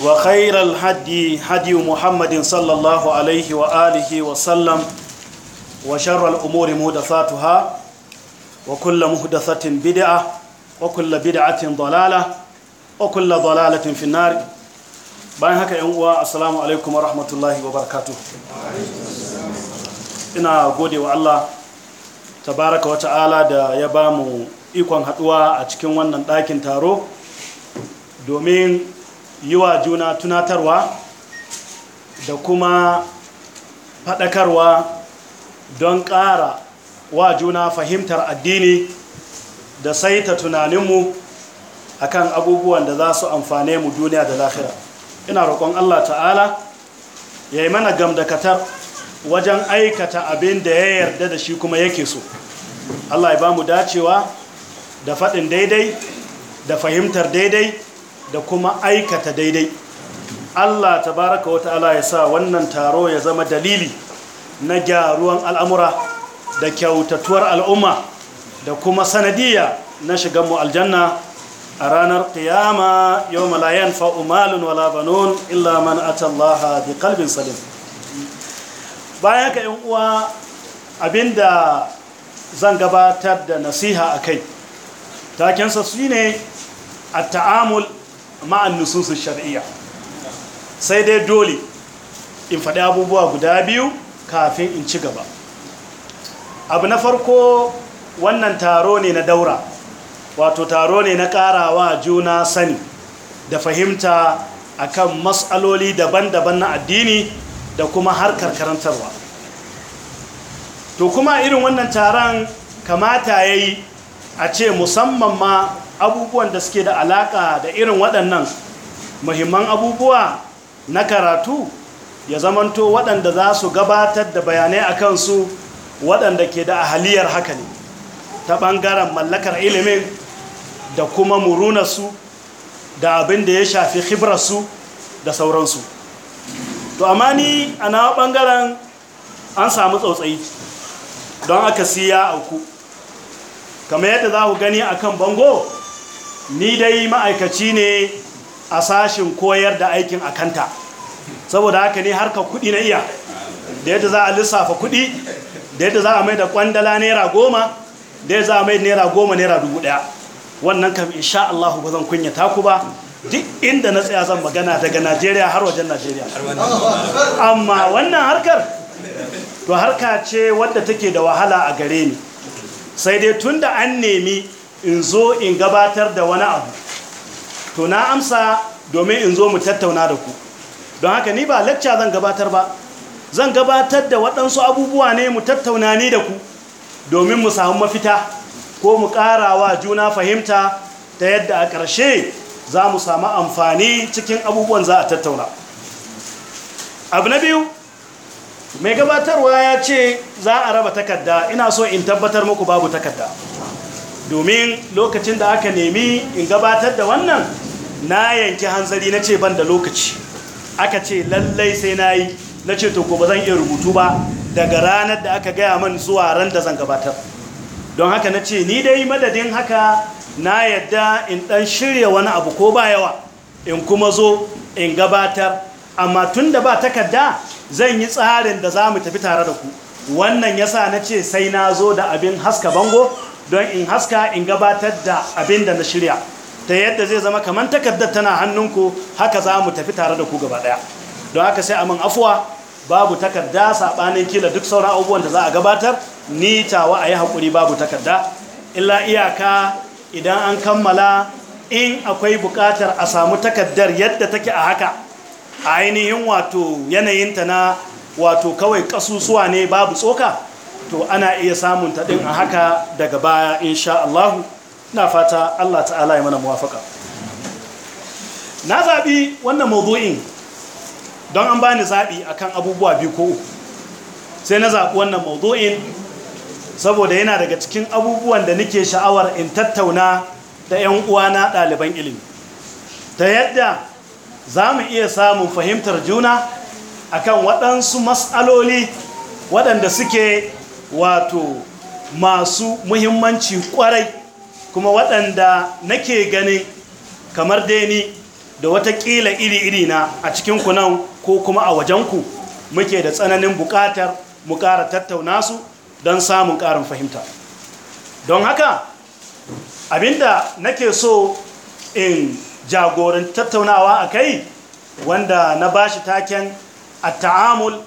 وخير الهدي هدي محمد صلى الله عليه وآله وسلم وشر الأمور مهدثاتها وكل مهدثة بدعة وكل بدعة ضلالة وكل ضلالة في النار bayan haka yan uwa assalamu alaikum warahmatullahi wabarakatuh ina godewa Allah tabaraka wa ta'ala da ya bamu ikon haduwa a cikin wannan ɗakin taro domin yi wa juna tunatarwa da kuma faɗakarwa don ƙara wa juna fahimtar addini da saita tunaninmu a kan abubuwan da za su amfane mu duniya da lafira ina roƙon Allah ta'ala ya yi mana gamdakatar wajen aikata abin da ya yarda da shi kuma yake so Allah ya ba mu dacewa da faɗin daidai da fahimtar daidai da kuma aikata daidai Allah tabaraka wata'ala ya sa wannan taro ya zama dalili na gyaruwan al'amura da kyautatuwar al'umma da kuma sanadiyya na shiganmu aljanna a ranar qiyama yau malayan fa'umalin wala banun illa man atallaha bi kalbin salim bayan ka uwa abinda zan gabatar da nasiha a kai takensa su ne a ta'amul ma'an nususun shari'a sai dai dole in faɗi abubuwa guda biyu kafin in ci gaba abu na farko wannan taro ne na daura wato taro ne na ƙarawa juna sani da fahimta akan matsaloli daban-daban na addini da kuma harkar karantarwa to kuma irin wannan taron kamata ya yi a ce musamman ma abubuwan da suke da alaka da irin waɗannan muhimman abubuwa na karatu ya zamanto waɗanda za su gabatar da bayanai a kansu waɗanda ke da ahaliyar haka ne ta ɓangaren mallakar ilimin da kuma murunarsu da abin da ya shafi hibrarsu da sauransu to amma ni a nawa ɓangaren an samu tsautsayi don aka siya auku kamar yadda za ku gani a kan bango ni dai ma'aikaci ne a sashin koyar da aikin akanta saboda haka ne harka kuɗi na iya da yadda za a lissafa kuɗi da yadda za a mai da kwandala naira goma da yadda za a mai naira goma naira dubu ɗaya wannan kam insha Allah ba zan kunyata ku ba duk inda na tsaya zan magana daga Najeriya har wajen Najeriya amma wannan harkar to harka ce wadda take da wahala a gare ni sai dai tunda an nemi in zo in gabatar da wani abu to na amsa domin in zo mu tattauna da ku don haka ni ba lacca zan gabatar ba zan gabatar da waɗansu abubuwa ne mu tattauna ni da ku domin mu samu mafita ko mu ƙarawa juna fahimta ta yadda a ƙarshe za mu samu amfani cikin abubuwan za a tattauna abu na biyu mai gabatarwa ya ce za a raba takarda ina so in tabbatar muku babu takarda domin lokacin da aka nemi in gabatar da wannan na yanki hanzari na ce ban da lokaci aka ce lallai sai na yi na ce to ba zan iya rubutu ba daga ranar da aka gaya man zuwa ran da zan gabatar don haka na ce ni dai madadin haka na yadda in dan shirya wani abu ko ba yawa in kuma zo in gabatar amma tun da ba takarda zan yi tsarin da za mu tafi tare da ku wannan yasa na ce sai na zo da abin haska bango don in haska in gabatar da abin da na shirya ta yadda zai zama kamar takardar tana hannunku haka za mu tafi tare da ku gaba daya don haka sai a amin afuwa babu takarda saɓanin kila duk sauran abubuwan da za a gabatar ni tawa a yi hakuri babu takarda illa iyaka idan an kammala in akwai buƙatar a samu takardar yadda take a haka a ainihin wato yanayinta na wato kawai ƙasusuwa ne babu tsoka to ana iya samun taɗin a haka daga baya insha Allah na fata Allah ta'ala ya mana muwafaka na zaɓi wannan mawdu'in don an bani zaɓi a kan abubuwa biyu ko sai na zaɓi wannan mawdu'in saboda yana daga cikin abubuwan da nake sha'awar in tattauna da 'yan uwana ɗaliban ilimi ta yadda za mu iya samun fahimtar juna a kan waɗansu matsaloli waɗanda suke wato masu muhimmanci kwarai kuma waɗanda nake ganin kamar dai ni da ƙila iri-iri na a cikin kunan ko kuma a wajenku muke da tsananin buƙatar mu ƙara tattauna su don samun ƙarin fahimta don haka abinda nake so in jagorin tattaunawa a kai wanda na bashi taken a ta'amul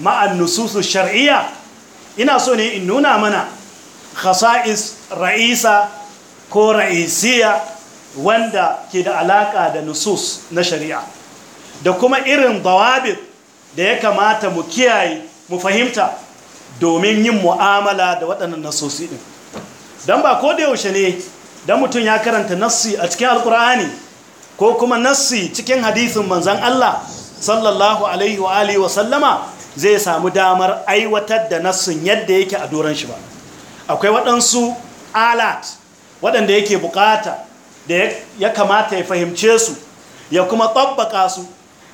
ma'an nususu shar'iyya ina so ne in nuna mana khasa'is ra'isa ko ra'isiya wanda ke da alaka da nusus na shari'a da kuma irin dawabit da ya kamata mu kiyaye mu fahimta domin yin mu'amala da waɗannan nasosi ɗin don ba ko da yaushe ne don mutum ya karanta nassi a cikin alkur'ani ko kuma nassi cikin hadisin manzan Allah sallallahu alaihi wa sallama zai samu damar aiwatar da nassun yadda yake a doron shi ba akwai waɗansu alat waɗanda yake bukata da ya kamata ya fahimce su ya kuma tsabbaka su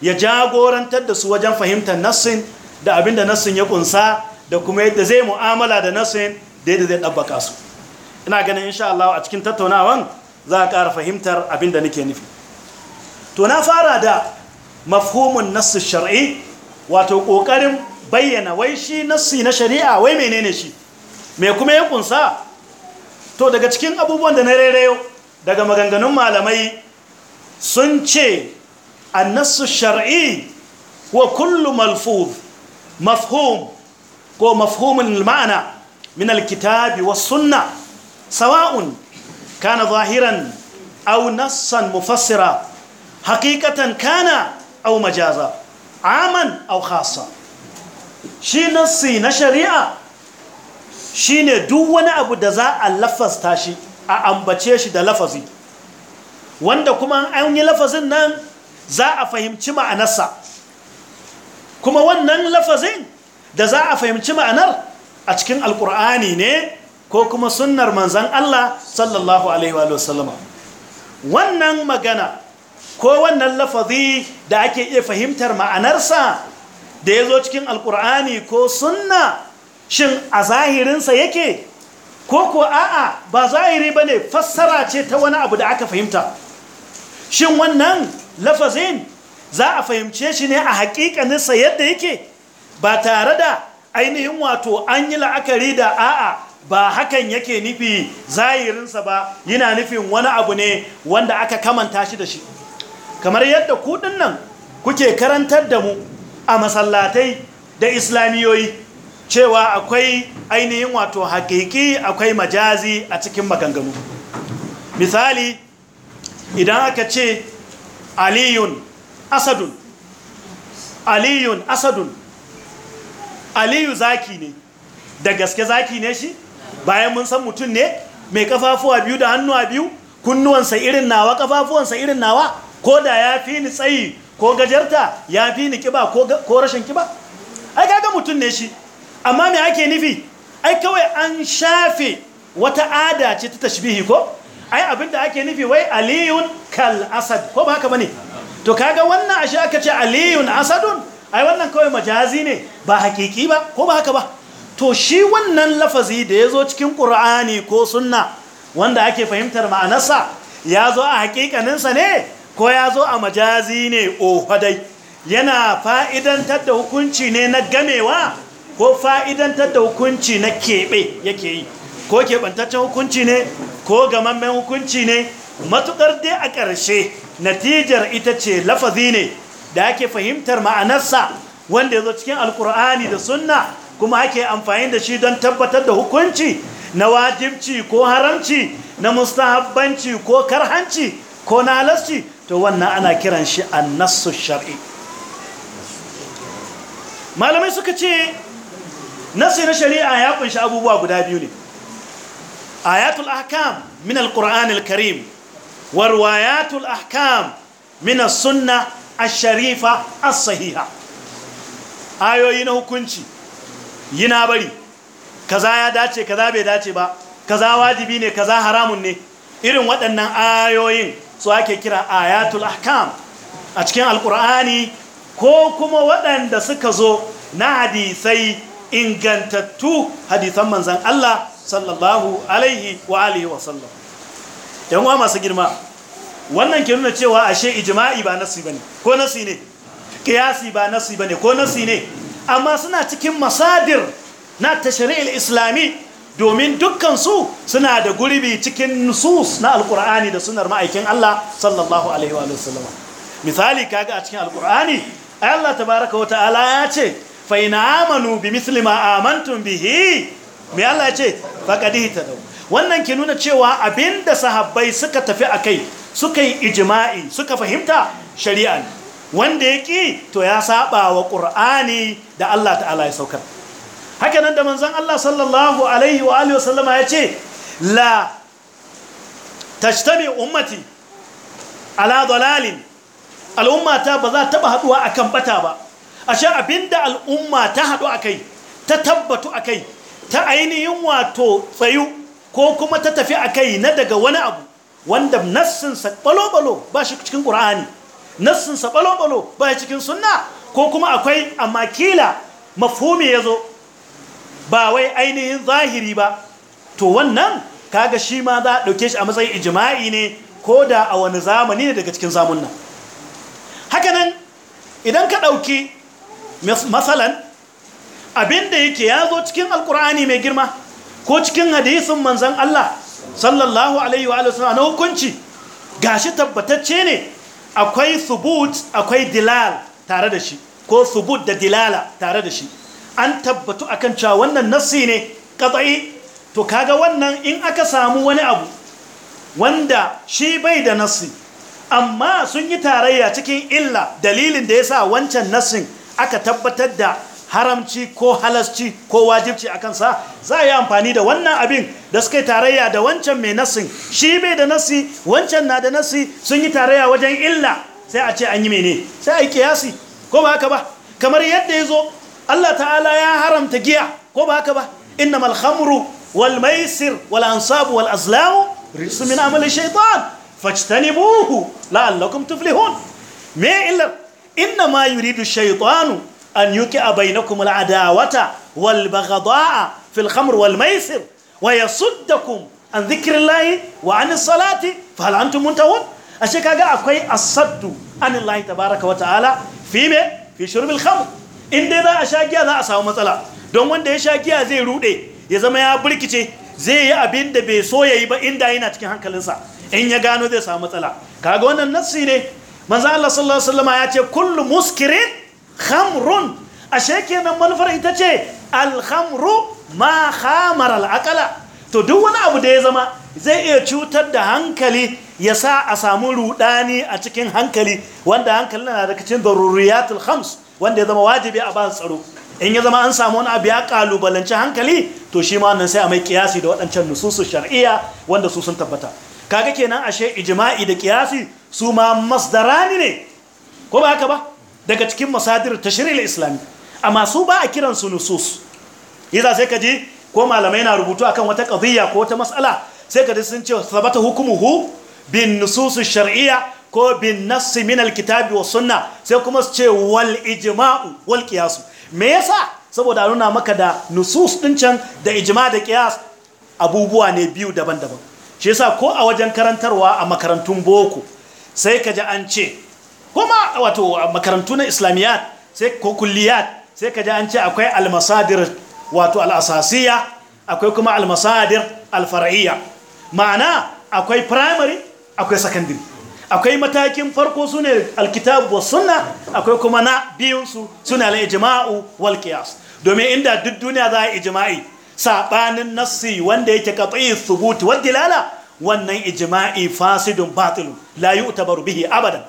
ya jagorantar da su wajen fahimtar nassun da abin da nassun ya kunsa da kuma yadda zai mu'amala da nassun da yadda zai tsabbaka su ina ganin insha Allah a cikin tattaunawan za a ƙara fahimtar abin da nake nufi to na fara da mafhumin nassin shar'i wato ƙoƙarin bayyana wai shi nassi na shari'a wai menene shi me kuma ya kunsa to daga cikin abubuwan da na rairayo daga maganganun malamai sun ce annasu shar'i wa kullu malfuz mafhum ko mafhumin ma'ana min alkitabi was sunna sawa'un kana zahiran au nassan mufassira haƙiƙatan kana au majaza aman au khasa shi nassi na shari'a shine duk wani abu da za a lafasta shi a ambace shi da lafazi wanda kuma an yi lafazin nan za a fahimci ma'anarsa kuma wannan lafazin da za a fahimci ma'anar a cikin alkur'ani ne ko kuma sunnar manzan Allah sallallahu alaihi wa sallama wannan magana ko wannan lafazi da ake iya fahimtar ma'anarsa da ya zo cikin alkur'ani ko sunna shin a zahirinsa yake ko ko a'a ba zahiri ba ne fassara ce ta wani abu da aka fahimta shin wannan lafazin za a fahimce shi ne a hakikaninsa yadda yake ba tare da ainihin wato an yi la'akari da a'a ba hakan yake nufi zahirinsa ba yana nufin wani abu ne wanda aka kamanta shi da shi kamar yadda kuɗin nan kuke karantar da mu a masallatai da islamiyoyi cewa akwai ainihin wato hakiki akwai majazi a cikin maganganu misali idan aka ce aliyun asadun aliyun asadun aliyu zaki ne da gaske zaki ne shi bayan mun san mutum ne mai kafafuwa biyu da hannuwa biyu kunnuwansa irin nawa kafafuwansa irin nawa ko da ya fi ni tsayi ko gajarta ya fi ni kiba ko rashin kiba ai kaga mutum ne shi amma me ake nufi ai kawai an shafe wata ada ce ta tashbihi ko ai abinda ake nufi wai aliyun kal asad ko ba haka bane to kaga wannan ashe aka ce aliyun asadun ai wannan kawai majazi ne ba hakiki ba ko ba haka ba to shi wannan lafazi da ya zo cikin ƙur'ani ko sunna wanda ake fahimtar ma'anarsa ya zo a hakikaninsa ne ko ya zo a majazi ne ohadai oh, yana fa'idantar da hukunci ne na gamewa ko fa'idantar da hukunci na keɓe yake yi ko keɓantaccen hukunci ne ko gamammen hukunci ne matuƙar dai a ƙarshe natijar ita ce lafazi ne da ake fahimtar ma'anarsa wanda ya zo cikin alƙur'ani da sunna kuma ake amfani da shi don tabbatar da hukunci na wajibci ko haramci na mustahabbanci ko karhanci ko na halasci to wannan ana kiran shi annasu shar'i malamai suka ce nasi na shari'a ya kunshi abubuwa guda biyu ne ayatul ahkam min alquran karim warwayatul ahkam min sunna asharifa asahiha. ayoyi na hukunci yina bari kaza ya dace kaza bai dace ba kaza wajibi ne kaza haramun ne irin waɗannan ayoyin su ake kira ayatul ahkam a cikin alkur'ani ko kuma waɗanda suka zo na hadisai ingantattu hadisan manzan Allah sallallahu alaihi wa alihi wa sallam yan masu girma wannan ke nuna cewa ashe ijma'i ba nasi bane ko nasi ne kiyasi ba nasi bane ko nasi ne amma suna cikin masadir na tashri'il islami domin dukkansu suna da gurbi cikin nusus na alkur'ani da sunar ma'aikin Allah sallallahu alaihi wa sallam misali kaga a cikin alkur'ani Allah tabaraka wa ta'ala ya ce fa in amanu bi misli ma bihi me Allah ya ce ta dau wannan ke nuna cewa abinda sahabbai suka tafi akai suka yi ijima'i, suka fahimta shari'a wanda ya yake to ya saba wa qur'ani da Allah ta'ala ya saukar haka nan da manzan Allah sallallahu alaihi wa alihi sallama ya ce la tajtabi ummati ala dalalin al'ummata ba za taba haɗuwa akan bata ba A ashe abinda al'umma ta haɗu akai ta tabbatu akai ta ainihin wato tsayu ko kuma ta tafi akai na daga wani abu wanda nassinsa balo-balo ba shi cikin ƙura'ani, nassinsa balo-balo ba shi cikin sunna ko kuma akwai amma kila mafumi ya zo ba wai ainihin zahiri ba to wannan kaga shi ma za a ɗauke shi a matsayin ijima'i ne ko da a wani zamani ne daga cikin zamun nan hakanan idan ka ɗauki masalan abinda yake ya zo cikin alkur'ani mai girma ko cikin hadisin manzan Allah sallallahu alaihi wa sallam na hukunci ga shi tabbatacce ne akwai subut akwai dilal tare da shi ko subut da dilala tare da shi an tabbatu akan cewa wannan nassi ne qat'i to kaga wannan in aka samu wani abu wanda shi bai da nassi amma sun yi tarayya cikin illa dalilin da ya sa wancan nassin aka tabbatar da haramci ko halasci ko wajibci a kansa za a yi amfani da wannan abin da suka yi tarayya da wancan mai nassin shi bai da nassi wancan na da nassi sun yi tarayya wajen illa sai a ce an yi mene sai a yi kiyasi ko ba haka ba kamar yadda ya zo Allah ta'ala ya haramta giya ko ba haka ba innamal khamru wal maisir wal ansabu wal azlamu rijsun min amali shaytan fajtanibuhu la'allakum tuflihun me illa innama yuridu shaytanu an yuqi'a bainakum al adawata wal baghdha'a fil khamr wal maisir wa yasuddakum an dhikrillahi wa an salati fa hal antum muntahun ashe kaga akwai asaddu anillahi tabaaraka wa ta'ala fi me fi shurbil khamr in dai za a sha giya za a samu matsala don wanda ya sha giya zai rude ya zama ya burkice zai yi abin da bai so ya yi ba inda yana cikin hankalinsa in ya gano zai samu matsala kaga wannan nassi ne manzo Allah sallallahu alaihi wasallam ya ce kullu muskirin khamrun ashe kenan manufar ita ce al khamru ma khamara al aqala to duk wani abu da ya zama zai iya cutar da hankali ya sa a samu rudani a cikin hankali wanda hankali na da cikin daruriyatul khams wanda ya zama wajibi a ba tsaro in ya zama an samu wani abu ya kalubalanci hankali to shi ma wannan sai a mai kiyasi da waɗancan nususu shar'iyya wanda su sun tabbata kaga kenan ashe ijma'i da kiyasi su ma masdarani ne ko ba haka ba daga cikin masadir tashri'il islami amma su ba a kiran su nusus yasa sai ka ji ko malamai na rubutu akan wata qadiyya ko wata mas'ala sai ka ji sun ce sabata hukumuhu bin nususu shar'iyya ko bin nassi min alkitabi wa sunna sai kuma su ce wal ijma'u wal qiyas me yasa saboda nuna maka da nusus din can da ijma da qiyas abubuwa ne biyu daban-daban shi yasa ko a wajen karantarwa a makarantun boko sai ka ji an ce kuma wato makarantu na islamiyat sai ko kulliyat sai ka ji an ce akwai almasadir wato al'asasiya akwai kuma almasadir alfar'iyya ma'ana akwai primary akwai secondary akwai matakin farko su ne alkitabu wa sunna akwai kuma na biyunsu suna na ijima'u wal domin inda duk duniya za a ijima'i saɓanin nassi wanda yake katsi subuti wa dilala wannan ijima'i fasidun batilu la yu'tabaru bihi abadan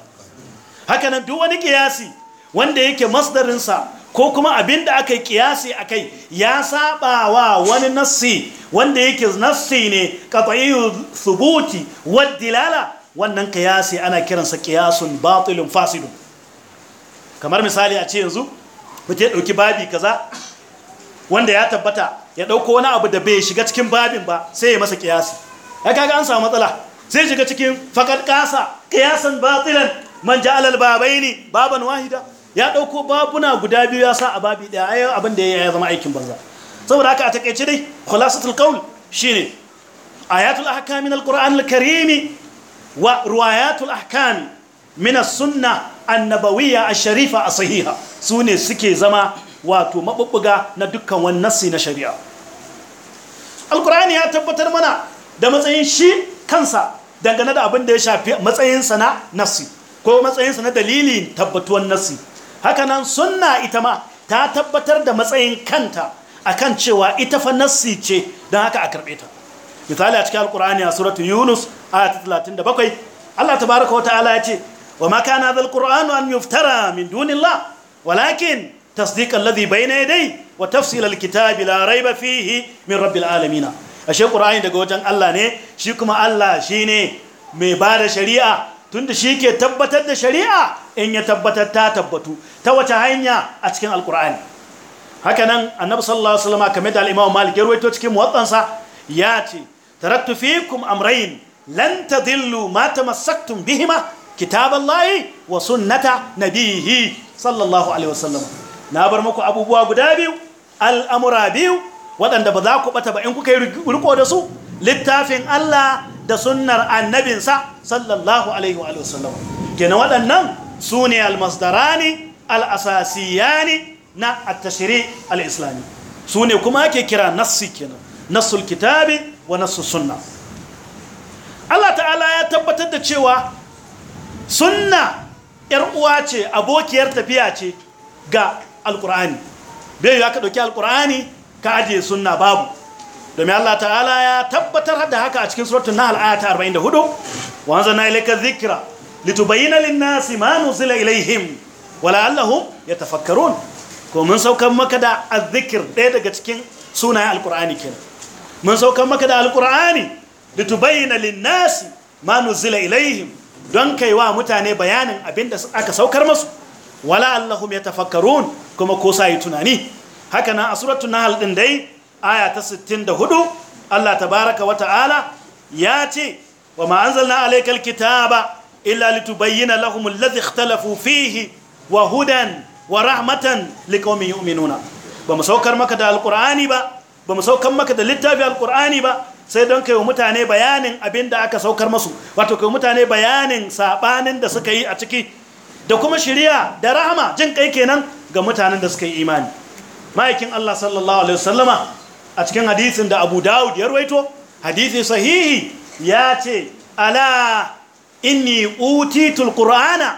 haka nan duk wani kiyasi wanda yake masdarinsa ko kuma abin da aka yi kiyasi a kai ya saba wa wani nassi wanda yake nassi ne katsi thubuti wa dilala wannan kiyasi ana kiransa kiyasun batilun fasidun kamar misali a ce yanzu mutum ya ɗauki babi kaza wanda ya tabbata ya ɗauko wani abu da bai shiga cikin babin ba sai ya masa kiyasi ya kaga an samu matsala sai shiga cikin fakar kiyasan batilan man ja alal babai ne baban wahida ya ɗauko babuna guda biyu ya sa a babi ɗaya ayyar abin da ya zama aikin banza saboda haka a taƙaice dai khulasatul qaul shine ayatul ahkamin alquran alkarimi wa ruwayatul ahkam min as-sunnah annabawiyya ash-sharifa as-sahiha sune suke zama wato mabubbuga na dukkan wannan nassi na shari'a alqur'ani ya tabbatar mana da matsayin shi kansa dangane da abin da ya shafi sa na nasi ko matsayinsa na dalilin tabbatuwan nasi hakanan sunna ita ma ta tabbatar da matsayin kanta akan cewa ita fa nasi ce don haka a karbe ta misali a cikin alqur'ani a suratu yunus da 37 Allah tabaraka wa ta'ala ya ce wa ma kana dhal qur'anu an yuftara min dunillah walakin tasdiq alladhi bayna dai. wa tafsil alkitabi la rayba fihi min rabbil alamin ashe qur'ani daga wajen Allah ne shi kuma Allah shine mai bada shari'a tunda shi ke tabbatar da shari'a in ya tabbatar ta tabbatu ta wace hanya a cikin alqur'ani haka nan annabi sallallahu alaihi wasallam kamar da al-imam malik ya rawaito cikin muwattansa ya ce taraktu fikum amrayn lan tadillu ma tamassaktum bihima kitaballahi wa sunnata nabihi sallallahu alaihi wasallam na bar maku abubuwa guda biyu al'amura biyu waɗanda ba za ku ɓata ba in kuka yi riko da su littafin Allah da sunnar annabinsa sallallahu alaihi wasallam kenan waɗannan su ne almasdarani al'asasiyani na attashiri al'islami su ne kuma ake kira nassi kenan nassul kitabi wa nassus sunna Allah ta'ala ya tabbatar da cewa sunna yar uwa ce abokiyar tafiya ce ga alkur'ani bai yiwa ka ɗauki alkur'ani ka ajiye sunna babu domin Allah ta'ala ya tabbatar da haka a cikin suratun na al'ayata 44 wanzan na ilaika zikira litubayyana linnasi ma nuzila ilaihim wala allahum yatafakkarun ko mun saukan maka da azzikir ɗaya daga cikin sunayen alkur'ani kenan mun saukan maka da alkur'ani litubayyana linnasi nasi ma nuzila ilaihim don kai wa mutane bayanin abinda aka saukar masu wala allahum yatafakkarun kuma ko sai tunani haka nan a suratul nahl din dai aya ta 64 Allah tabaaraka wa ta'ala ya ce wa ma anzalna alaykal kitaba illa litubayyana lahum alladhi ikhtalafu fihi wa hudan wa rahmatan liqaumin yu'minuna ba mu saukar maka da alqur'ani ba ba mu saukar maka da littafi alqur'ani ba sai don kai mutane bayanin abin da aka saukar masu wato kai mutane bayanin sabanin da suka yi a ciki da kuma shiriya da rahama jin kai kenan ga mutanen da suka yi imani ma'aikin Allah sallallahu alaihi wasallama a cikin hadisin da Abu Dawud ya ruwaito hadisi sahihi ya ce ala inni utitul qur'ana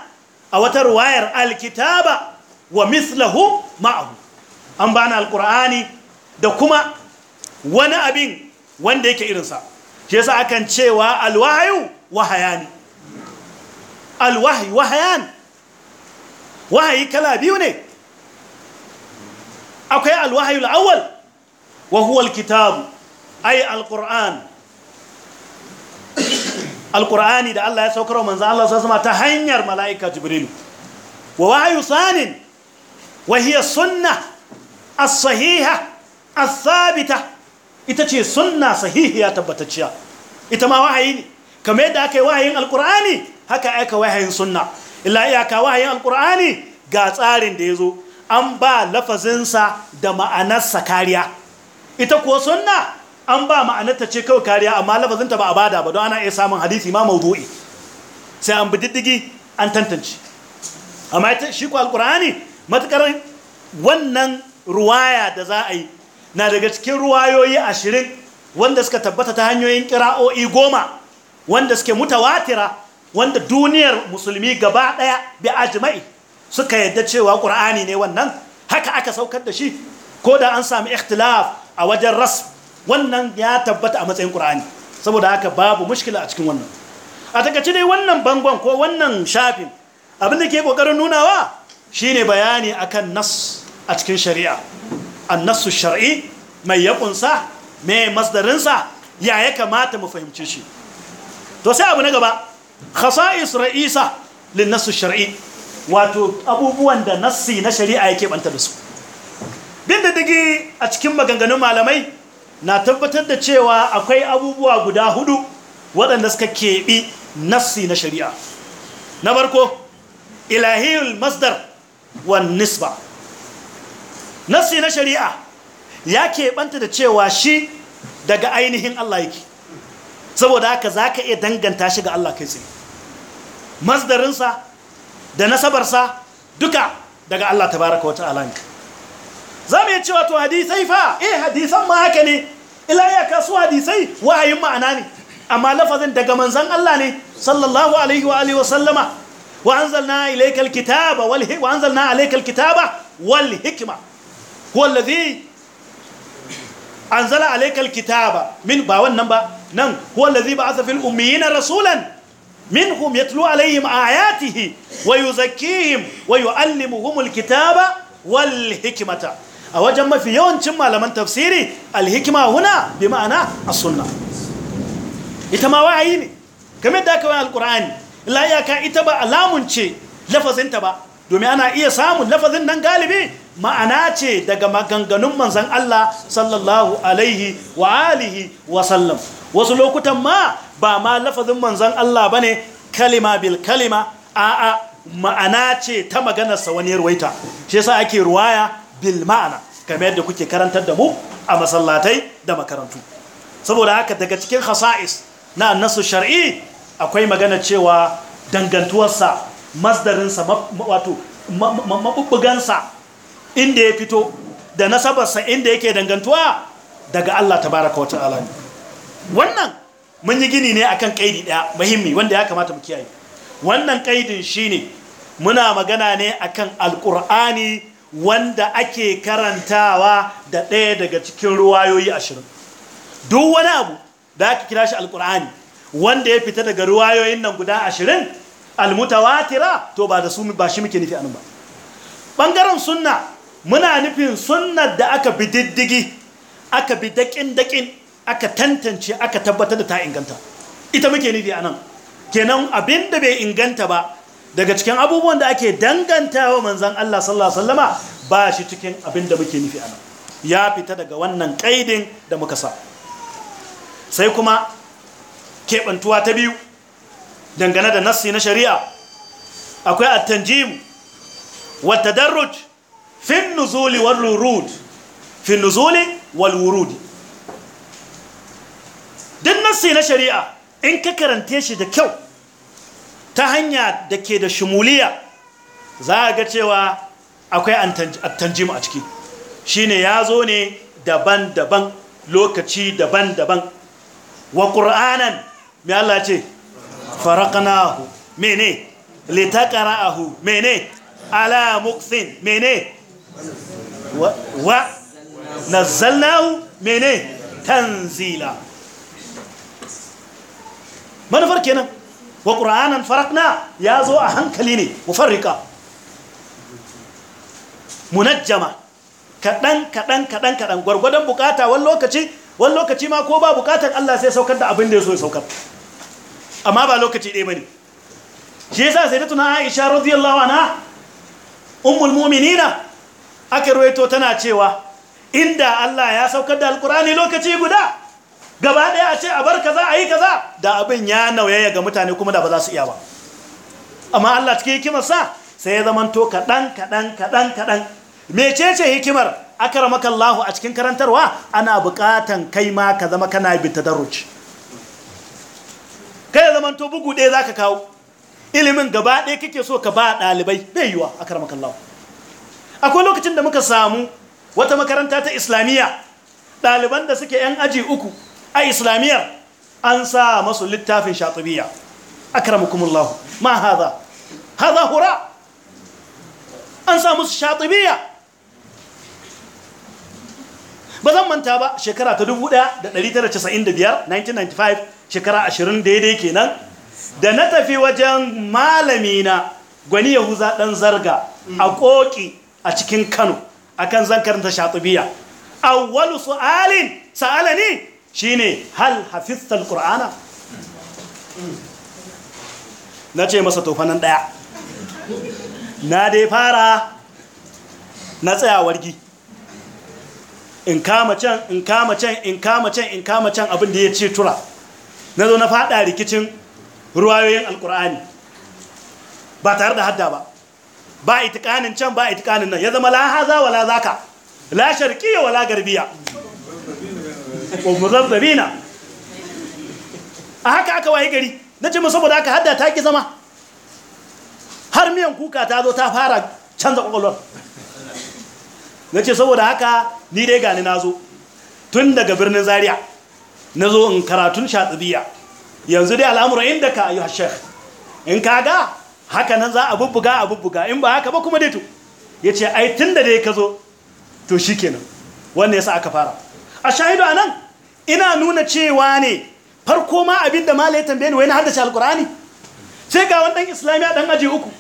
a wata ruwayar alkitaba wa mislahu ma'ahu an bana alqur'ani da kuma wani abin wanda yake irinsa shi yasa akan cewa alwahyu wahayani alwahi wahayan wahayi kala biyu ne akwai alwahayu al'awwal wa huwa alkitabu ay alquran da Allah ya saukar manzo Allah sallallahu alaihi ta hanyar malaika jibril wa wahayu sanin wa hiya sunnah as-sahiha as-thabitah ita ce sunna sahihiya tabbatacciya ita ma wahayi ne kamar yadda aka yi wahayin alkur'ani haka aika wahayin sunna illa iyaka wahayin alkur'ani ga tsarin da ya zo an ba lafazinsa da ma'anarsa kariya ita kuwa sunna an ba ma'anarta ce kawai kariya amma lafazinta ba a bada ba don ana iya samun hadisi ma maudu'i sai an bi diddigi an tantance amma shi ku alkur'ani matukar wannan ruwaya da za a yi na daga cikin ruwayoyi ashirin wanda suka tabbata ta hanyoyin kira'o'i goma wanda suke mutawatira wanda duniyar musulmi gaba ɗaya bi ajma'i suka yadda cewa ƙur'ani ne wannan haka aka saukar da shi ko da an sami ikhtilaf a wajen ras wannan ya tabbata a matsayin ƙur'ani saboda haka babu mushkila a cikin wannan a takaice dai wannan bangon ko wannan shafin abin da ke kokarin nunawa shine bayani akan nas a cikin shari'a annasu shar'i mai ya mai masdarinsa ya ya kamata mu fahimci shi to sai abu na gaba khasa'is ra'isa lin nasu shar'i wato abubuwan da nassi na shari'a yake banta da su bin digi a cikin maganganun malamai na tabbatar da cewa akwai abubuwa guda hudu waɗanda suka keɓi nassi na shari'a na farko ilahiyul masdar wan nisba nassi na shari'a ya keɓanta da cewa shi daga ainihin Allah yake saboda haka za ka iya danganta shi ga Allah kai tsaye masdarinsa da nasabarsa duka daga Allah tabaraka wa ta'ala ne za mu iya cewa to hadisai fa eh hadisan ma haka ne ila ya kasu hadisai wahayin ma'ana ne amma lafazin daga manzan Allah ne sallallahu alaihi wa alihi wa sallama wa anzalna ilayka alkitaba wal wa anzalna wal hikma huwa allazi anzala alayka alkitaba min ba wannan ba nan huwa allazi ba'atha fil ummiyina rasulan minhum yatlu alayhim ayatihi wa yuzakkihim wa yuallimuhum alkitaba wal hikmata a wajen mafi yawancin malaman tafsiri alhikima huna bi ma'ana as-sunna ita ma wahayi ne kamar da aka wani alkur'ani la iyaka ita ba alamun ce lafazinta ba domin ana iya samun lafazin nan galibi ma'ana ce daga maganganun manzan Allah sallallahu alaihi wa alihi wa sallam wasu lokutan ma ba ma lafazin manzan Allah bane kalima bil kalima a'a ma'ana ce ta maganarsa wani ruwaita shi yasa ake ruwaya bil ma'ana kamar yadda kuke karantar da mu a masallatai da makarantu saboda haka daga cikin khasa'is na annasu shar'i akwai magana cewa dangantuwarsa masdarinsa wato mabubbugansa inda ya fito da nasabarsa inda yake dangantuwa daga Allah tabaraka wa ta'ala wannan mun yi gini ne akan kaidi daya muhimmi wanda ya kamata mu kiyaye wannan kaidin shine muna magana ne akan alqur'ani wanda ake karantawa da ɗaya daga cikin ruwayoyi ashirin duk wani abu da aka kira shi alqur'ani wanda ya fita daga ruwayoyin nan guda ashirin almutawatira to ba da su ba shi muke nufi anan ba bangaren sunna muna nufin sunnar da aka bi diddigi aka bi dakin dakin aka tantance aka tabbatar da ta inganta ita muke nufi anan kenan abin da bai inganta ba daga cikin abubuwan da ake dangantawa manzon Allah sallallahu alaihi wasallama ba shi cikin abin da muke nufi anan ya fita daga wannan kaidin da muka sa sai kuma keɓantuwa ta biyu dangane da nassi na shari'a akwai at-tanjim wa tadarruj fi an-nuzuli wal-wurud fi an-nuzuli wal-wurud duk nassi na shari'a in ka karante shi da kyau ta hanya da ke da shumuliya za a ga cewa akwai at-tanjim a ciki shine ya zo ne daban-daban lokaci daban-daban wa ƙur'anan mai Allah ce faraqnahu mene litaqra'ahu mene ala muqsin mene wa nazzalnahu mene tanzila manufar kenan wa qur'anan faraqna yazo a hankali ne mufarrika munajjama kaɗan kaɗan kaɗan kaɗan gwargwadon bukata wani lokaci wani lokaci ma ko ba bukatar Allah sai saukar da abin da ya so ya saukar amma ba lokaci ɗaya bane shi sa sai ta tuna Aisha radiyallahu anha ummul mu'minina aka ruwaito tana cewa inda Allah ya saukar da alkurani lokaci guda gaba ɗaya a ce a bar kaza a yi kaza da abin ya nauyaya ga mutane kuma da ba za su iya ba amma Allah cikin sa sai ya zamanto kaɗan kaɗan kaɗan kaɗan mecece hikimar aka ramakallahu a cikin karantarwa ana buƙatan kai ma ka zama kana bin tadarruci Ka zaman to bugu ɗaya ka kawo ilimin gaba ɗaya kake so ka ba ɗalibai bai yiwa a karamakan lawa akwai lokacin da muka samu wata makaranta ta islamiyya ɗaliban da suke 'yan aji uku a islamiyyar an sa masu littafin shatubiya a karamakumullahu ma haza haza hura an sa musu shatubiya ba zan manta ba shekara ta 1995 1995 shekara 20 daidai kenan da na tafi wajen malami na gwani yahuza ɗan zarga a koki a cikin kano akan zan karanta shatubiya awwalu su'alin sa'alani shine hal hafizta alqur'ana nace masa tofanan ɗaya. na dai fara na tsaya wargi. in kama can in kama can in kama can in kama can abin da ya ce tura na zo na fada rikicin ruwayoyin alkur'ani ba tare da hadda ba ba itikanin can ba itikanin nan ya zama la haza wala zaka la sharqiyya wala garbiya ko muzabbina a haka aka waye gari na ce mu saboda haka hadda ta ki zama har miyan kuka ta zo ta fara canza ƙwaƙwalwar. na ce saboda haka ni dai gani na zo tun daga birnin Zariya na zo in karatun shatsibiya yanzu dai al'amura inda ka ayyuhar shek in ka ga haka nan za a bubbuga a bubuga. in ba haka ba kuma daito ya ce ai tun da dai ka zo to shi kenan wannan ya sa aka fara a shahidu a nan ina nuna cewa ne farko ma abin da mala ya tambaye ni wai na haddace alkurani sai ga wani dan islamiya dan aji uku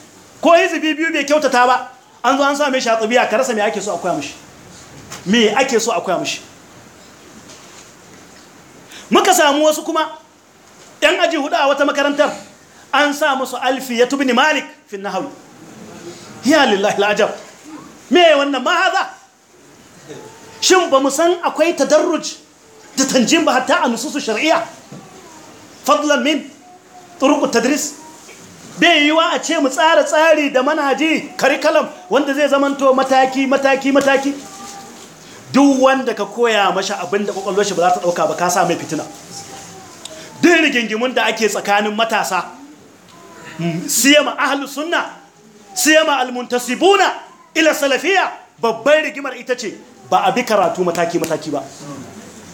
ko hizibi biyu bai kyautata ba an zo an sami shi a ka rasa me ake so a koya mishi me ake so a koya muka samu wasu kuma yan aji hudu a wata makarantar an sa musu alfi ya ni malik fin na hau ya lillahi la'ajab me wannan ma haza shin ba mu san akwai tadarruj da tanjin ba hatta a nususu shari'a fadlan min turuku tadris bai yiwa a ce mu tsara tsari da manhaji karikalam wanda zai zamanto mataki mataki mataki duk wanda ka koya masa abinda da shi ba za ta dauka ba ka sa mai fitina duk rigingimun da ake tsakanin matasa mm, siyama ahlus sunna siyama almuntasibuna ila salafiya babbar rigimar ita ce ba a bi karatu mataki mataki ba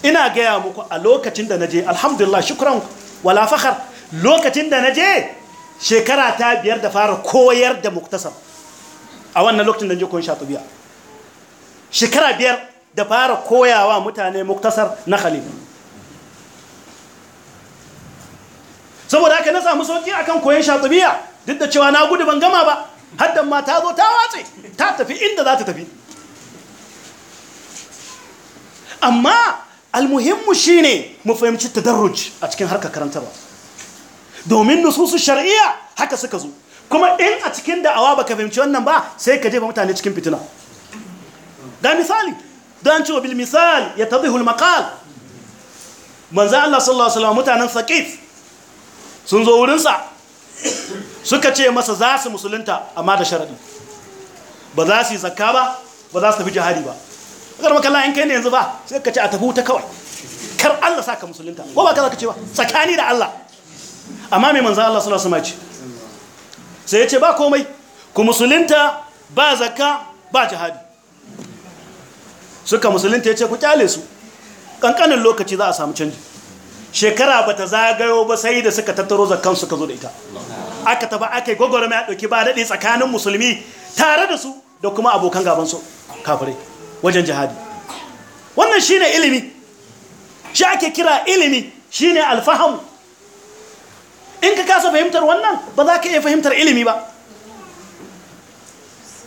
ina gaya muku a lokacin da naje alhamdulillah shukran wala fakhar lokacin da naje shekara ta biyar da fara koyar da muktasar a wannan lokacin da jikon shatubiya shekara biyar da fara koyawa mutane muktasar na khalil saboda haka na samu sauki akan koyon shatubiya duk da cewa na gudu ban gama ba haddan ma ta zo ta watse ta tafi inda za ta tafi amma almuhimmu shine mu fahimci tadarruj a cikin harkar karantarwa domin nususun shari'a haka suka zo kuma in a cikin da'awa baka fahimci wannan ba sai ka jefa mutane cikin fitina ga misali don cewa bil misal ya tadhihul maqal manza Allah sallallahu alaihi wasallam mutanen Saqif sun zo wurinsa suka ce masa za su musulunta amma da sharadi ba za su yi zakka ba ba za su tafi jihadi ba kar maka Allah in kai ne yanzu ba sai ka ce a tafi wuta kawai kar Allah sa ka musulunta ko ba ka zaka ce ba tsakani da Allah amma mai manzan Allah su alaihi mace sai ya ce ba komai ku musulunta ba zakka ba jihadi suka musulunta ya ce ku kyale su ƙanƙanin lokaci za a samu canji shekara ba ta zagayo ba sai da suka tattaro zakkan suka zo da ita aka taba aka yi gwagwara mai ɗauki ba daɗe tsakanin musulmi tare da su da kuma abokan gaban su kafirai wajen jihadi wannan shine ilimi shi ake kira ilimi shine alfahamu in ka kasa fahimtar wannan ba za ka iya fahimtar ilimi ba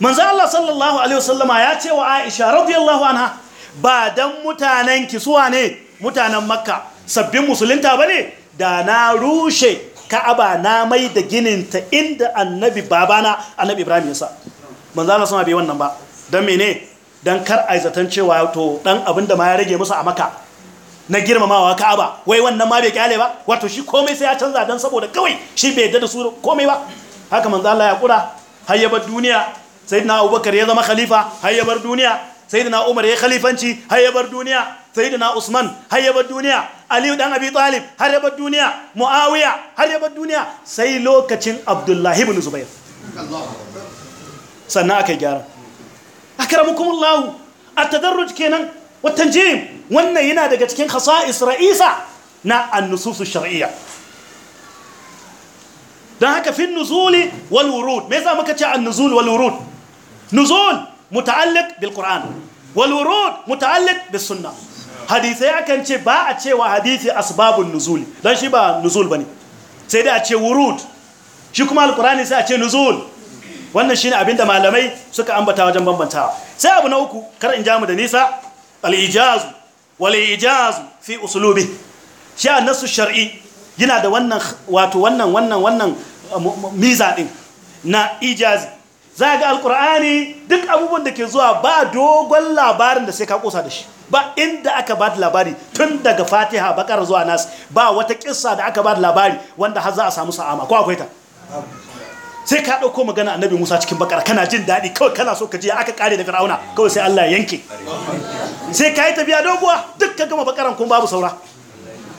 manzo Allah sallallahu alaihi wasallama ya ce wa Aisha radiyallahu anha ba dan mutanen kisuwa ne mutanen Makka sabbin musulunta ne da na rushe Ka'aba na mai da ginin ta inda annabi babana annabi Ibrahim ya sa manzo Allah sama bai wannan ba dan mene dan kar aizatan cewa to dan abinda ma ya rage musu a Makka na girmamawa ka'aba wai wannan ma bai kyale ba wato shi komai sai ya canza dan saboda kawai shi bai yadda da su komai ba haka manzo Allah ya kura har ya bar duniya sayyidina Abubakar ya zama khalifa har bar duniya sayyidina Umar ya khalifanci har bar duniya sayyidina Usman har bar duniya Ali dan Abi Talib har bar duniya Muawiya har bar duniya sai lokacin Abdullah ibn Zubair sannan aka gyara akramukumullahu at-tadarruj kenan watanjim wannan yana daga cikin khasa'is ra'isa na annususu shar'iyya don haka fin nuzuli wal wurud me yasa muka ce annuzul wal wurud nuzul muta'alliq bil qur'an wal wurud muta'alliq bis sunna hadisai akan ce ba a cewa hadisi asbabun nuzul don shi ba nuzul bane sai dai a ce wurud shi kuma alqur'ani sai a ce nuzul wannan shine abinda malamai suka ambata wajen bambantawa sai abu na uku kar in ja mu da nisa al'ijazu ijazu fi uslubi shi nasu shar'i yana da wannan wato wannan wannan wannan uh, miza na ijazi za ga alkur'ani duk abubuwan da ke zuwa ba dogon labarin da sai ka kosa da shi ba inda aka ba da labari tun daga fatiha bakar zuwa nasu ba wata ƙisa da aka ba da labari wanda har za a samu sa'ama ko akwai ta sai ka ɗauko magana annabi musa cikin bakar kana jin daɗi kawai kana so ka ji aka ƙare da fir'auna kawai sai allah yanke sai ka yi tafiya doguwa duk ka gama bakaran kuma babu saura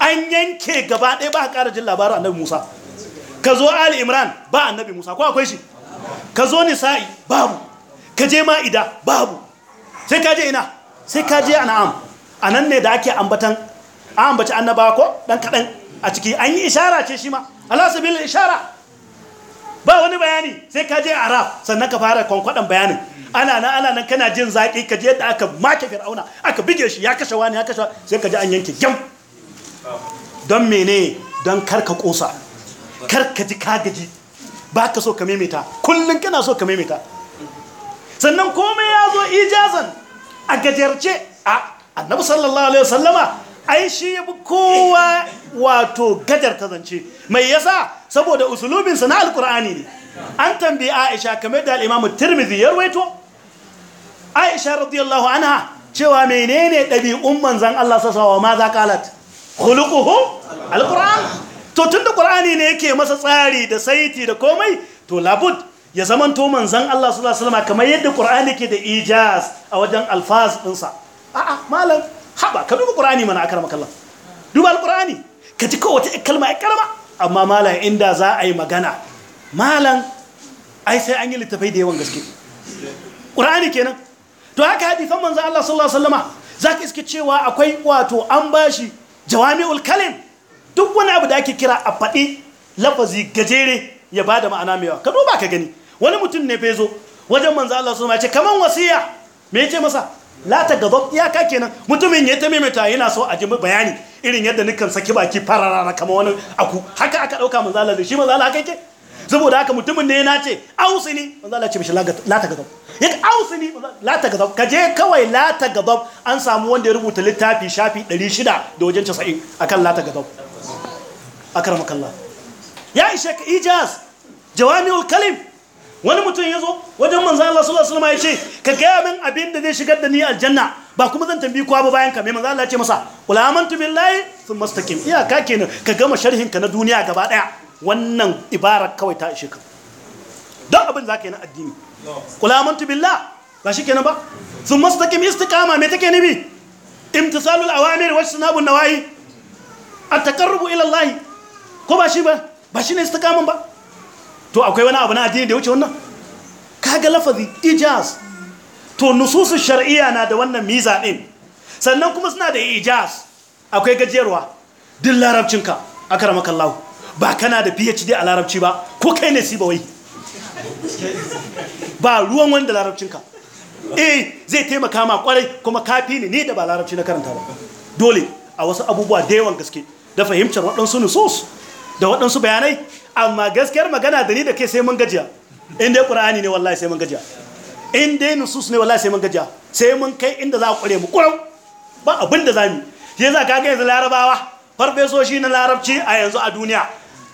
an yanke gaba ɗaya ba ka ƙara jin labarin annabi musa ka zo ali imran ba annabi musa ko akwai shi ka zo nisa'i babu ka je ma'ida babu sai ka je ina sai ka je an'am a nan ne da ake ambatan an ambaci annabawa ko ɗan kaɗan a ciki an yi ishara ce shi ma ala sabilin ishara ba wani bayani sai ka je araf sannan ka fara kwankwadon bayanin ana nan ana nan kana jin zaki ka je yadda aka make fir'auna aka bige shi ya kashe wani ya kashe sai ka ji an yanke gem. don mene don karka kosa karka ji kagaji ba ka so ka maimaita kullum kana so ka maimaita sannan komai ya zo ijazan a gajarce a annabi sallallahu alaihi wasallama ai shi ya bi kowa wato gajar ta zance mai yasa saboda usulubinsa na alkur'ani ne an tambayi aisha kamar da al'imamu tirmidhi ya rawaito aisha radiyallahu anha cewa menene ɗabi'un manzan Allah sassawa ma za kalat khuluquhu alquran to tun da ƙur'ani ne yake masa tsari da saiti da komai to labud ya zaman to manzan Allah sallallahu kamar yadda ƙur'ani ke da ijaz a wajen alfaz dinsa a'a malam haba ka duba ƙur'ani mana a karama kallon. duba Alƙur'ani ka ji kowace kalma ya karama amma malam inda za a yi magana malam ai sai an yi littafai da yawan gaske ƙur'ani kenan to haka hadisan manzo Allah sallallahu alaihi wasallama zaka iske cewa akwai wato an bashi jawami'ul kalim duk wani abu da ake kira a faɗi lafazi gajere ya bada ma'ana mai yawa ka duba ka gani wani mutum ne fa zo wajen manzo Allah sallallahu alaihi wasallama ce kaman wasiya me ce masa la ta gazo iyaka kenan mutumin ya ta maimaita yana so a ji bayani irin yadda nukan saki baki fararara kama wani aku haka aka dauka manzala da shi manzala haka yake saboda haka mutumin ne yana ce ausini manzala ce mishi la ta gazo ya ausini la ta gazo ka je kawai la ta gazo an samu wanda ya rubuta littafi shafi 600 da wajen 90 akan la ta gazo akramakallah ya ishe ka ijaz jawami'ul kalim wani mutum ya zo wajen manzan Allah sallallahu alaihi wasallam ya ce ka gaya min abin da zai shigar da ni aljanna ba kuma zan tambayi kowa ba bayan ka mai manzan Allah ya ce masa qul amantu billahi thumma istaqim iyaka kenan ka gama sharhin ka na duniya gaba daya wannan ibara kawai ta ishe ka don abin zaka yi na addini qul amantu billahi ba shi kenan ba thumma istaqim istiqama me take nibi imtisalul awamir wa sunabun nawahi at taqarrubu ila Allah ko ba shi ba ba shine istiqaman ba to akwai wani abu na addini da ya wuce wannan kaga lafazi ijaz to nususun shar'iyya na da wannan miza din sannan kuma suna da ijaz akwai gajiyarwa din larabcinka aka rama Allah ba kana da PhD a larabci ba ko kai ne si ba wai ba ruwan wanda ka. eh zai taimaka ma kwarai kuma kafi ne ne da ba larabci na karanta ba dole a wasu abubuwa da yawan gaske da fahimtar waɗansu nusus da waɗansu bayanai amma gaskiyar magana da ni da kai sai mun gajiya in dai ƙura'ani ne wallahi sai mun gajiya in dai nusus ne wallahi sai mun gajiya sai mun kai inda za a kure mu kurau ba abin da zamu yi za ka yanzu larabawa farfesoshi na larabci a yanzu a duniya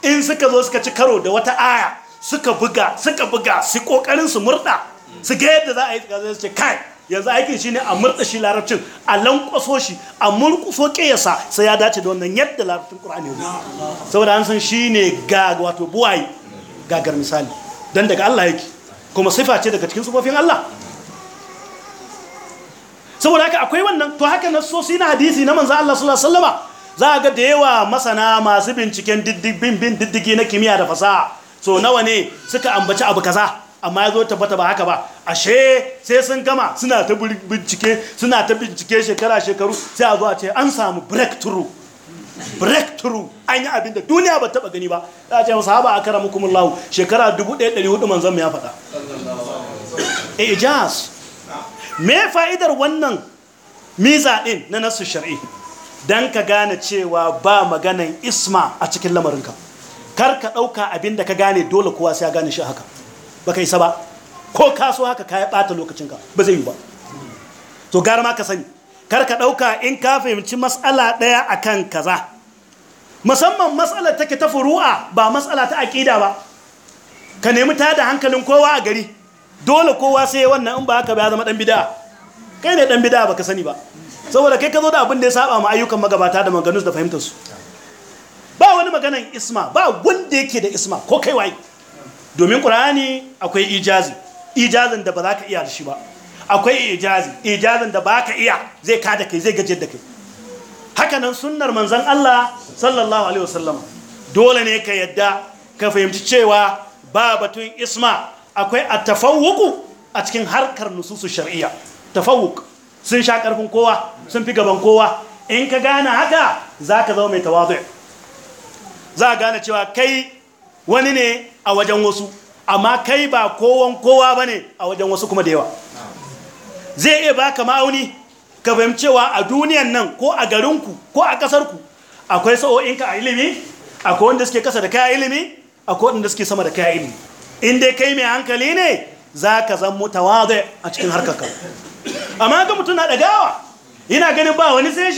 in suka zo suka ci karo da wata aya suka buga suka buga su ƙoƙarin su murda su ga yadda za a yi su ce kai yanzu aikin shi ne a murɗa shi larabcin a lankwaso shi a murƙuso ƙeyasa sai ya dace da wannan yadda larabcin ƙura'an ya saboda an san shi ne ga wato buwaye gagar misali don daga Allah yake kuma sifa ce daga cikin sufofin Allah saboda haka akwai wannan to haka na sosi na hadisi na manzan Allah sallallahu alaihi za a ga da yawa masana masu binciken diddigi na kimiyya da fasaha so nawa ne suka ambaci abu kaza amma ya zo tabbata ba haka ba ashe sai sun gama suna ta bincike suna ta bincike shekara shekaru sai a zo a ce an samu breakthrough breakthrough an yi abin da duniya ba taba gani ba za a ce masu haɓa a kara lahu shekara 1400 manzan ya faɗa eh, ijaz me fa'idar wannan miza ɗin na nasu shari'i don ka gane cewa ba maganan isma a cikin lamarinka kar ka ɗauka abin da ka gane dole kowa sai ya gane shi haka ba ka isa ba ko kaso haka ka ya ɓata lokacinka ba zai yi ba to gara ma ka sani kar ka ɗauka in ka fahimci matsala ɗaya a kan kaza musamman matsalar take ta furu'a ba matsala ta aƙida ba ka nemi ta da hankalin kowa a gari dole kowa sai wannan in ba haka ba ya zama ɗan bida kai ne ɗan bida ba ka sani ba saboda kai ka zo da abin da ya saba ma ayyukan magabata da maganus da fahimtarsu ba wani maganan isma ba wanda yake da isma ko kai waye domin ƙur'ani akwai ijazi ijazin da ba za ka iya da shi ba akwai ijazi ijazin da ba ka iya zai ka da kai zai gajiyar da kai hakanan sunnar manzan Allah sallallahu alaihi wasallam dole ne ka yadda ka fahimci cewa ba batun isma akwai a tafawuku a cikin harkar nususu shari'a tafawuk sun sha ƙarfin kowa sun fi gaban kowa in ka gane haka za ka zama mai tawazu za a gane cewa kai wani ne a wajen wasu amma kai ba kowan kowa ba ne a wajen wasu kuma da yawa zai iya baka ma'auni ka fahimcewa a duniyan nan ko a garinku ko a ƙasarku akwai sa'o'inka a ilimi akwai wanda suke kasa da kaya ilimi akwai wanda suke sama da kaya ilimi in dai kai mai hankali ne za ka zan mutawaza a cikin harkarka amma ga mutum na gawa yana ganin ba wani sai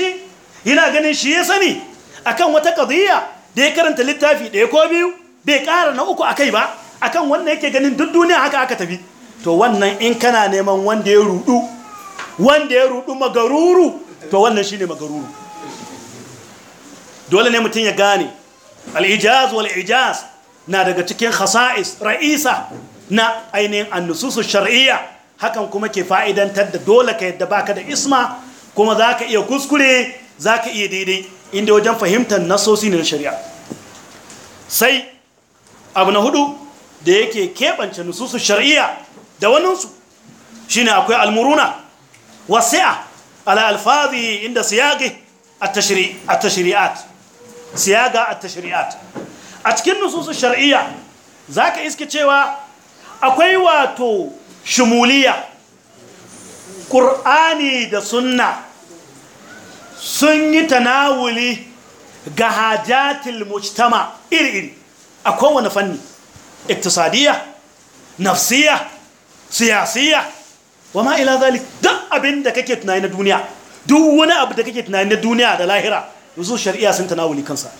yana ganin shi ya sani akan wata ƙaziyya da ya karanta littafi ɗaya ko biyu bai ƙara na uku akai ba akan wannan yake ganin duk duniya haka aka tafi to wannan in kana neman wanda ya rudu wanda ya rudu magaruru to wannan shine magaruru dole ne mutum ya gane al-ijaz wal ijaz na daga cikin khasa'is ra'isa na ainihin annususu shar'iyya hakan kuma ke fa'idantar da dole ka yadda baka da isma kuma zaka iya kuskure zaka iya daidai inda wajen fahimtar nasosi ne na shari'a sai abu na hudu da yake keɓance nususu shari'a da waninsu shine akwai almuruna wasi'a al'alfazi inda siyage at-tashri'at siyaga a tashriat a cikin nususu shari'a zaka iske cewa akwai wato shimuliya ƙur'ani da sunna sun yi tanawuli ga hajjatil mujtama iri-iri a kowane fanni iktisadiyya nafsiyya siyasiyya wa ma ila zalik duk abin da kake tunani na duniya duk wani abu da kake tunani na duniya da lahira yanzu shari'a sun tanawuli kansa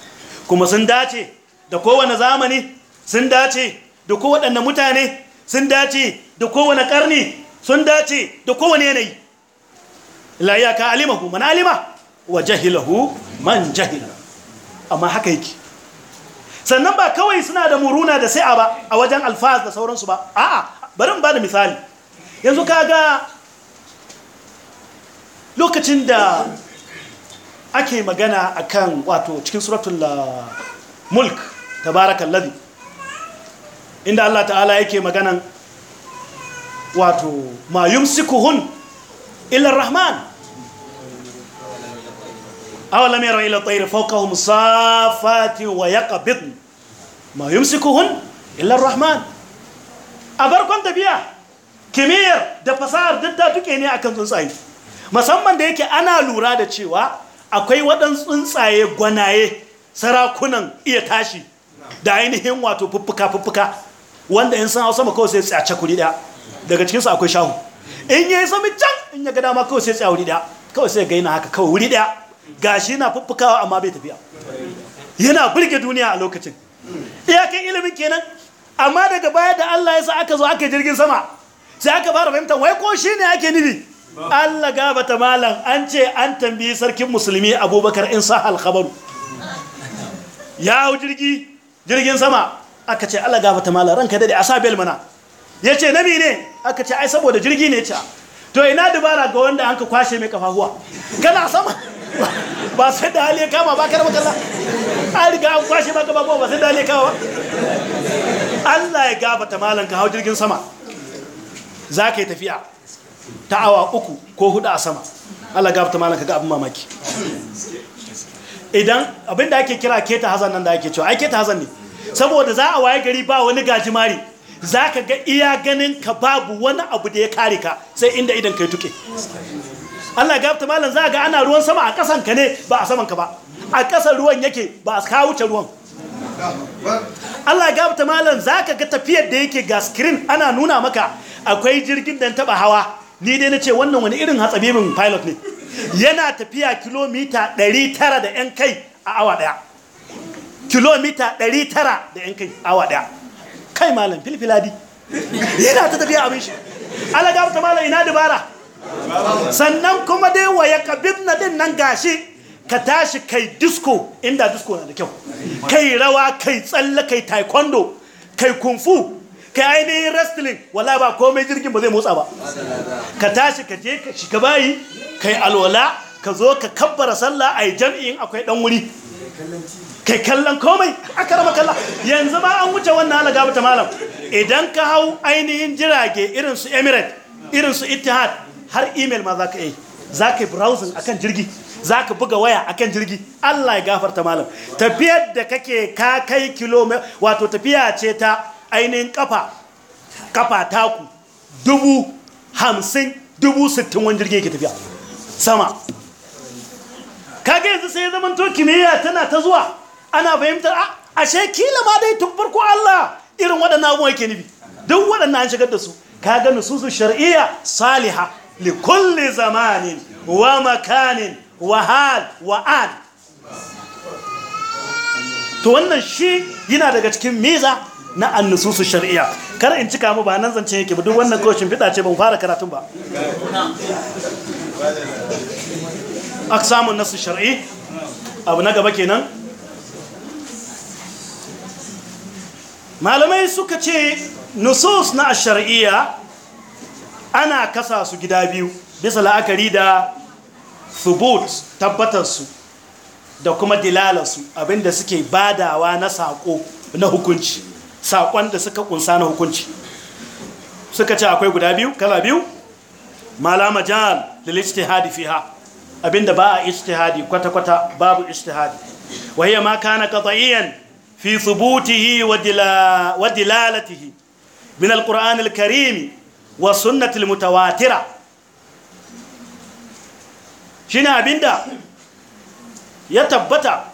kuma sun dace da kowane zamani sun dace da kowaɗanne mutane sun dace da kowane ƙarni sun dace da kowane yanayi la ya ka alimahu man alima wa jahilahu man jahila amma haka yake sannan ba kawai suna da muruna da sai'a ba a wajen alfaz da sauransu ba a'a bari ba da misali yanzu ka ga lokacin da ake magana akan wato cikin suratul ah, mulk barakaladi inda Allah ta'ala yake maganan wato mayum sikuhun ilar rahman awalami yara ila fauka fawqahum safatin wa yaqbidun ma yumsikuhun illa rahman a barkon tafiya kimiyyar da fasahar duk ta ne akan tsuntsaye musamman da yake ana lura da cewa akwai waɗansu tsuntsaye gwanaye sarakunan iya tashi da ainihin wato fuffuka-fuffuka wanda in san hausa ma kawai sai tsace kuri ɗaya daga cikinsu akwai shahu in ya yi sami can in ya ga dama kawai sai tsaya wuri ɗaya kawai sai ga na haka kawai wuri ɗaya gashi na fuffukawa amma bai tafiya yana burge duniya a lokacin iyakan ilimin kenan amma daga baya da Allah ya sa aka zo aka jirgin sama sai aka fara fahimta wai ko shi ne ake nufi Allah gaba ta malam an ce an tambayi sarkin musulmi abubakar in sa alkhabaru ya hau jirgi jirgin sama aka ce Allah gaba ta malam ranka dade a sa bel mana ya ce ne aka ce ai saboda jirgi ne ce to ina dubara ga wanda an ka kwashe mai kafahuwa kana sama ba sai da hali ya kama ba karama kalla an riga an kwashe maka babuwa ba sai da hali ya kama ba Allah ya gafata malan ka hau jirgin sama za ka yi tafiya ta awa uku ko hudu a sama Allah gafata malan ka ga abin mamaki idan abin da ake kira keta hazan nan da ake cewa ai keta hazan ne saboda za a waye gari ba wani gajimari za ka ga iya ganin ka babu wani abu da ya kare ka sai inda idan ka yi tuke Allah ya gafta malam za ga ana ruwan sama a kasan ka ne ba a saman ka ba a kasan ruwan yake ba a ka wuce ruwan Allah ya gafta malam za ka ga tafiyar da yake ga screen ana nuna maka akwai jirgin da taɓa hawa ni dai na ce wannan wani irin hatsabibin pilot ne yana tafiya kilomita 900 da yan kai a awa daya kilomita 900 da yan kai a awa daya kai malam filfiladi yana ta tafiya abin shi Allah ya gafta malam ina dubara sannan kuma dai waya ya kabirna din nan gashi ka tashi kai disco inda disco na da kyau kai rawa kai tsalle kai taekwondo kai fu kai ainihin wrestling wala ba komai jirgin ba zai motsa ba ka tashi ka je ka shiga bayi kai alwala ka zo ka kabbara sallah a yi jam'in akwai dan wuri kai kallon komai aka rama kallon yanzu ba an wuce wannan halaga ta malam idan ka hau ainihin jirage irinsu su emirate irin su ittihad har email ma za ka yi za ka browsing akan jirgi zaka buga waya akan jirgi allah ya gafarta malam tafiyar da kake ka kai kilomita wato tafiya ce ta ainihin kafa kafa taku dubu hamsin dubu sittin wani jirgi yake tafiya sama kaga yanzu sai zaman to kimiyya tana ta zuwa ana fahimtar a ah, ashe kila ma dai tun farko allah irin waɗannan abubuwa yake nufi duk waɗannan an shigar da su ka ga nususu shari'a saliha likulli zamanin wa makanin wa hal wa to wannan shi yana daga cikin miza na annususu shari'a kar in cika mu ba nan zance yake ba duk wannan kawai fida ce ban fara karatun ba aksamun nasu shari'i abu na gaba kenan malamai suka ce nusus na shari'a ana kasa su gida biyu bisa la'akari da thubut tabbatarsu da kuma dilalarsu abinda suke badawa na saƙo na hukunci saƙon da suka ƙunsa na hukunci suka ce akwai guda biyu kala biyu malama jihar lil-istihadi ha. abinda ba a istihadi kwata-kwata babu istihadi wahiyya ma kana qat'iyan fi thubutihi wa dilalatihi min al-qur'an wa sunnatul mutawatira shine abinda ya tabbata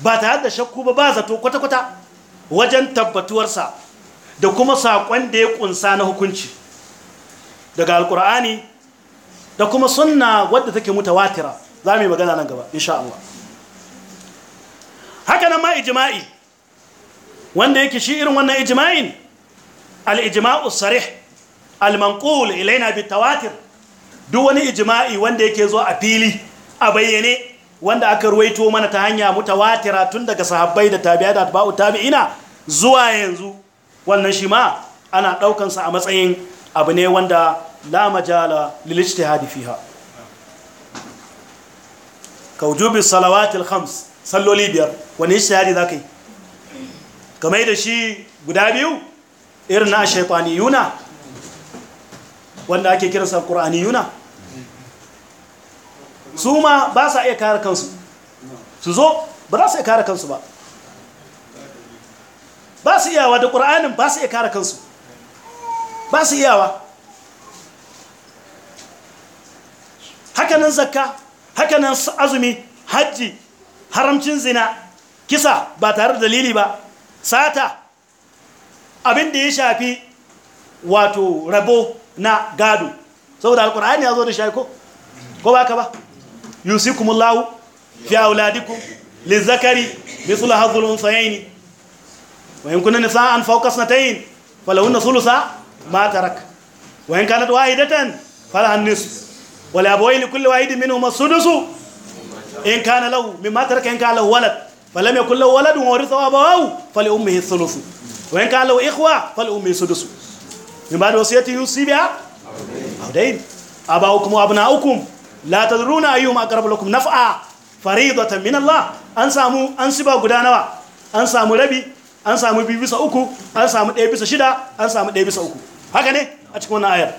ba ta da shakku ba ba zato kwata-kwata wajen tabbatuwarsa da kuma saƙon da ya ƙunsa na hukunci daga alkur'ani da kuma sunna wadda take mutawatira za mu yi magana nan gaba insha Allah haka nan ma ijima'i wanda yake shi irin wannan ijima'in al-ijma'u sarih al manƙul ilaina bitawatir duk wani ijma'i wanda yake zo a fili a bayyane wanda aka ruwaito mana ta hanya mutawatira tun daga sahabbai da tabi'a da ba'u tabi'ina zuwa yanzu wannan shi ma ana ɗaukansa sa a matsayin abu ne wanda la majala lil ijtihad fiha salawatil khams salloli biyar wani ijtihadi yi kamar da shi guda biyu irin na yuna wanda ake kiransa yuna su ma ba sa iya kare kansu su zo ba za su iya kare kansu ba ba su iyawa da ƙura'anin ba su iya kare kansu ba su iyawa hakanan zakka hakanan azumi hajji haramcin zina kisa ba tare da dalili ba sata abinda ya shafi wato rabo na gado saboda alkur'ani ya zo da shaiko ko ba ka ba yusikumullahu fi auladikum zakari mithlu hadhul unsayin wa in kunna nisaan fawqa sanatayn falahunna thulutha ma tarak wa in kanat wahidatan falahun an-nisf wa li abawayhi kulli wahidin minhum as-sudus in kana lahu mimma taraka in kana lahu walad falam yakul lahu waladun warithahu abawahu fali ummihi ath wa in kana wa ikhwa fal ummi sudus min ba'd wasiyati yusi biha awdain abaukum wa abnaukum la tadruna ayyuhum aqrabu lakum naf'a faridatan min Allah an samu an guda nawa an samu rabi an samu biyu bisa uku an samu ɗaya bisa shida an samu ɗaya bisa uku haka ne a cikin wannan ayar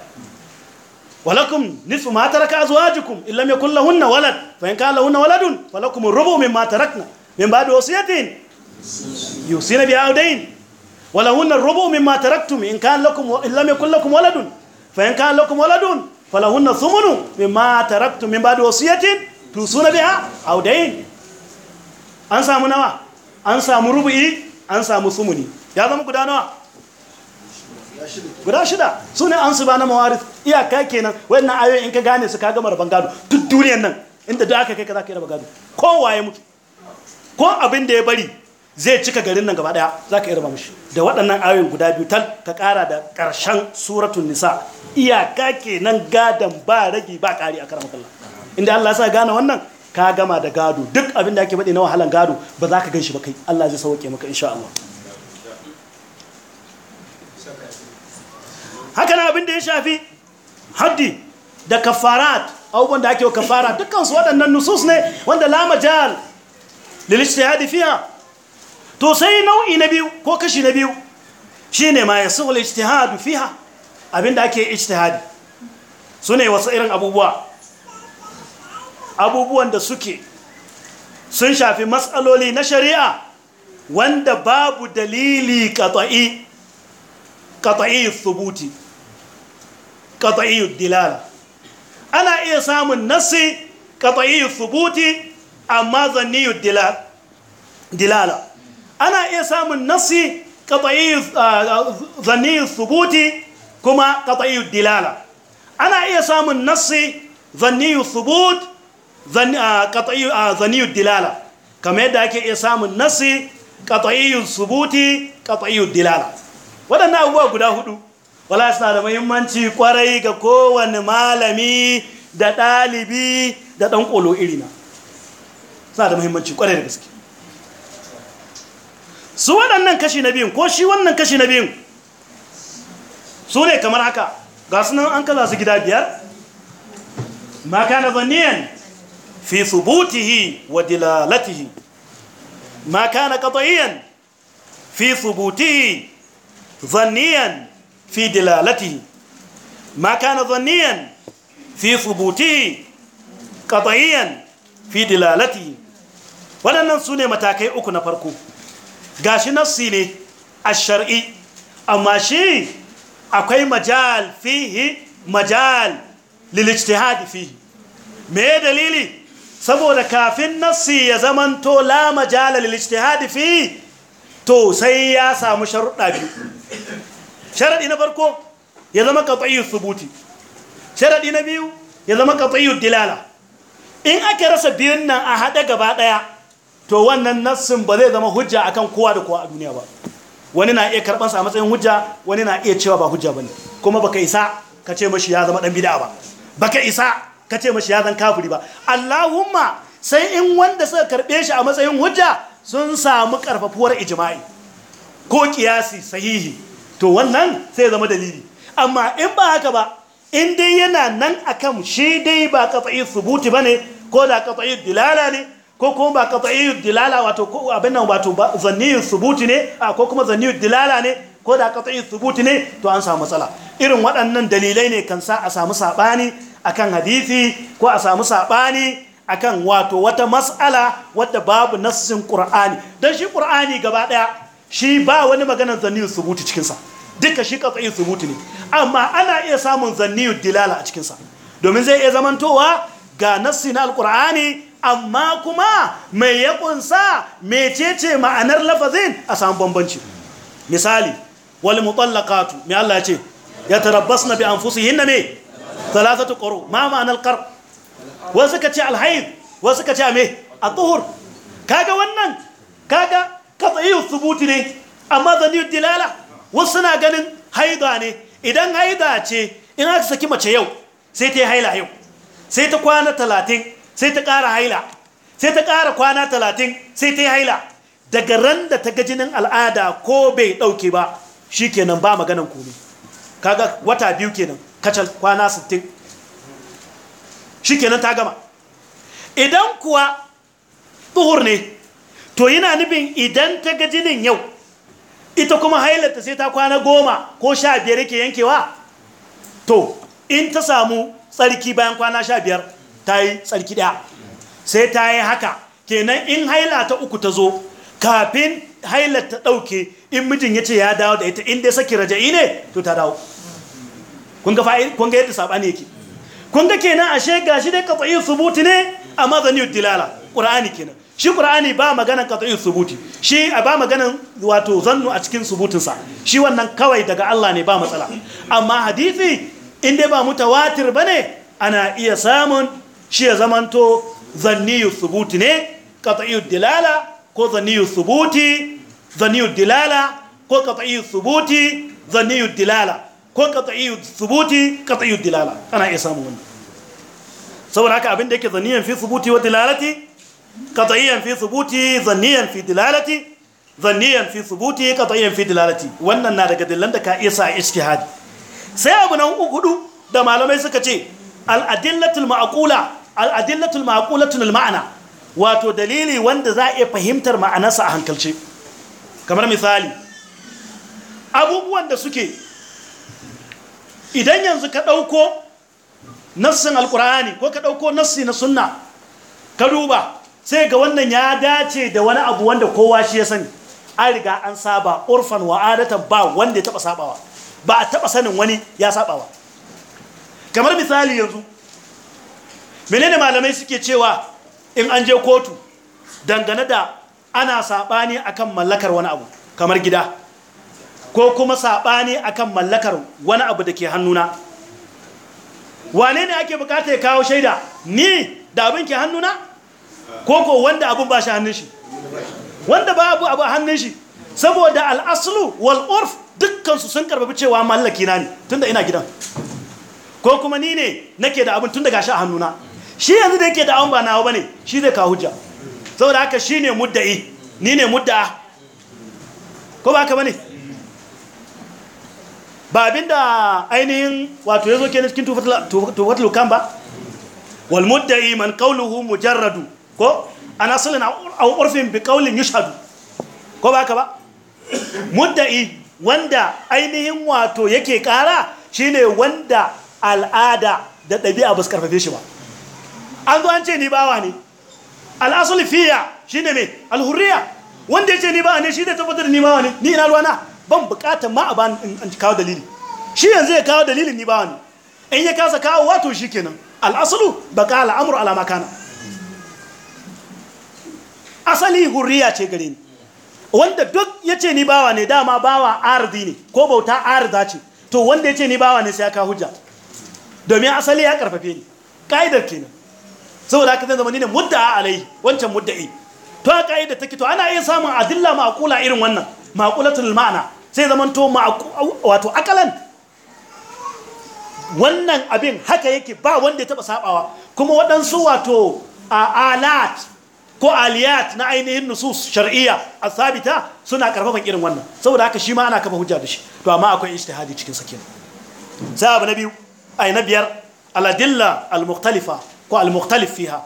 walakum nisfu ma taraka azwajukum illa ma yakul min wasiyatin ولهن الربع مما تركتم إن كان لكم و... إن لم يكن لكم ولد فإن كان لكم ولد فلهن الثمن مما تركتم من بعد وصية توصون بها أو دين an samu nawa an samu rubu'i an samu sumuni ya zama guda nawa guda shida su ne an su ba na mawaris iyaka kenan wannan ayoyi in ka gane su ka gama rabon gado duk duniyan nan inda duk aka kai ka za ka yi rabon gado kowa ya mutu ko abin da ya bari zai cika garin nan gaba daya za ka raba mushi da waɗannan ayoyin guda biyu tal ka ƙara da ƙarshen suratun nisa iyaka kenan gadon ba ragi ba ƙari a karamakon inda Allah sa gane wannan ka gama da gado duk abin da ake faɗi na wahalan gado ba za ka gan shi ba kai Allah zai sauke maka insha Allah haka na abin da ya shafi haddi da kafarat abubuwan da ake wa kafara dukkan su waɗannan nusus ne wanda la majal lil to sai nau'i na biyu ko kashi na biyu shine ma yasahul ijtihadu fiha abinda ake ijtihadi ne wasu irin abubuwa abubuwan da suke sun shafi matsaloli na shari'a wanda babu dalili kata'i qat'i thubuti qat'i dilala ana iya samun nasi qat'i thubuti amma zanni dilala ana iya samun nasi qat'i ah, ah, zanni subuti, kuma qat'i dilala ana iya samun nasi zanni subut ah, zanni dilala kamar yadda ake iya samun nasi qat'i subuti qat'i dilala waɗannan abubuwa guda hudu wala suna da mahimmanci kwarai ga kowane malami da ɗalibi da ɗan ƙolo irina suna da mahimmanci kwarai da gaske su waɗannan kashi na biyun ko shi wannan kashi na biyun su ne kamar haka ga sunan an kaza su gida biyar maka na zanniyan fi subutihi wa dilalatihi maka na katayiyan fi subutihi zanniyan fi dilalatihi maka na zanniyan fi subutihi katayiyan fi dilalatihi waɗannan su ne matakai uku na farko gashi nassi ne a shar'i amma shi akwai majal fihi majal lilijtihadi fihi me dalili saboda kafin nassi ya zamanto la maja'l lilijtihadi fihi to sai ya samu sharuɗa biyu sharaɗi na farko ya zama katsayyar subuti sharaɗi na biyu ya zama katsayyar dilala in aka rasa biyun nan a haɗe gaba ɗaya to wannan nassin ba zai zama hujja akan kowa da kowa a duniya ba wani na iya karɓansa a matsayin hujja wani na iya cewa ba hujja ba ne kuma baka isa ka ce mashi ya zama ɗan bida ba baka isa ka ce mashi ya zan kafiri ba allahumma sai in wanda suka karɓe shi a matsayin hujja sun samu ƙarfafuwar ijima'i ko ƙiyasi sahihi to wannan sai zama dalili amma in ba haka ba in dai yana nan akan shi dai ba kafa'i subuti ba ne ko da kafa'i dilala ne ko kuma ba qat'iyyu dilala wato ko abin nan wato subuti ne ko kuma zanniyyu dilala ne ko da qat'iyyu subuti ne to an samu matsala irin waɗannan dalilai ne kan sa a samu sabani akan hadisi ko a samu sabani akan wato wata mas'ala wadda babu nassin qur'ani Don shi qur'ani gaba ɗaya. shi ba wani maganar zanniyyu subuti cikin sa duka shi qat'iyyu subuti ne amma ana iya samun zanniyyu dilala a cikinsa. domin zai iya zamantowa ga nassi na alqur'ani amma kuma mai ya kunsa mecece ma'anar lafazin a samu bambanci misali wal mutallaqatu mai Allah ya tarabbas na bi anfusihinna ne. thalathatu quru ma ma'anar qar wasu ka ce alhaid wasu ka ce me at-tuhur kaga wannan kaga qat'iyyu subuti ne amma zaniyyu dilala wasu na ganin haida ne idan haida ce in aka saki mace yau sai ta yi haila yau sai ta kwana talatin sai ta ƙara haila sai ta ƙara kwana talatin sai ta yi haila daga ran da ta gajinin al'ada ko bai ɗauke ba shi kenan ba maganan komai kaga wata biyu kenan kacal kwana sittin shi kenan ta gama idan kuwa tsuhur ne to yana nufin idan ta gajinin yau ita kuma hailata sai ta kwana goma ko sha biyar yake yankewa to in ta samu tsarki bayan kwana sha biyar ta yi tsarki ɗaya sai ta yi haka kenan in haila ta uku ta zo kafin haila ta ɗauke in mijin ya ce ya dawo da ita inda ya saki raja'i ne to ta dawo kunga ga yadda saɓani yake kunga kenan kenan ashe gashi dai yin subuti ne a mazanin dilala ƙura'ani kenan shi ƙura'ani ba maganan yin subuti shi a ba maganan wato zannu a cikin subutinsa shi wannan kawai daga Allah ne ba matsala amma hadithi inda dai ba mutawatir ba ne ana iya samun shi ya zamanto zanniyu subuti ne qat'iyu dilala ko zanniyu subuti zanniyu dilala ko qat'iyu subuti zanniyu dilala ko qat'iyu subuti qat'iyu dilala ana iya samun wani saboda haka abin da yake zanniyan fi subuti wa dilalati qat'iyan fi subuti zanniyan fi dilalati zanniyan fi subuti qat'iyan fi dilalati wannan na daga dillan da ka iya sa ijtihadi sai abu nan uku da malamai suka ce al-adillatul ma'qula al'adillatul ma'aqulatul ma'ana wato dalili wanda za a iya fahimtar ma'anarsa a hankalce kamar misali abubuwan da suke idan yanzu ka ɗauko nassin alkur'ani ko ka ɗauko nassi na sunna ka duba sai ga wannan ya dace da wani abu wanda kowa shi ya sani an riga an saba orfan wa adatan ba wanda ya taɓa sabawa ba a taɓa sanin wani ya sabawa kamar misali yanzu menene malamai suke cewa in an je kotu dangane da ana saɓani akan mallakar wani abu kamar gida ko kuma saɓani akan mallakar wani abu da ke hannuna wane ne ake bukata ya kawo shaida ni da abin ke hannuna ko ko wanda abin ba shi hannun shi wanda ba abu abu hannun shi saboda al'aslu wal urf dukkansu sun karbabi cewa mallaki na ne tunda ina gidan ko kuma ni ne nake da abin tun gashi a hannuna shi yanzu da yake an ba nawa bane shi zai kawo hujja saboda haka shi ne mudda'i ni ne mudda ko ba ka bane ba abinda ainihin wato ya zo ke cikin tufatul kan ba wal mudda'i man qawluhu mujarradu ko ana asalin aw urfin bi qawlin yushhadu ko ba ka ba mudda'i wanda ainihin wato yake kara shine wanda al'ada da ɗabi'a ba su karfafe shi ba an zo an ce ni bawa ne al'asul fiya ne me alhurriya wanda ya ce ni bawa ne shi ne tabbatar da ni bawa ne ni ina ruwana ban bukatar ma a ba an kawo dalili shi yanzu ya kawo dalilin ni bawa ne in ya kasa kawo wato kenan al'asulu baka al'amru ala makana asali hurriya ce gare ni wanda duk ya ce ni bawa ne dama bawa ardi ne ko bauta arda ce to wanda ya ce ni bawa ne sai ya kawo hujja domin asali ya karfafe ni ka'idar kenan saboda haka zai zama ni ne mudda'a alai wancan mudda'i to a ka'ida take to ana iya samun adilla ma'qula irin wannan ma'qulatul ma'ana sai zaman to wato akalan wannan abin haka yake ba wanda ya taba sabawa kuma waɗansu wato alat ko aliyat na ainihin nusus shar'iyya a sabita suna karfafan irin wannan saboda haka shi ma ana kafa hujja da shi to amma akwai ijtihadi cikin sakin sai abu na biyu na biyar aladilla almuktalifa ko al-mukhtalif fiha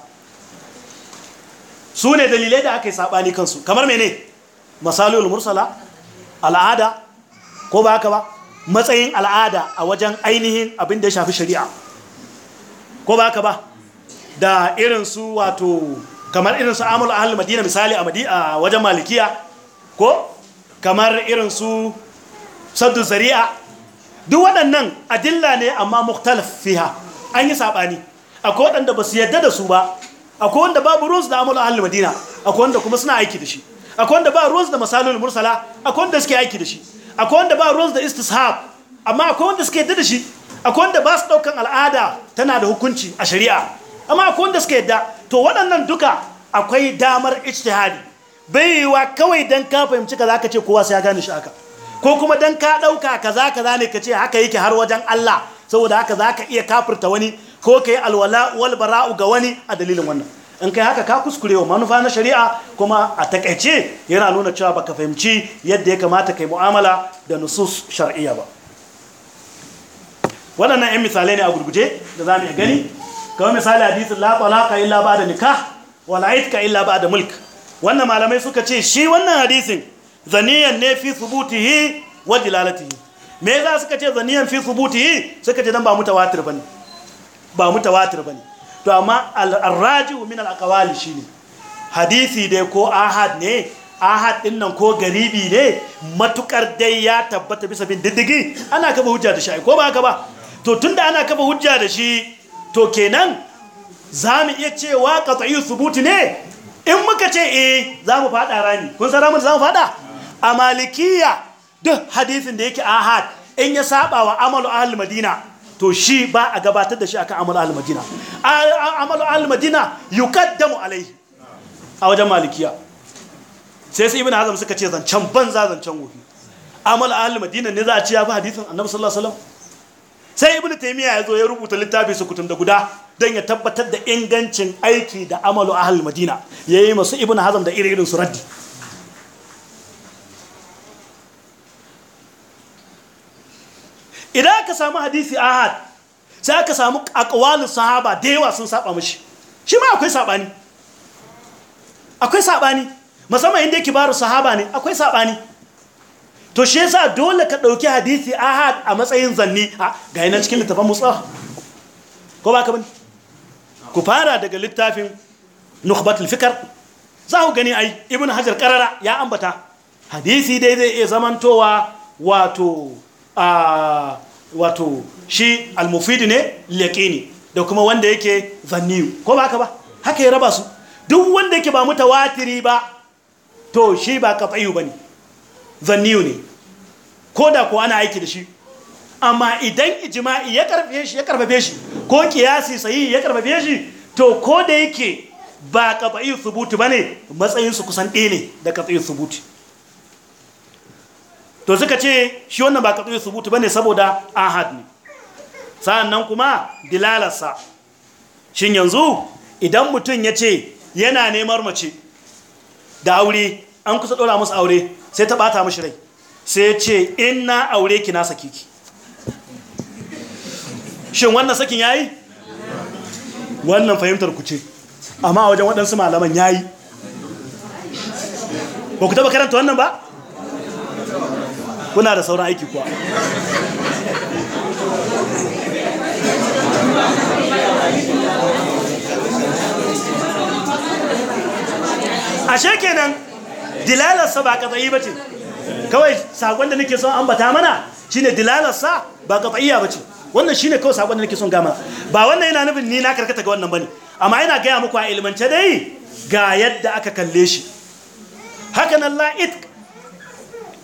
su ne dalilai da aka yi saɓani kansu kamar mene masalul mursala al'ada ko ba haka ba matsayin al'ada a wajen ainihin abin da ya shafi shari'a ko ba haka ba da su wato kamar irinsu amul ahal madina misali a wajen malikiya ko kamar irinsu saddu zari'a duk waɗannan adilla ne amma muktalaf fiha an yi saɓani akwai waɗanda ba su yadda da su ba akwai wanda babu ruwansu da amul ahal madina akwai wanda kuma suna aiki da shi akwai wanda ba ruwansu da masalul mursala akwai wanda suke aiki da shi akwai wanda ba ruwansu da istishab amma akwai wanda suke yadda da shi akwai wanda ba su ɗaukan al'ada tana da hukunci a shari'a amma akwai wanda suke yadda to waɗannan duka akwai damar ijtihadi bai kawai dan ka fahimci kaza ka ce kowa sai ya gane shi haka ko kuma dan ka ɗauka kaza kaza ne ka ce haka yake har wajen Allah saboda haka za ka iya kafirta wani ko ka yi alwala wal bara'u ga wani a dalilin wannan in kai haka ka kuskure wa manufa na shari'a kuma a takaice yana nuna cewa baka fahimci yadda ya kamata kai mu'amala da nusus shar'iyya ba waɗannan 'yan misalai ne a gurguje da za mu iya gani kawai misali hadisin la ka illa ba da nika wala itka illa ba da mulk wannan malamai suka ce shi wannan hadisin zaniyan ne fi subutihi wa dilalatihi me za suka ce zaniyan fi subutihi suka ce dan ba mutawatir bane ba mutawatir ne. to amma al-raji'u min al shi shine hadisi dai ko ahad ne ahad din nan ko garibi ne matukar dai ya tabbata bisa bin diddigi ana kafa hujja da shi ko ba haka ba to tun da ana kafa hujja da shi to kenan za mu iya cewa qat'i subuti ne in muka ce e? Eh, za mu fada rani kun san ramin za mu fada a malikiya duk hadisin da yake ahad in ya saba wa amalu ahal madina to shi ba a gabatar da shi akan amalu al-madina amalu al-madina yuqaddamu alaihi a wajen malikiya sai sai ibn hazm suka ce zancen banza zancen wofi amalu al-madina ne za a ci ya fi hadisin annabi sallallahu alaihi wasallam sai ibn taymiya ya zo ya rubuta littafi kutum da guda don ya tabbatar da ingancin aiki da amalu al madina yayi masu ibn hazm da iri irin su raddi idan aka samu hadisi ahad sai aka samu akwalin sahaba da yawa sun saba mashi shi ma akwai sabani akwai sabani musamman inda kibaru sahaba ne akwai sabani to shi yasa dole ka dauki hadisi ahad a matsayin zanni ga yana cikin littafin musa ko ba ka bani ku fara daga littafin nukhbatul fikr za ku gani ai ibnu hajar karara ya ambata hadisi dai zai iya zamantowa wato wato shi almufidi ne ne. da kuma wanda yake zanniyu ko ba ka ba haka ya raba su duk wanda yake ba watiri ba to shi ba ba ne zanniyu ne ko da ko ana aiki da shi amma idan ijma'i ya karfe shi ya karfe shi ko kiyasi sayi ya karfe shi to ko da yake ba qat'iyu subuti ba ne. Matsayinsu kusan ɗe ne da qat'iyu subuti to suka ce shi wannan ba su subutu bane saboda ahad ne nan kuma dilalarsa shin yanzu idan mutum ya ce yana neman mace da aure an kusa ɗora musu aure sai ta ɓata mashi rai sai ce in na aure ki nasa kiki shin wannan sakin ya yi? wannan fahimtar ku ce amma wajen waɗansu malaman ya yi. ba ku taba karanta wannan ba kuna da sauran aiki kuwa ashe kenan dilalarsa ba katsayi ba ce kawai sakon da nake son ambata mana shine dilalarsa ba katsayiya ba ce wannan shine kawai sakon da nake son gama ba wannan yana nufin ni na karkata ga wannan bane amma yana gaya muku a ilmance dai ga yadda aka kalle shi haka nan la'id,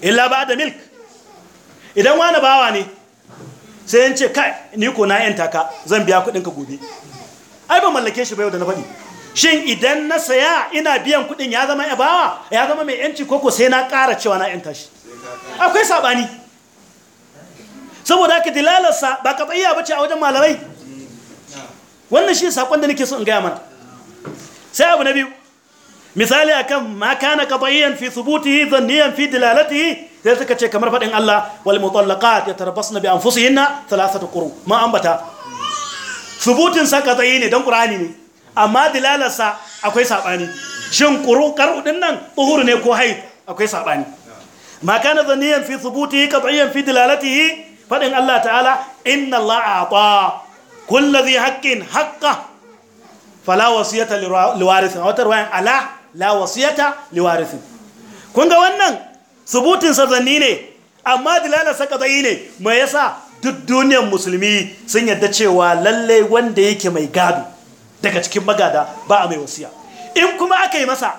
illa ba da milk idan wani bawa ne sai yance kai ni ko na yanta ka zan biya kuɗin ka gobe ai ba mallake shi ba yau da na faɗi shin idan na saya ina biyan kuɗin ya zama bawa ya zama mai yanci ko koko sai na ƙara cewa na yanta shi akwai saɓani saboda haka dilalarsa ba ka tsayiya ba ce a wajen malamai wannan shi saƙon da nake so in gaya mana sai abu na biyu misali akan ma kana qat'iyan fi thubutihi dhanniyan fi dilalatihi sai suka ce kamar faɗin Allah wal mutallaqat yatarabbasna bi anfusihinna thalathata quru ma ambata subutin saka katsayi ne dan qur'ani ne amma dilalarsa akwai sabani shin quru qaru din nan tuhuru ne ko haid akwai sabani ma kana zaniyan fi thubutihi qat'iyan fi dilalatihi faɗin Allah ta'ala inna Allah ata kullu dhi haqqin haqqahu fala wasiyata liwarisin wata ruwayan ala la wasiyata liwarisin kun ga wannan subutin sazanni ne amma dilala saka zai ne mai yasa duk duniyar musulmi sun yadda cewa lalle wanda yake mai gado daga cikin magada ba a mai wasiya in kuma aka yi masa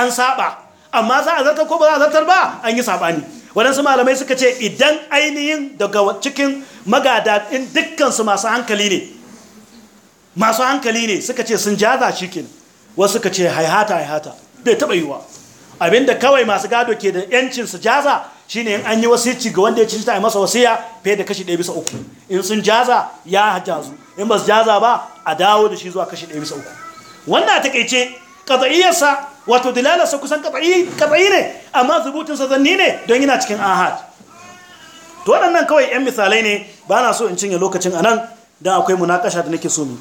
an saba amma za a zartar ko ba za a zartar ba an yi sabani waɗansu malamai suka ce idan ainihin daga cikin magada in dukkansu masu hankali ne masu hankali ne suka ce sun jaza shi wasu suka ce haihata haihata bai taɓa yiwa abinda kawai masu gado ke da yancin su jaza shine in an yi wasici ga wanda ya ci ta masa wasiya fiye da kashi 1 bisa uku in sun jaza ya jazu in ba su jaza ba a dawo da shi zuwa kashi 1 bisa uku wannan taƙaice, qad'iyarsa wato dilalarsa kusan qad'i ne amma zubutun sa zanni ne don yana cikin ahad to waɗannan kawai yan misalai ne ba na so in cinye lokacin anan don akwai munakasha da nake so mu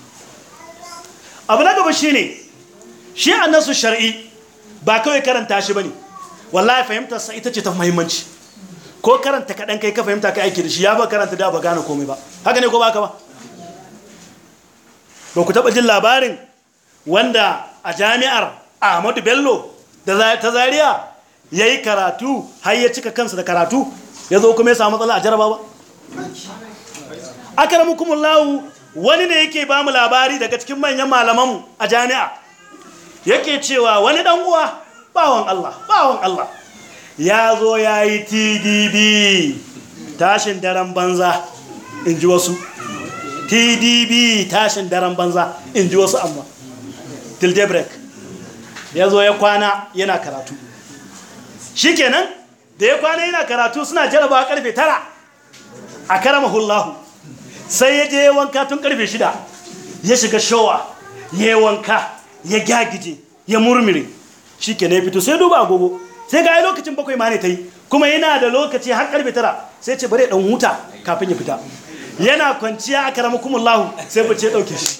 abu na gaba shine shi annasu shar'i ba kawai karanta shi bane wallahi fahimtar sa ita ce ta muhimmanci ko karanta kaɗan kai ka fahimta ka aiki da shi ya ba karanta da ba gane komai ba haka ne ko ba ka ba ba ku taɓa jin labarin wanda a jami'ar ahmadu bello da ta zariya ya yi karatu har ya cika kansa da karatu ya zo kuma ya samu matsala a jaraba ba akaramukumullahu wani ne yake ba mu labari daga cikin manyan malamanmu a jami'a yake cewa wani dan uwa bawon Allah bawon Allah ya zo ya yi tdb tashin daren banza in ji wasu tdb tashin daren banza in ji wasu amma day break ya zo ya kwana yana karatu shikenan da ya kwana yana karatu suna jaraba karfe tara a karamahullahu sai ya je wanka tun karfe shida ya shiga showa ya wanka ya gyagije ya murmure shi ke na ya fito sai duba agogo sai ga lokacin bakwai ma ne ta yi kuma yana da lokaci har karfe tara sai ce bari ɗan huta kafin ya fita yana kwanciya a kuma lahu sai bace dauke shi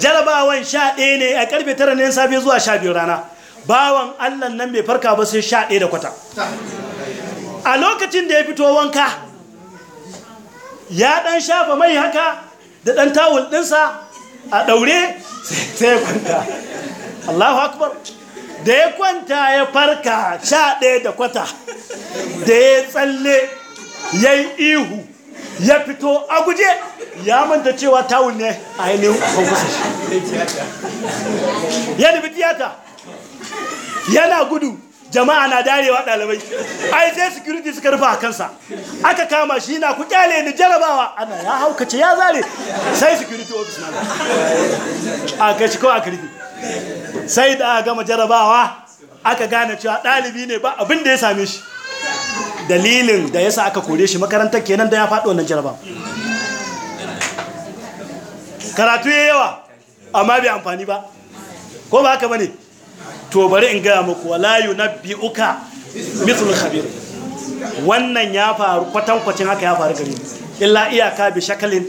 jarabawan sha ɗaya ne a karfe tara ne safe zuwa sha biyu rana bawan allan nan bai farka ba sai sha ɗaya da kwata a lokacin da ya fito wanka ya dan shafa mai haka da dan tawul ɗinsa a ɗaure sai ya kwanta Allahu akbar da ya kwanta ya farka sha ɗaya da kwata da ya tsalle ya yi ihu ya fito a guje ya manta cewa tawun ne a yanayin kwanfusa shi ya nufi tiyata yana gudu jama'a na darewa ɗalibai ai sai security suka rufa a kansa aka kama shi na ku kyale ni jarabawa ana ya haukace ya zare sai security office na a kai shi ko a kirki sai da aka gama jarabawa aka gane cewa ɗalibi ne ba abin da ya same shi dalilin da yasa aka kore shi makarantar kenan da ya faɗo wannan jarabawa karatu ya yawa amma bai amfani ba ko ba haka ba ne to bari in gaya muku wala uka mithl khabir wannan ya faru kwatan kwacin haka ya faru gari illa iyaka bi shakalin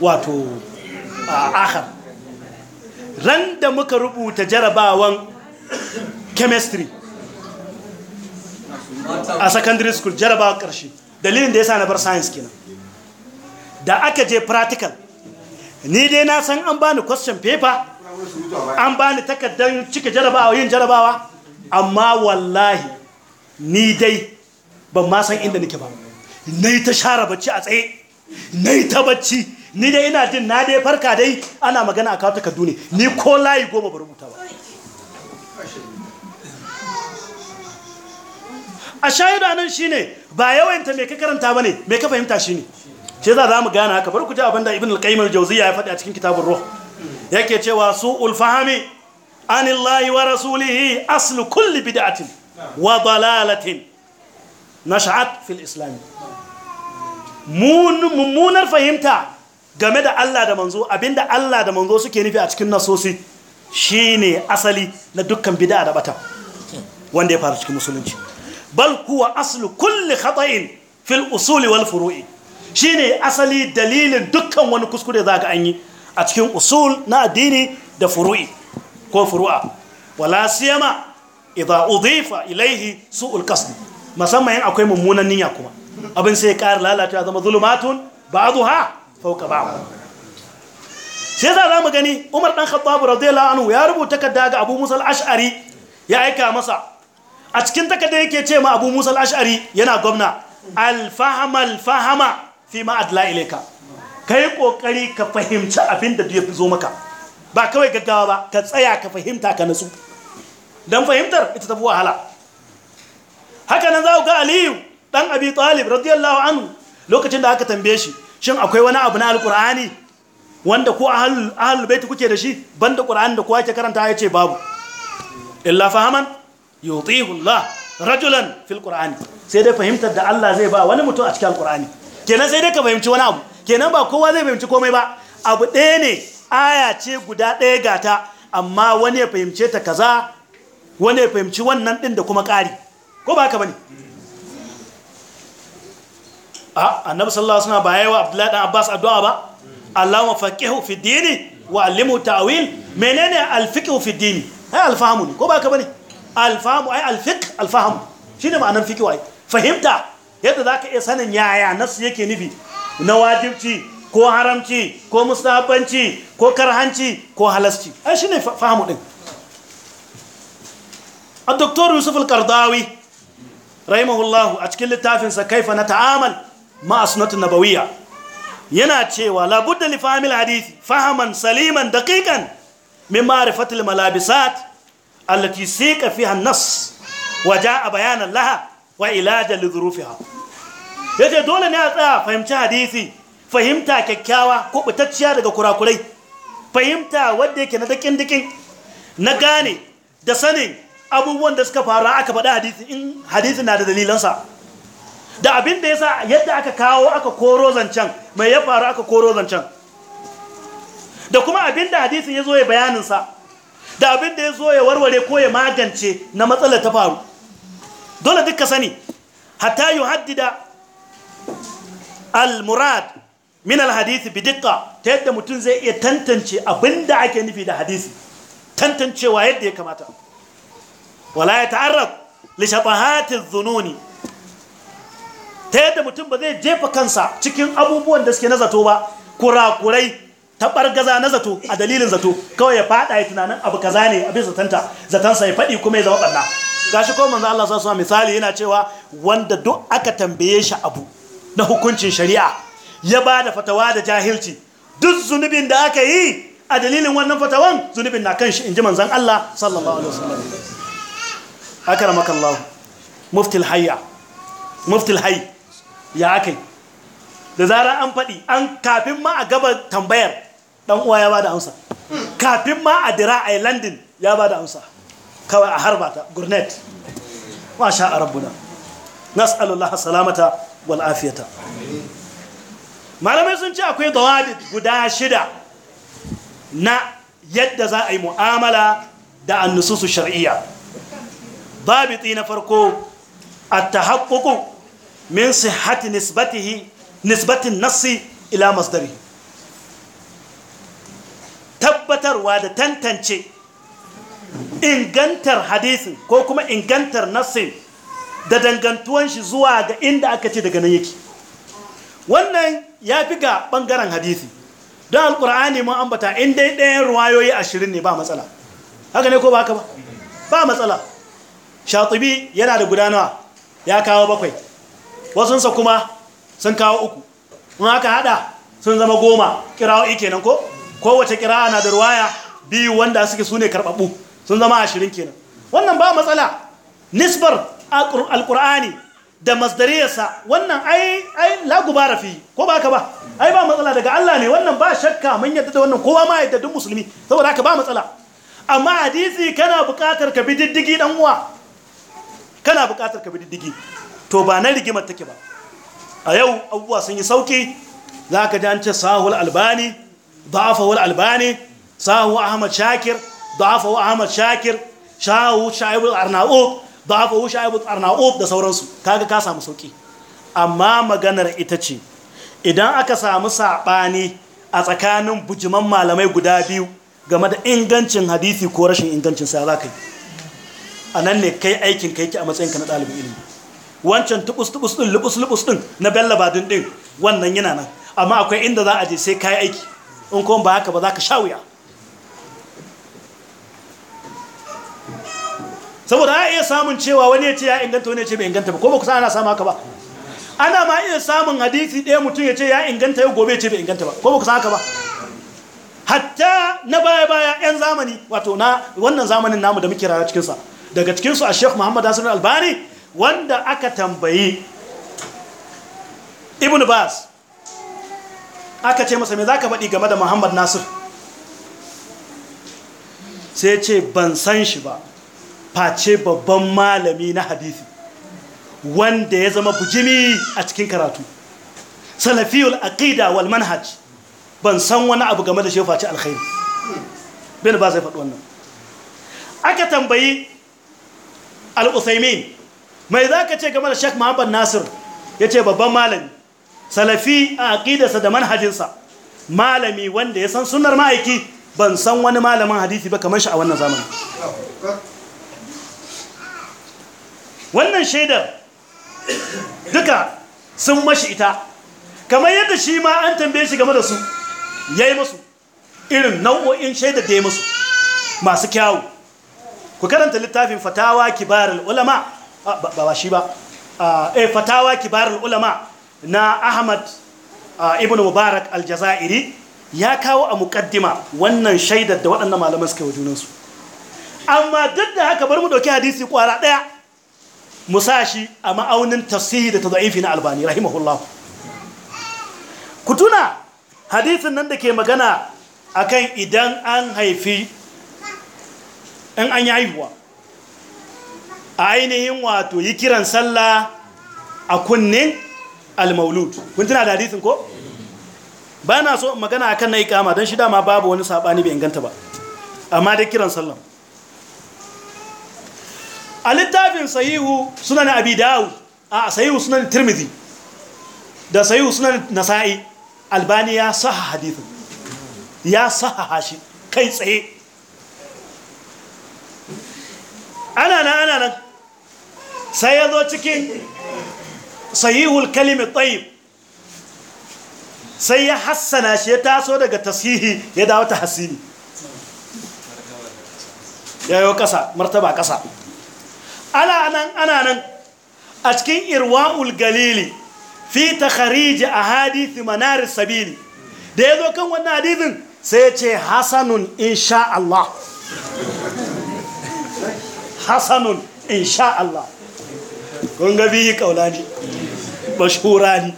wato akhar ran da muka rubuta jarabawan chemistry a secondary school jarabawa karshe dalilin da yasa na bar science kenan da aka je practical ni dai na san an bani question paper an bani takardar cika jarabawa yin jarabawa amma wallahi ni dai ban ma san inda nake ba yi ta share bacci a tsaye na ta bacci ni dai ina jin na dai farka dai ana magana a kawo takardu ne ni ko layi goma ba rubuta ba a shaidanan shi shine ba yawanta mai ka karanta ba ne mai ka fahimta shi ce za za mu gane haka bari ku ji abin da ibn alkaimar qayyim ya faɗi a cikin kitabun ruwa. yake cewa su ulfahami anillahi wa rasulihi aslu kulli bid'atin wa dalalatin nash'at fil islam mummunar fahimta game da Allah da manzo abinda Allah da manzo suke nufi a cikin nasosi shine asali na dukkan bid'a da bata wanda ya fara cikin musulunci bal kuwa aslu kulli khata'in fil usuli wal furu'i shine asali dalilin dukkan wani kuskure za ga an yi a cikin usul na addini da furu'i ko furu'a wala siyama idza udhifa ilayhi su'ul qasd musamman in akwai mummunan niyya kuma abin sai ƙara lalata zama zulumatun ba'dha fawqa ba'd sai za mu gani Umar dan Khattab radiyallahu anhu ya rubuta takarda ga Abu Musa ashari ya aika masa a cikin takarda yake ce ma Abu Musa ashari yana gwamna al-fahama al-fahama fi ma adla ilayka ka yi ƙoƙari ka fahimci abin da ya zo maka ba kawai gaggawa ba ka tsaya ka fahimta ka nasu don fahimtar ita tafi wahala haka nan za ku ga aliyu ɗan abi talib radiyallahu anhu lokacin da aka tambaye shi shin akwai wani abu na alƙur'ani wanda ko ahalul baiti kuke da shi banda ƙur'ani da kowa ke karanta ya ce babu illa fahaman yutihu Allah rajulan fil qur'ani sai dai fahimtar da Allah zai ba wani mutum a cikin alqur'ani kenan sai dai ka fahimci wani abu kenan ba kowa zai fahimci komai ba abu ɗaya ne aya ce guda ɗaya gata amma wani ya fahimce ta kaza wani ya fahimci wannan ɗin da kuma ƙari ko ba ka ba ne a annabi sallallahu alaihi wasallam ba wa abdullahi dan abbas addu'a ba allahumma faqihu fi dini wa allimu ta'wil menene alfiqhu fi dini ai alfahamu ko ba ka ne alfahamu ai alfiq alfahamu shine ma'anar fiqhu ai fahimta yadda zaka iya sanin yaya nasu yake nufi na wajibci ko haramci ko mustahabanci ko karhanci ko halasci ai shine fahimu din a doktor yusuf الدكتور يوسف القرضاوي رحمه الله أتكلم التافن كيف نتعامل ma السنة nabawiyya yana cewa la budda li fahmi al-hadith fahaman saliman daqiqan min ma'rifati al malabisat allati siqa fiha an nass wa jaa bayanan laha wa ilaja li dhurufiha ya ce dole ne a tsaya fahimci hadisi fahimta kyakkyawa ko ɓutacciya daga kurakurai fahimta wadda yake na dakin-dakin na gane da sanin abubuwan da suka faru aka faɗi hadisi in hadisi na da dalilansa da abin da yasa yadda aka kawo aka koro zancen mai ya faru aka koro zancen da kuma abin da hadisin ya zo ya bayaninsa da abin da ya zo ya warware ko ya magance na matsalar ta faru dole duka sani hatta yi haddida al-murad min al-hadisi bi dikka ta yadda mutum zai iya tantance abinda ake nufi da hadisi tantancewa yadda ya kamata wala ya ta'arrab li shafahatiz zununi ta yadda mutum ba zai jefa kansa cikin abubuwan da suke na zato ba kurakurai tabar gaza na zato a dalilin zato kawai ya fada ya tunanin abu kaza ne abin zatanta zatansa ya faɗi kuma ya zama ɓanna gashi ko manzo Allah sa misali yana cewa wanda duk aka tambaye shi abu na hukuncin shari'a ya ba da fatawa da jahilci duk zunubin da aka yi a dalilin wannan fatawan zunubin na kan shi in ji manzan Allah sallallahu alaihi wasallam aka ramaka Allah muftil hayya muftil hayy ya akai da zarar an faɗi an kafin ma a gaba tambayar dan uwa ya ba da amsa kafin ma a dira a landin ya ba da amsa kawai a harbata gurnet masha a rabbuna nas'alullaha salamata wal’afiyata. malamai sun ce akwai dawadi guda shida na yadda za a yi mu'amala da annususu shar'iyya dabiti na farko a ta tahaqququ min su hati nisbatin nassi ila masdari tabbatarwa da tantance ingantar hadisin ko kuma ingantar nassin da dangantuwan shi zuwa ga inda aka ce daga nan yake wannan ya fi ga ɓangaren hadisi don alkur'ani mun ambata in dai ɗayan ruwayoyi ashirin ne ba matsala haka ne ko ba haka ba ba matsala shatubi yana da gudanawa ya kawo bakwai wasunsa kuma sun kawo uku in haka hada sun zama goma ike kenan ko kowace kira'a na da ruwaya biyu wanda suke su ne karɓaɓɓu sun zama ashirin kenan wannan ba matsala nisbar alkur'ani da masdariyarsa wannan ai ai lagubara fi ko ba ka ba ai ba matsala daga Allah ne wannan ba shakka mun yadda da wannan kowa ma yadda duk musulmi saboda haka ba matsala amma hadisi kana buƙatar ka bi diddigi dan uwa kana buƙatar ka bi diddigi to ba na rigimar take ba a yau abubuwa sun yi sauki zaka ji an ce sahul albani da'afahu albani sahu ahmad shakir da'afahu ahmad shakir shahu shaibul arnaud da'afahu sha'ibut arnaud da sauransu kaga ka samu sauki amma maganar ita ce idan aka samu sabani a tsakanin bujiman malamai guda biyu game da ingancin hadisi ko rashin ingancin sa za ka yi a ne kai aikin kai ki a ka na ɗalibin ilimi wancan tubus tubus din lubus lubus din na bella badin din wannan yana nan amma akwai inda za a je sai kai aiki in kuma ba haka ba za ka sha wuya saboda a iya samun cewa wani ya ce ya inganta wani ya ce bai inganta ba ko ba kusa ana samu haka ba ana ma iya samun hadisi ɗaya mutum ya ce ya inganta yau gobe ya ce bai inganta ba ko ba kusa haka ba hatta na baya baya yan zamani wato na wannan zamanin namu da muke rayuwa cikin sa daga cikin su a Sheikh Muhammad Hassan Albani wanda aka tambayi Ibn Bas aka ce masa me zaka faɗi game da Muhammad Nasir sai ce ban san shi ba face babban malami na hadisi wanda ya zama bujimi a cikin karatu salafiyul aqida wal manhaj ban san wani abu game da shi face alkhairi bin ba zai faɗi wannan aka tambayi al-usaimin mai za ka ce game da shek muhammad nasir ya ce babban malami salafi a aƙidarsa da manhajinsa malami wanda ya san sunar ma'aiki ban san wani malamin hadisi ba kamar shi a wannan zamanin wannan shaidar duka sun mashi ita kamar yadda shi ma an tambaye shi game da su ya yi masu irin nau'o'in shaidar da ya masu masu kyawu ku karanta littafin fatawa kibarar ulama ba ba shi ba eh, fatawa kibarar ulama na ahmad ibn mubarak aljazairi ya kawo a mukaddima wannan shaidar da waɗannan malaman suka yi wa junansu amma duk da haka bari mu ɗauki hadisi kwara ɗaya musashi a ma'aunin tafsiri da ta za'ifi na albani rahimahullah ku tuna hadisin nan da ke magana akan idan an haifi in an yi haihuwa a ainihin wato yi kiran sallah a kunnin almaulud kun tuna da hadisin ko ba na so magana akan na ikama don shi dama babu wani sabani bai inganta ba amma da kiran sallah a littafin sahihu sunan abi dawud a sahihu sunan tirmidhi da sahihu sunan nasa'i albani ya saha hadithin ya saha shi kai tsaye ana nan ana nan sai ya zo cikin sahihul kalimi tsayib sai ya hassana shi ya taso daga tasihi ya dawo ta hasini ya yi wa ƙasa martaba ƙasa ana nan ana nan a cikin irwa'ul galili fi a hadithi manar sabili da yazo kan wannan hadithin sai ce hasanun insha Allah hasanun insha Allah kun ga biyi kaulani mashhurani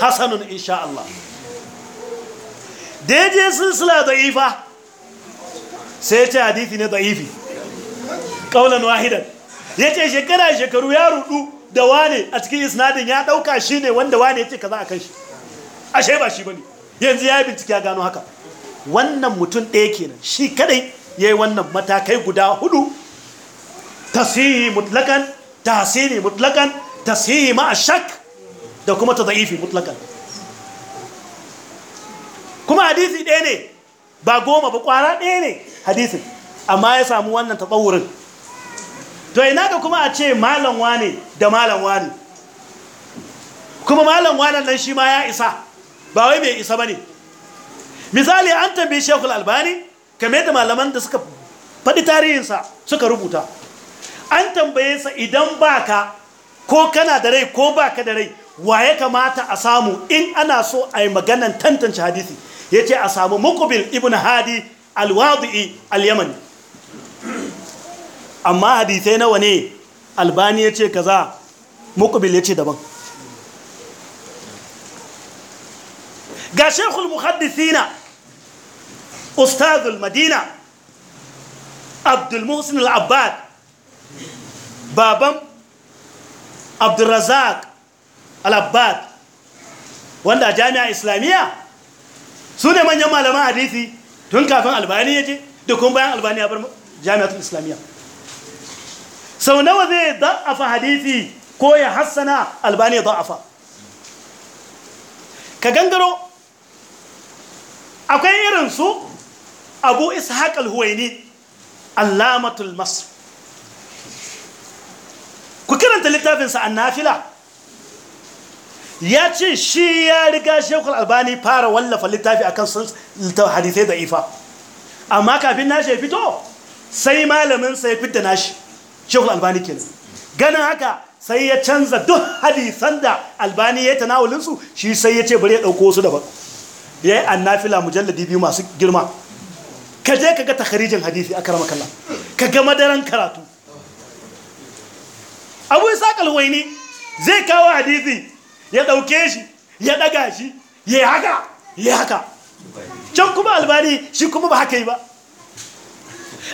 hasanun insha Allah daidai silsila da'ifa sai ce hadithi ne da'ifi kaulan wahidan ya ce shekara shekaru ya rudu da wane a cikin isnadin ya dauka shi ne wanda wane ya ce kaza a kan shi ashe ba shi ba ne yanzu ya yi bincike ya gano haka wannan mutum ɗaya kenan shi kadai ya yi wannan matakai guda hudu tasihi mutlakan tasiri mutlakan tasihi ma'a shak da kuma ta za'ifi mutlakan kuma hadisi ɗaya ne ba goma ba kwara ɗaya ne hadisin amma ya samu wannan tsawurin to ina ga kuma a ce malam wane da malam wane kuma malam wane nan shi ma ya isa ba wai mai isa ba ne misali an tambayi shekul albani kame da malaman da suka faɗi tarihinsa suka rubuta an tambaye sa idan baka ko kana da rai ko baka da rai wa ya kamata a samu in ana so a yi maganan tantance hadisi ya ce a samu mukubil ibn hadi alwadu'i al-yamani amma hadisai nawa ne albani ya ce kaza mukubil ya ce daban ga shekul muhaddisina ustazul madina abdulmusin al'abbad baban abdulrazak al'abbad wanda jami'a islamiyya su ne manyan malaman hadisi tun kafin albani ya ce da kuma bayan albani ya bar jami'atul islamiyya sau nawa zai da'afa hadithi ko ya hassana albani da'afa ka gangaro akwai irinsu abu ishaq al-huwaini allamatul masr ku kiranta littafinsa annafila ya ce shi ya riga shekul albani fara wallafa littafi akan sun hadithai da ifa amma kafin nashi ya fito sai malamin sai fita nashi shekul albani kenan ganin haka sai ya canza duk hadisan da albani ya tanawulinsu shi sai ya ce bari ya ɗauko su daban ya yi annafila mujalladi biyu masu girma ka je ka ga takarijin hadisi a karama kalla ka ga madaran karatu abu isa kalwaini zai kawo hadisi ya ɗauke shi ya ɗaga shi ya haka ya haka can kuma albani shi kuma ba haka yi ba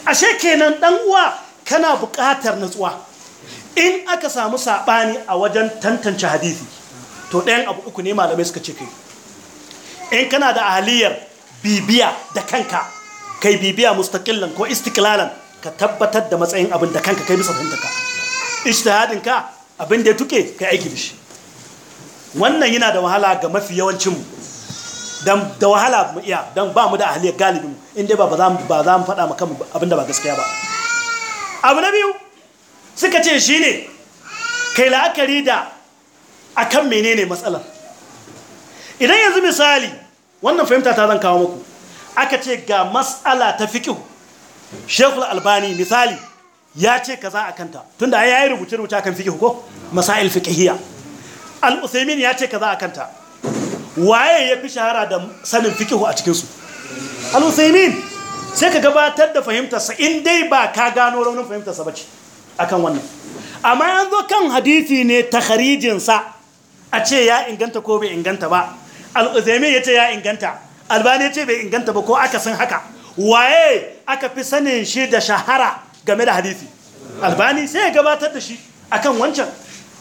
ashe kenan ɗan uwa kana buƙatar natsuwa in aka samu saɓani a wajen tantance hadisi to ɗayan abu uku ne malamai suka ce kai in kana da ahaliyar bibiya da kanka kai bibiya mustaƙillan ko istiklalan ka tabbatar da matsayin abin da kanka kai bisa haɗin ka abin da ya tuke kai aiki da shi wannan yana da wahala ga mafi yawancin don da wahala mu iya dan ba mu da ahaliyar galibin in dai ba za mu faɗa kanmu abin da ba gaskiya ba abu na biyu suka ce shi ne kai la'akari da a kan menene matsalar idan yanzu misali wannan fahimta ta zan kawo muku aka ce ga matsala ta fiƙihu shekul albani misali ya ce kaza a kanta tun da ya yi rubuce-rubuce kan fiƙihu ko masail fiƙihiyya al'usaimin ya ce kaza a kanta waye ya fi shahara da sanin fiƙihu a cikinsu al'usaimin sai ka gabatar da fahimtarsa in dai ba ka gano raunin fahimtarsa a akan wannan amma an zo kan hadithi ne ta harijinsa a ce ya inganta ko bai inganta ba al'uzaimi ya ce ya inganta albani ya ce bai inganta ba ko aka san haka waye aka fi sanin shi da shahara game da hadithi albani sai ya gabatar da shi akan wancan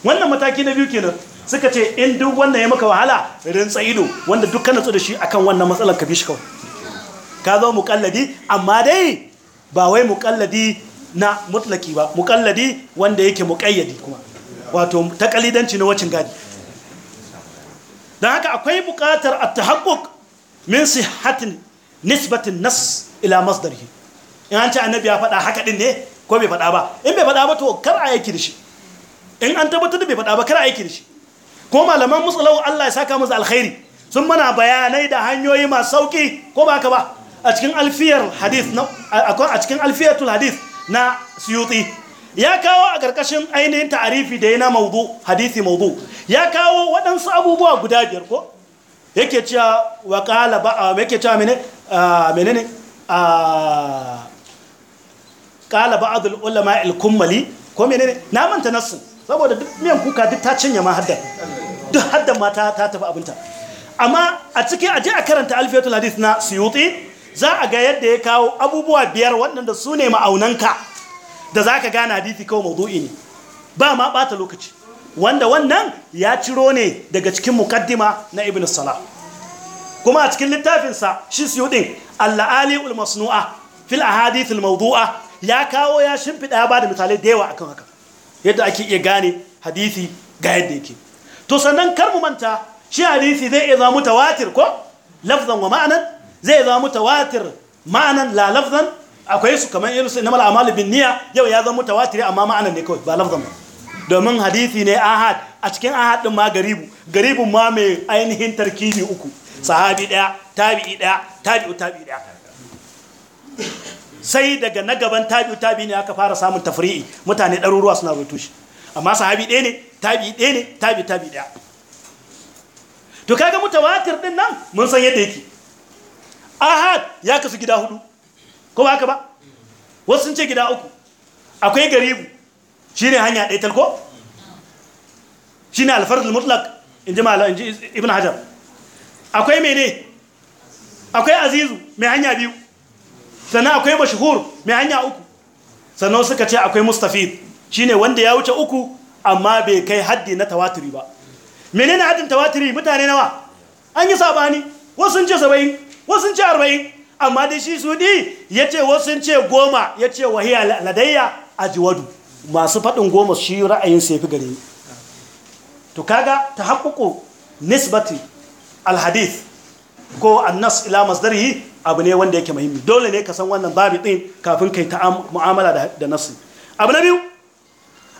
wannan mataki na biyu kenan suka ce in duk wannan ya maka wahala rintsa ido wanda duk kana tso da shi akan wannan matsalar ka bi shi kawai ka zo muƙalladi amma dai ba wai mukalladi na mutlaki ba muƙalladi wanda yake muƙayyadi kuma wato taƙalidanci na wacin gadi don haka akwai buƙatar a ta haƙoƙ min sihatin nisbatin nas ila masdarhi in an ce annabi ya faɗa haka ɗin ne ko bai faɗa ba in bai faɗa ba to kar a yake da shi in an tabbatar da bai faɗa ba kar a yake da shi ko malaman musulau Allah ya saka musu alkhairi sun mana bayanai da hanyoyi masu sauki ko ba ka ba a cikin alfiyar hadith na a cikin alfiyatul hadith na suyuti ya kawo a ƙarƙashin ainihin ta'arifi da yana maudu hadithi maudu ya kawo waɗansu abubuwa guda biyar ko yake cewa wa ƙala ba yake cewa mene mene a ƙala ba'adul ulama al ko mene ne na manta nasu saboda duk miyan kuka duk ta cinye ma haddan duk haddan ma ta tafi abinta amma a cikin aje a karanta alfiyatul hadith na suyuti za a ga yadda ya kawo abubuwa biyar waɗanda su ne ma'aunanka da za ka gane hadithi kawo mazu'i ne ba ma ɓata lokaci wanda wannan ya ciro ne daga cikin mukaddima na ibn Sala. kuma a cikin littafinsa shi siyo ɗin alla'ali ulmasnu'a fil ahadithul maudu'a ya kawo ya shimfiɗa ya ba da misalai da yawa akan haka yadda ake iya gane hadithi ga yadda yake to sannan kar mu manta shi hadithi zai iya zama mutawatir ko lafzan wa ma'anan zai zama mutawatir ma'anan la lafzan akwai su kamar irin su inna mal amalu bin niyya yau ya zama mutawatir amma ma'anan ne kawai ba lafzan ba domin hadisi ne ahad a cikin ahad din ma garibu garibun ma mai ainihin tarkibi uku sahabi daya tabi'i daya tabi'u tabi'i daya sai daga na gaban tabi'u tabi'i ne aka fara samun tafri'i mutane ɗaruruwa suna rubutu shi amma sahabi ɗaya ne tabi'i ɗaya ne tabi'u tabi'i daya to kaga mutawatir din nan mun san yadda yake ahad ya kasu gida hudu ko ba haka ba wasu sun ce gida uku akwai garibu shi ne hanya ɗaya talko shi ne alfarar mutlak in ji ma'ala in ji ibn hajar akwai mene akwai azizu mai hanya biyu sannan akwai mashhur mai hanya uku sannan suka ce akwai mustafid shi ne wanda ya wuce uku amma bai kai haddi na tawatiri ba menene haddin tawatiri mutane nawa an yi sabani wasu sun ce saba'in wasu ce arba'in amma da shi ɗi ya ce wasu ce goma ya ce wahiya ladayya a jiwadu masu faɗin goma shi ra'ayin sai fi gare to kaga ta haƙuƙo nisbati alhadith ko annas ila masdarihi abu ne wanda yake muhimmi dole ne ka san wannan babu ɗin kafin kai ta mu'amala da nasi abu na biyu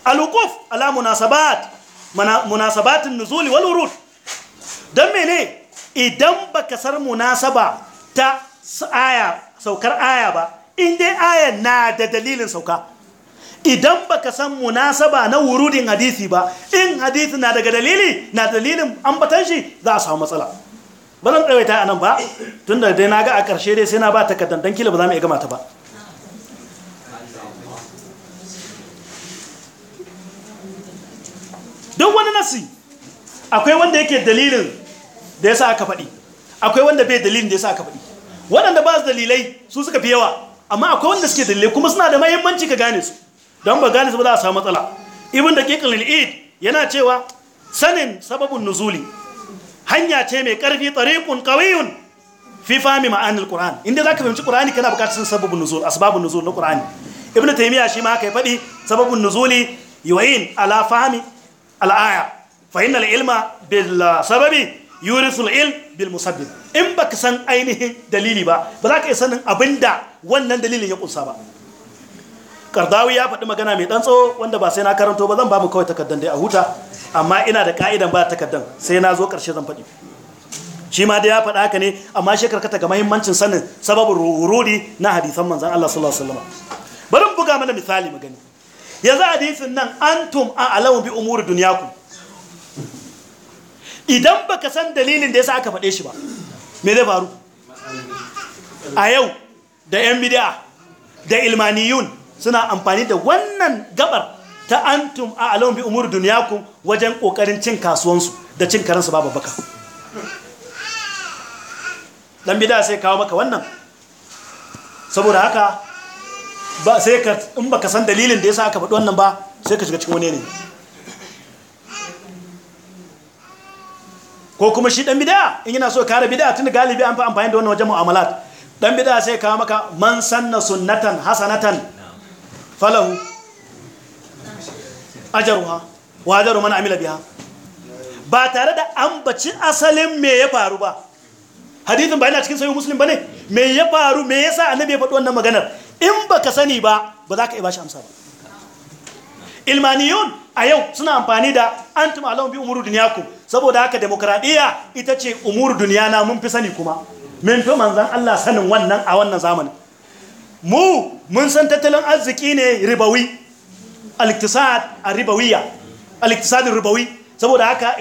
alukuf ala munasabat munasabatin nuzuli wal wurud dan mene idan ba baka sar munasaba ta aya saukar aya ba in dai aya na da dalilin sauka idan baka san munasaba na wurudin hadisi ba in hadisi na daga dalili na dalilin ambatan shi za a samu matsala ba zan ɗawaita a nan ba tun da dai na ga a ƙarshe dai sai na ba takardar kila ba za mu iya gama ta ba don wani nasi akwai wanda yake dalilin da yasa aka faɗi akwai wanda bai dalilin da yasa aka faɗi waɗanda ba su dalilai su suka fi yawa amma akwai wanda suke dalilai kuma suna da mahimmanci ka gane su don ba gane su ba za a samu matsala ibn da kekul al'id yana cewa sanin sababin nuzuli hanya ce mai karfi tariqun ƙawiyun fi fahmi ma'anil qur'an inda zaka fahimci qur'ani kana buƙatar san sababin nuzul asbabun nuzul na qur'ani ibn taymiya shi ma haka ya faɗi sababin nuzuli yuwayin ala fahmi al'aya fa innal ilma bil sababi yurisul ilm bil musabbib in baka san ainihin dalili ba ba za ka iya sanin abinda wannan dalilin ya kunsa ba kardawi ya faɗi magana mai tsawo wanda ba sai na karanto ba zan ba mu kawai takaddan dai a huta amma ina da ka'idan ba takaddan sai na zo ƙarshe zan faɗi shi ma dai ya faɗa haka ne amma shi karkata ga mahimmancin sanin sababin rururi na hadisan manzan Allah sallallahu alaihi wasallam bari mu buga mana misali magani gani yanzu hadisin nan antum a alawu bi umuri dunyakum idan ba ka san dalilin da ya sa aka faɗe shi ba me zai faru a yau da yan bidiya da ilmaniyun suna amfani da wannan gabar ta antum a alamun bi duniya ku wajen kokarin cin kasuwansu da cin karansu ba babbaka dan bidiya sai kawo maka wannan saboda haka ba sai ka in baka san dalilin da yasa aka faɗi wannan ba sai ka shiga cikin wani ne ko kuma shi dan bid'a in yana so kare bid'a tun galibi an fi amfani da wannan wajen mu'amalat dan bid'a sai kawo maka man sanna sunnatan hasanatan falahu ajruha wa ajru man amila biha ba tare da ambaci asalin me ya faru ba hadithin ba yana cikin sahih muslim bane me ya faru me yasa annabi ya faɗi wannan maganar in baka sani ba ba za ka iya bashi amsa ba ilmaniyun a yau suna amfani da antum alamu bi umuru dunyakum saboda haka demokradiyya ita ce umuru duniya na mun fi sani kuma min fi manzan Allah sanin wannan a wannan zamani mu mun san tattalin arziki ne ribawi al-iktisad ar-ribawiyya al-iktisad ribawi saboda haka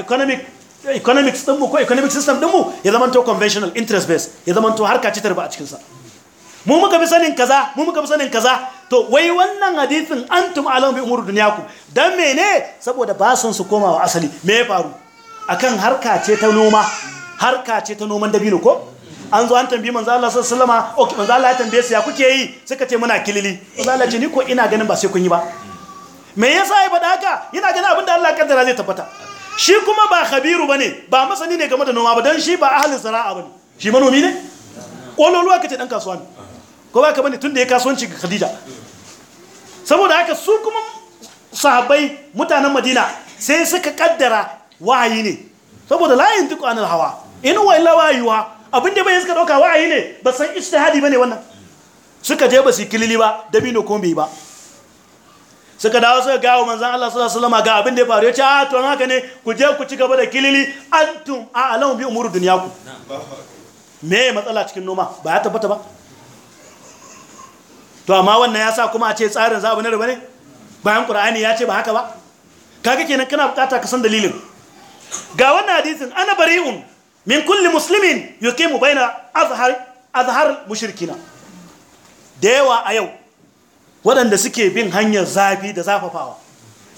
economic system mu ko economic system din mu ya zama to conventional interest based ya zama to harka ce tarba a cikin sa mu muka bi sanin kaza mu muka bi sanin kaza to wai wannan hadisin antum alam bi umuru ku dan mene saboda ba san su komawa asali me ya faru akan harka ce ta noma harka ce ta noman dabino ko an zo an tambayi manzo Allah sallallahu alaihi wasallam manzo Allah ya tambaye su ya kuke yi suka ce muna kilili manzo Allah ce ni ko ina ganin ba sai kun yi ba me yasa ya faɗa haka yana ganin abin da Allah kaddara zai tabbata shi kuma ba khabiru bane ba masani ne game da noma ba dan shi ba ahlin sana'a bane shi manomi ne kololuwa kace dan kasuwa ne ko ba ka bane tunda ya kasuwanci ga Khadija saboda haka su kuma sahabbai mutanen Madina sai suka kaddara wa'ayi ne saboda layin duk anil hawa in wa illa wayuwa abin da bai suka dauka wa'ayi ne ba san ijtihadi bane wannan suka je ba su kilili ba da ko bai ba suka dawo suka ga manzon Allah sallallahu alaihi wasallam ga abin da ya faru ya ce a ah, to haka ne ku je ku ci gaba da kilili antum a alamu bi umuru dunyaku me matsala cikin noma ba ya tabbata ba to amma wannan ya sa kuma a ce tsarin za abu na ne bayan qur'ani ya ce ba haka ba kaga kenan kana bukata ka san dalilin ga wannan hadisin ana bari'un min kulli muslimin mu baina azhar azhar mushrikina da yawa a yau waɗanda suke bin hanyar zafi da zafafawa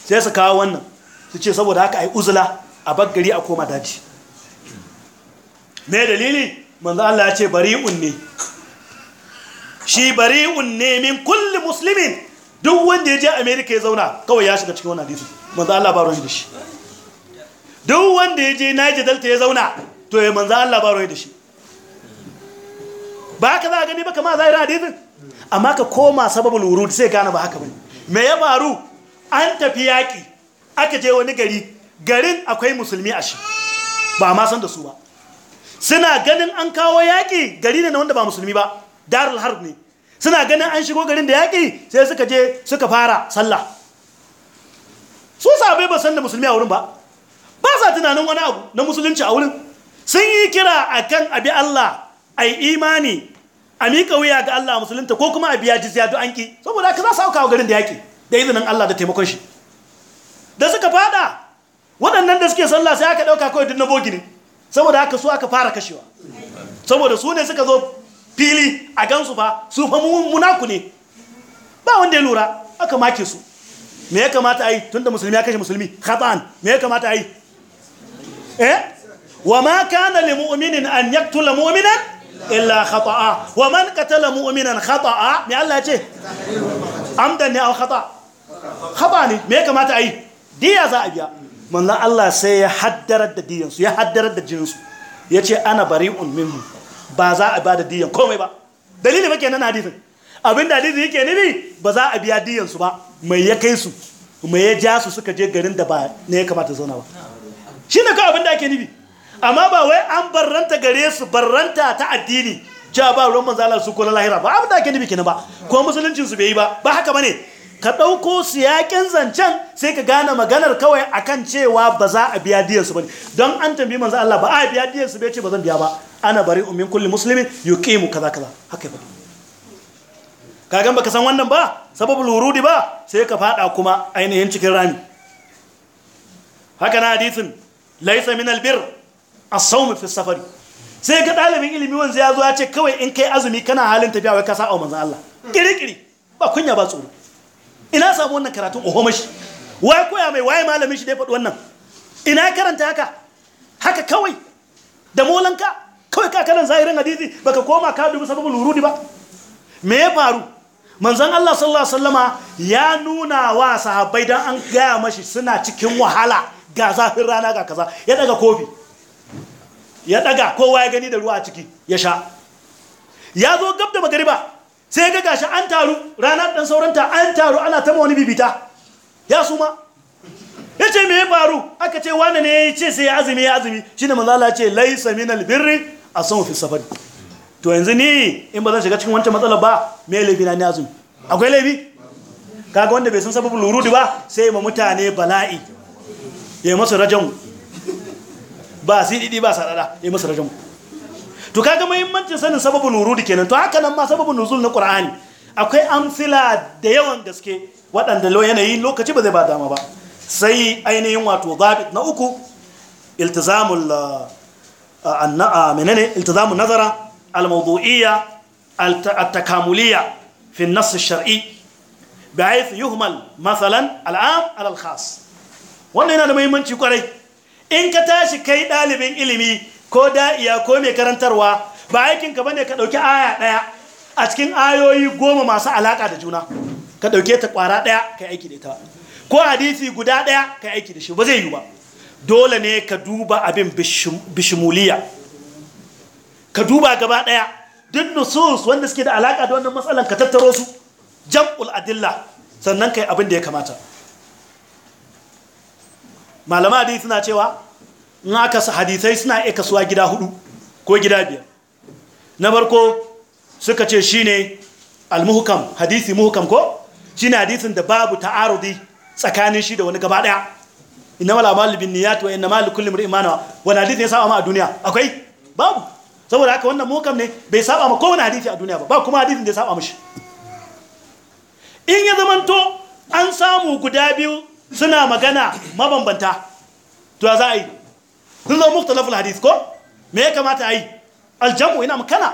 sai su kawo wannan su ce saboda haka ai uzula a baggari a koma daji me dalili manzo Allah ya ce bari'un ne shi bari'un ne min kulli muslimin duk wanda ya je Amerika ya zauna kawai ya shiga cikin wannan hadisi manzo Allah ba ruwan da shi duk wanda ya je yi delta ya zauna to ya manza Allah ba roye da shi ba ka za a gani ba kama zahira hadisin amma ka koma sababul wurud sai gane ba haka bane me ya faru an tafi yaƙi. aka je wani gari garin akwai musulmi a shi ba ma san da su ba suna ganin an kawo yaƙi gari ne na wanda ba musulmi ba darul harb ne suna ganin an shigo garin da yaƙi sai suka je suka fara sallah su sabai ba san da musulmi a wurin ba ba sa tunanin wani abu na musulunci a wurin sun yi kira a kan abi Allah a yi imani a miƙa wuya ga Allah musulunta ko kuma a biya jisiya duk an ki saboda ka za su hauka garin da yake da izinin Allah da taimakon shi da suka fada waɗannan da suke sallah sai aka ɗauka kawai duk na bogi ne saboda haka su aka fara kashewa saboda su ne suka zo fili a gansu fa su fa munaku ne ba wanda ya lura aka make su me ya kamata a yi da musulmi ya kashe musulmi khata'an me ya kamata a yi eh wa ma kana lil mu'minin an yaqtula mu'minan illa khata'a wa man qatala mu'minan khata'a me Allah ya ce amdan ne aw khata khata ne me kamata ayi diya za a biya manzon Allah sai ya haddarar da diyansu ya haddarar da jininsu ya ce ana bari'un minhu ba za a bada diyan komai ba dalili ba kenan hadisin abin da hadisin yake nufi ba za a biya diyansu ba mai ya kai su mai ya ja su suka je garin da ba ne ya kamata zauna ba shi ne kawai abinda ake nufi amma ba wai an barranta gare su barranta ta addini ja ba ruwan manzala su ko na lahira ba abinda ake nufi kenan ba ko musuluncin su bai yi ba ba haka bane ka ɗauko siyakin zancen sai ka gane maganar kawai akan cewa ba za a biya diyan su bane don an tambayi manzo Allah ba a biya diyan su bai ce ba zan biya ba ana bari ummin kulli muslimin yuqimu kaza kaza haka ba kagan baka san wannan ba sababul wurudi ba sai ka fada kuma ainihin cikin rami haka na hadisin laisa min albir as-sawm fi safari sai ga dalibin ilimi wanzu ya zo ya ce kawai in kai azumi kana halin tafiya wai ka sa'a manzon Allah kirikiri ba kunya ba tsoro ina samu wannan karatun oho mashi wai koya mai waye malamin shi dai faɗi wannan ina karanta haka haka kawai da molanka kawai ka kalan zahirin hadisi baka koma ka dubi sababul wurudi ba me ya faru manzon Allah sallallahu alaihi wasallama ya nuna wa sahabbai dan an gaya mashi suna cikin wahala ga zafin rana ga kaza ya daga kofi ya daga kowa ya gani da ruwa a ciki ya sha ya zo gab da magariba sai ga gashi an taru ranar dan sauranta an taru ana ta wani bibita ya suma ya ce me ya faru aka ce wane ne ya ce sai ya azumi ya azumi shi ne mazala ce sami na birri a san fi safari to yanzu ni in ba zan shiga cikin wancan matsalar ba mai laifi na ni azumi akwai laifi kaga wanda bai san sababin lurudi ba sai ma mutane bala'i ya masa rajamu ba didi ba sarara ya masa rajamu to kaga muhimmancin sanin sababin wurudi kenan to haka nan ma sababin nuzul na qur'ani akwai amsila da yawan gaske waɗanda yanayi lokaci ba zai ba dama ba sai ainihin wato zabit na uku iltizamul ah, ah, menene iltizamun nazara almawdu'iyya التكاملية في shar'i الشرعي yuhmal يهمل مثلا العام wannan yana da muhimmanci kwarai in ka tashi kai ɗalibin ilimi ko da'iya ko mai karantarwa ba aikinka ba ne ka ɗauki aya ɗaya a cikin ayoyi goma masu alaƙa da juna ka ɗauke ta ƙwara ɗaya ka aiki da ita ko hadisi guda ɗaya ka aiki da shi ba zai yi ba dole ne ka duba abin bishimuliya ka duba gaba ɗaya duk nusus wanda suke da alaƙa da wannan matsalan ka tattaro su jam'ul adilla sannan kai abin da ya kamata malama hadisi suna cewa in aka hadisai suna iya kasuwa gida hudu ko gida biyar na farko suka ce shine almuhukam hadisi muhukam ko shine hadisin da babu ta'arudi tsakanin shi da wani gaba daya inna wala amal bin niyyat wa inna mal kulli imrin ma wani hadisi ne saba ma a duniya akwai babu saboda haka wannan muhukam ne bai saba ma kowane hadisi a duniya ba ba kuma hadisin da ya saba mishi in ya zamanto an samu guda biyu suna magana mabambanta to za a yi sun zo muktalafin hadis ko me ya kamata a yi aljamu ina makana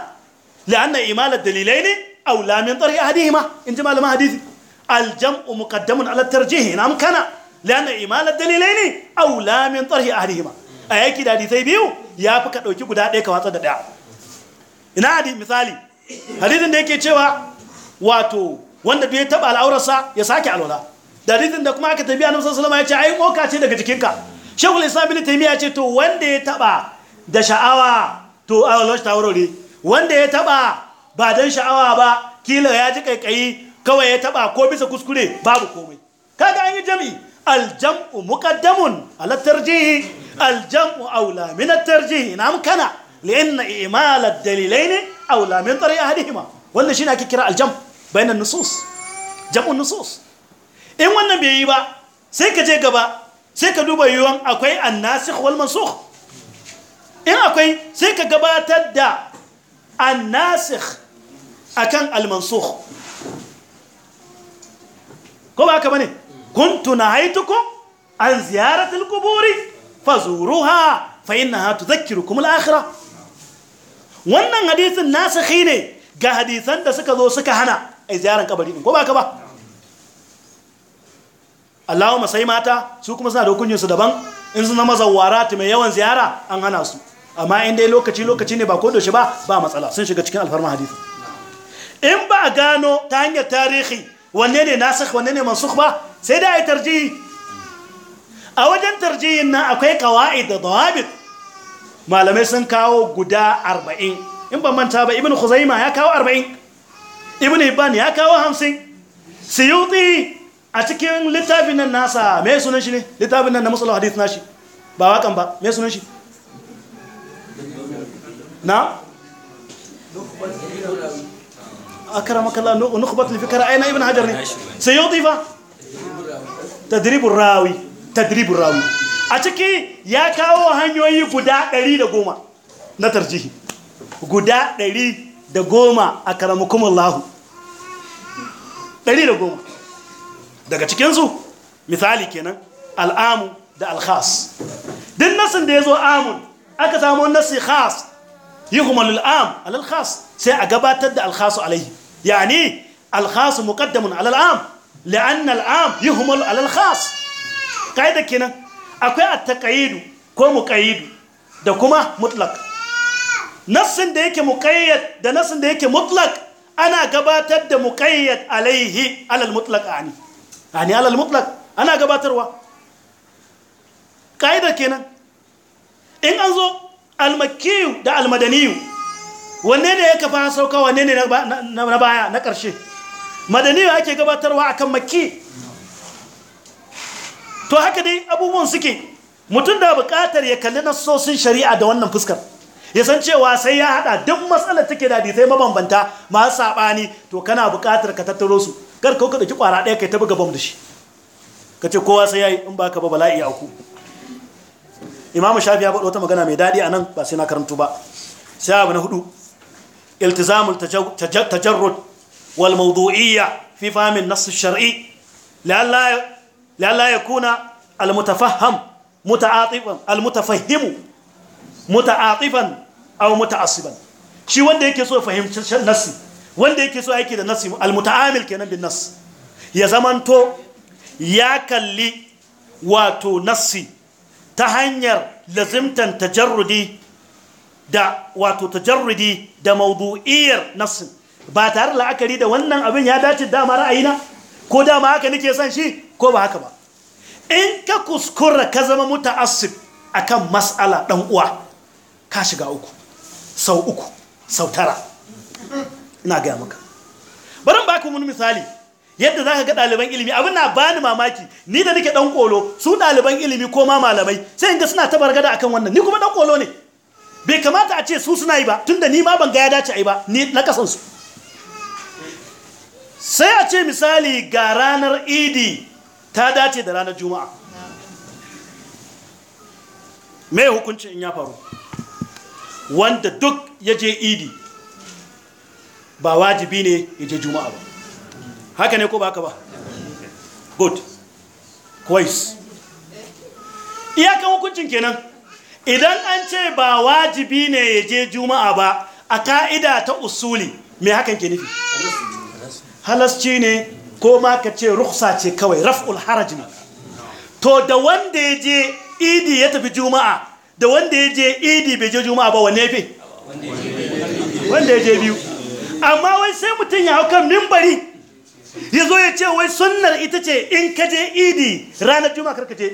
La'annan imalar dalilai ne a wulamin tsarki hadihima in ji malaman hadisi aljamu mukaddamun alattar jihi ina makana La'annan imalar dalilai ne a wulamin tsarki hadihima a yaki da hadisai biyu ya fi ka ɗauki guda ɗaya ka watsa da ɗaya ina hadi misali hadisin da yake cewa wato wanda duk ya taɓa al'aurarsa ya sake alwala da da kuma aka tabi a sallallahu alaihi ya ce ai oka ce daga jikinka shekul islam ibn taymiya ce to wanda ya taba da sha'awa to a lokaci ta wanda ya taba ba dan sha'awa ba kila ya ji kaikayi kawai ya taba ko bisa kuskure babu komai kaga an yi jami aljam'u muqaddamun ala tarjih aljam'u aula min at-tarjih in amkana li'anna i'mal ad-dalilayn aula min tariq ahadihima wannan shine ake kira aljam' bayan an-nusus jam'un nusus in wannan bai yi ba sai ka je gaba sai ka duba yiwuwan akwai annasikh wal mansukh in akwai sai ka gabatar da annasikh akan al mansukh ko ba ka bane kuntu nahaitukum an ziyaratil quburi fazuruha fa innaha tudhakkirukum al akhirah wannan hadisin nasikhi ne ga hadisan da suka zo suka hana a ziyaran kabari din ko ba ka ba Alawama sai mata su kuma suna da hukuncinsu daban in suna mazawara ta mai yawan ziyara an hana su amma in dai lokaci lokaci ne ba ko doshe ba ba matsala sun shiga cikin alfarma hadisi in ba a gano ta hanyar tarihi wanne ne nasikh wanne ne mansukh ba sai da ai tarjihi a wajen tarjihin nan akwai qawaid da dawabit malamai sun kawo guda 40 in ban manta ba ibnu khuzaima ya kawo 40 ibnu hibban ya kawo 50 siyuti a cikin littafin nan nasa me sunan shi ne littafin nan na musulun hadith shi ba wakan ba me sunan shi na a akramakallah nukhbat al-fikra aina ibn hajar ne yau fa tadribun rawi tadribun rawi a ciki ya kawo hanyoyi guda 110 na tarjihi guda 110 akramakumullah 110 daga cikinsu misali kenan al'amu da alkhas din nasin da ya zo amun aka samu nasi khas yi kuma lul'am alalkhas sai a gabatar da alkhasu alaihi yani alkhasu muƙaddamun alal'am la'anna al'am yi kuma alalkhas ƙa'ida kenan akwai a taƙayidu ko muƙayidu da kuma mutlak nassin da yake muƙayyad da nassin da yake mutlak ana gabatar da muƙayyad alaihi alal mutlak ani yani alal mutlak ana gabatarwa ƙa'idar kenan in an zo almakiyu da almadaniyu wanne ne ya kafa sauka wanne ne na baya na ƙarshe madaniyu ake gabatarwa akan maki to haka dai abubuwan suke mutum da buƙatar ya kalli nassosin shari'a da wannan fuskar ya san cewa sai ya haɗa duk matsalar take da hadisai mabambanta masu saɓani to kana buƙatar ka tattaro su kar ka ɗauki ƙwara ɗaya kai ta buga bom da shi ka ce kowa sai ya yi in ba ka ba bala'i a ku imamu shafi ya faɗo wata magana mai daɗi a nan ba sai na karantu ba sai abu na hudu iltizamul tajarrud wal mawdu'iyya fi fahmin nass shar'i lalla yakuna al mutafahham muta'atifan al muta'atifan aw muta'assiban shi wanda yake so fahimci nassi wanda yake so aiki da nasi almuta'amil kenan bin nas ya zamanto ya kalli wato nasi ta hanyar lazimtan tajarrudi da wato tajarrudi da mawdu'iyar nasi ba tare la'akari da wannan abin ya dace dama ra'ayina ko dama haka nake son shi ko ba haka ba in ka kuskura ka zama muta'assib akan mas'ala dan uwa ka shiga uku sau uku sau tara na gaya maka barin ba ku wani misali yadda za ka ga ɗaliban ilimi abin na ba ni mamaki ni da nake ɗan ƙolo su ɗaliban ilimi ko ma malamai sai inda suna tabar gada akan wannan ni kuma ɗan ƙolo ne bai kamata a ce su suna yi ba tunda ni ma ban ga ya dace a yi ba ni na kasan su sai a ce misali ga ranar idi ta dace da ranar juma'a mai hukuncin in ya faru wanda duk ya je idi ba wajibi ne ya je juma'a ba haka ne ko ba haka ba good kwais iyakan hukuncin kenan idan an ce ba wajibi ne ya je juma'a ba a ka'ida ta usuli mai hakan ke nufi halasci ne ko ma ka ce ruksa ce kawai raf'ul haraji ne to da wanda ya je idi ya tafi juma'a da wanda ya je idi bai je juma'a ba wanne fi wanda ya je biyu amma wai sai mutum ya hau kan mimbari ya zo ya ce wai sunnar ita ce in ka je idi ranar juma'a karka je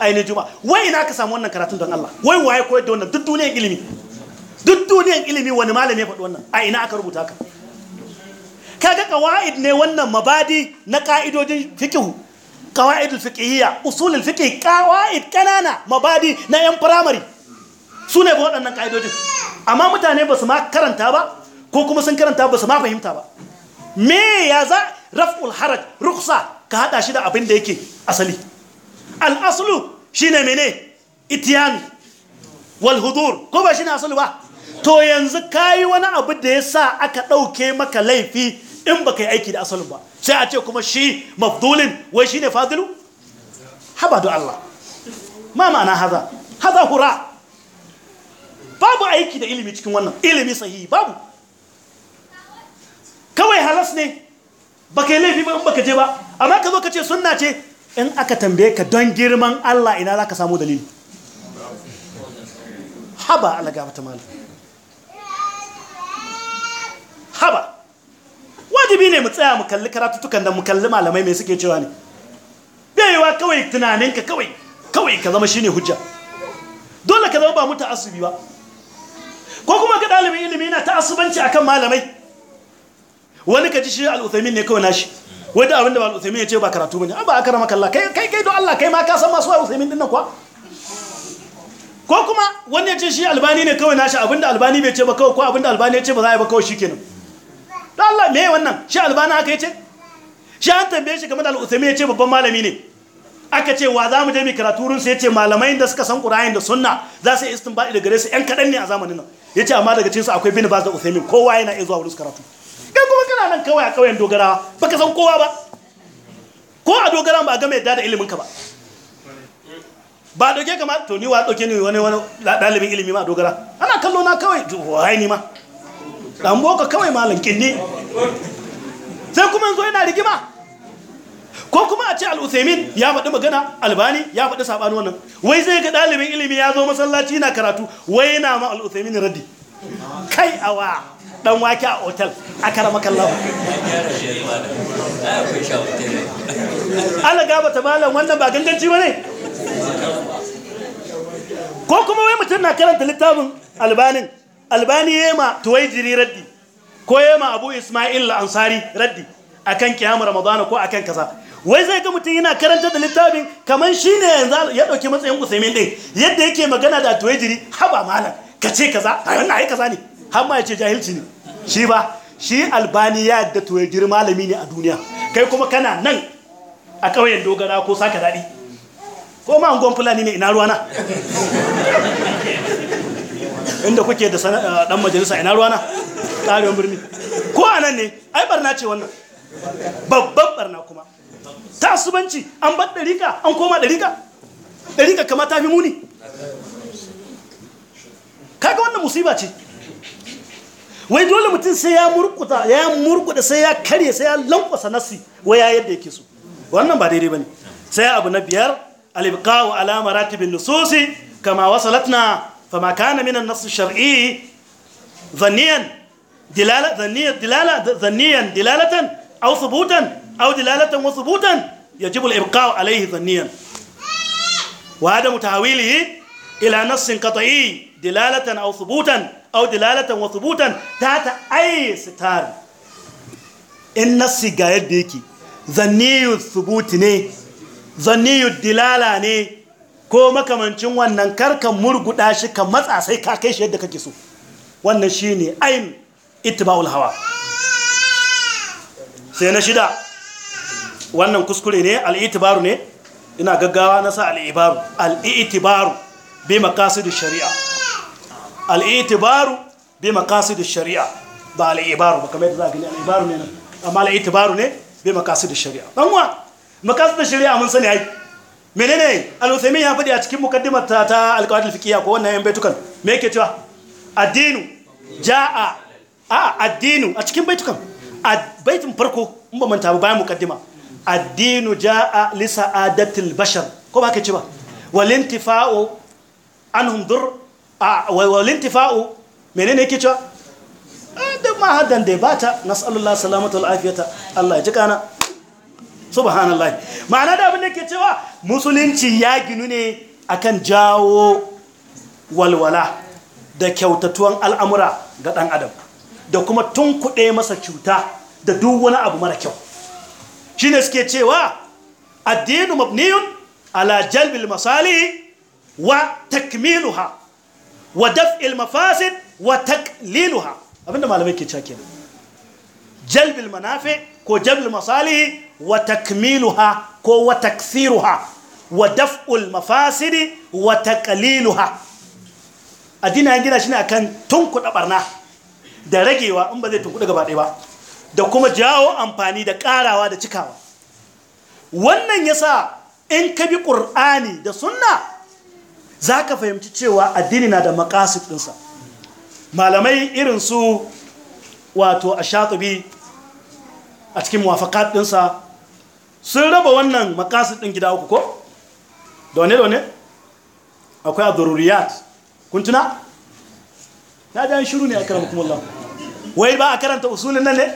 ainihin juma'a wai ina ka samu wannan karatun don Allah wai waye koyar da wannan duk duniyar ilimi duk duniyar ilimi wani malami ya faɗi wannan a ina aka rubuta ka kaga kawaid ne wannan mabadi na ka'idojin fiqh kawaid al-fiqhiyya usul al-fiqh qawaid kanana mabadi na yan primary sune ba waɗannan ka'idojin amma mutane ba su ma karanta ba ko kuma sun karanta ba su ma fahimta ba me ya za raf'ul haraj ruksa ka hada shi da abin da yake asali al-aslu shine mene itiyan wal hudur ko ba shine asali ba to yanzu kayi wani abu da ya sa aka ɗauke maka laifi in baka yi aiki da asalin ba sai a ce kuma shi mafdulin wai shine fadilu haba Allah ma ma'ana haza haza hura babu aiki da ilimi cikin wannan ilimi sahihi babu kawai halas ne ba ka yi laifi ba in ba ka je ba amma ka zo ka ce sunna ce in aka tambaye ka don girman Allah ina za ka samu dalili haba Allah ta haba wajibi ne mu tsaya mu kalli karatutukan da mu kalli malamai mai suke cewa ne bayewa kawai tunaninka kawai kawai ka zama shine hujja dole ka zama ba mu ta'assubi ba ko kuma ka dalibin ilimi na ta'assubanci akan malamai wani kaji shi al'uthaimin ne kawai nashi wai da abin da al'uthaimin ya ce ba karatu bane ba aka ramaka Allah kai kai kai don Allah kai ma ka san masu al'uthaimin din kuwa ko kuma wani ya ce shi albani ne kawai nashi abin da albani bai ce ba kawai ko abin da albani ya ce ba za a yi ba kawai shikenan don Allah me wannan shi albani aka ya ce shi an tambaye shi game da al'uthaimin ya ce babban malami ne aka ce wa za mu je mu karatu wurin sai ya ce malamai da suka san qur'ani da sunna za su yi istinbadi da gare su 'yan kaɗan ne a zamanin nan yace amma daga su akwai bin bas da uthaymin kowa yana iya zuwa wurin karatu kai kuma kana nan kawai a kauyen dogara baka san kowa ba ko a dogara ba a gama da ilimin ka ba ba doke kama to ni wa doke ni wani wani dalibin ilimi ma dogara ana kallo na kawai to wai ni ma dan boka kawai malam kinni sai kuma zo yana rigima ko kuma a ce al'usaimin ya faɗi magana albani ya faɗi saɓani wannan wai zai ga dalibin ilimi ya zo masallaci na karatu wai yana ma al'usaimin raddi kai awa dan wake a otel a karamakan lafa ala gaba ta malam wannan ba ganganci ba ne ko kuma wai mutum na karanta littafin albanin albani ya ma tuwai jiri raddi ko ya ma abu ismail ansari raddi A kan kiyamu ramadana ko a kan kasa. wai zai ga mutum yana karanta da littafin kamar shi ne yanzu ya ɗauki matsayin usaimin ɗin yadda yake magana da tuwai jiri haba malam ka ce kaza a yana yi kaza ne har ma ya ce jahilci ne shi ba shi albani ya yadda to ya girma malami ne a duniya kai kuma kana nan a ƙauyen dogara ko sake daɗi ko ma an fulani ne ina ruwana inda kuke da eh, ɗan majalisa ina ruwana ƙarin birni ko a nan ne ai barna ce wannan babban barna kuma tasubanci an bar ɗarika an koma ɗarika ɗarika kama ta fi muni kaga wannan musiba ce wai dole mutum sai ya murkuta ya murkuta sai ya karye sai ya lankwasa nasi wai ya yadda yake so wannan ba daidai bane sai abu na biyar al-ibqa'u ala maratibin nususi kama wasalatna fama kana min an-nass ash-shar'i dhanniyan dilala dhanniyan dilala dhanniyan dilalatan aw thubutan aw dilalatan wa thubutan yajibu al-ibqa'u alayhi dhanniyan wa adamu tahwilihi ila nass qat'i dilalatan aw thubutan aw dilalatan wa tata ta ta in nasi ga yadda yake zanniyu thubuti ne zanniyu dilala ne ko makamancin wannan karkan murguda shi ka matsa sai ka kai shi yadda kake so wannan shine ayin ittiba'ul hawa sai na shida wannan kuskure ne al'itibaru ne ina gaggawa na sa al'itibaru bi maqasidish shari'a al'itibaru bi maqasid shari'a ba al'ibaru ba kamar yadda za ka gani al'ibaru ne nan amma al'itibaru ne bi maqasid shari'a dan wa maqasid shari'a mun sani ai menene al-uthaymin ya faɗi a cikin mukaddimar ta ta al-qawaid al-fiqhiyya ko wannan yan baitukan me yake cewa addinu ja'a a addinu a cikin baitukan baitin farko in ba manta ba bayan mukaddima addinu ja'a li sa'adatil bashar ko ba ka ce ba wal anhum dur a walwalin tifa'u menene yake cewa eh, duk ma haddan da ba ta nasallallahu salamatu al'afiyata Allah ya ji kana subhanallah ma'ana da abin da ke cewa musulunci ya ginu ne akan jawo walwala da kyautatuwan al'amura ga ɗan adam da kuma tun kuɗe masa cuta da duk wani abu mara kyau shi ne suke cewa addinu mabniyun ala jalbil masali wa takminuha wa daf'il mafasid wa taqliluha abinda malamai ke cake kenan jalbil manafi ko jalbil masalihi wa takmiluha ko wa taksiruha wa daf'ul mafasidi wa taqliluha addini an gina shi ne akan tunkuɗa barna da ragewa in ba zai tunkuɗa gaba ɗaya ba da kuma jawo amfani da ƙarawa da cikawa wannan yasa in ka bi ƙur'ani da sunna za ka fahimci cewa addini na da makasid ɗinsa malamai irin su wato a shatubi a cikin muwafakat ɗinsa sun raba wannan makasid ɗin gida uku ko? daune-daune akwai abdururiyat kun tuna? na jan shiru ne a karamar kumullah wai ba a karanta usulun nan ne?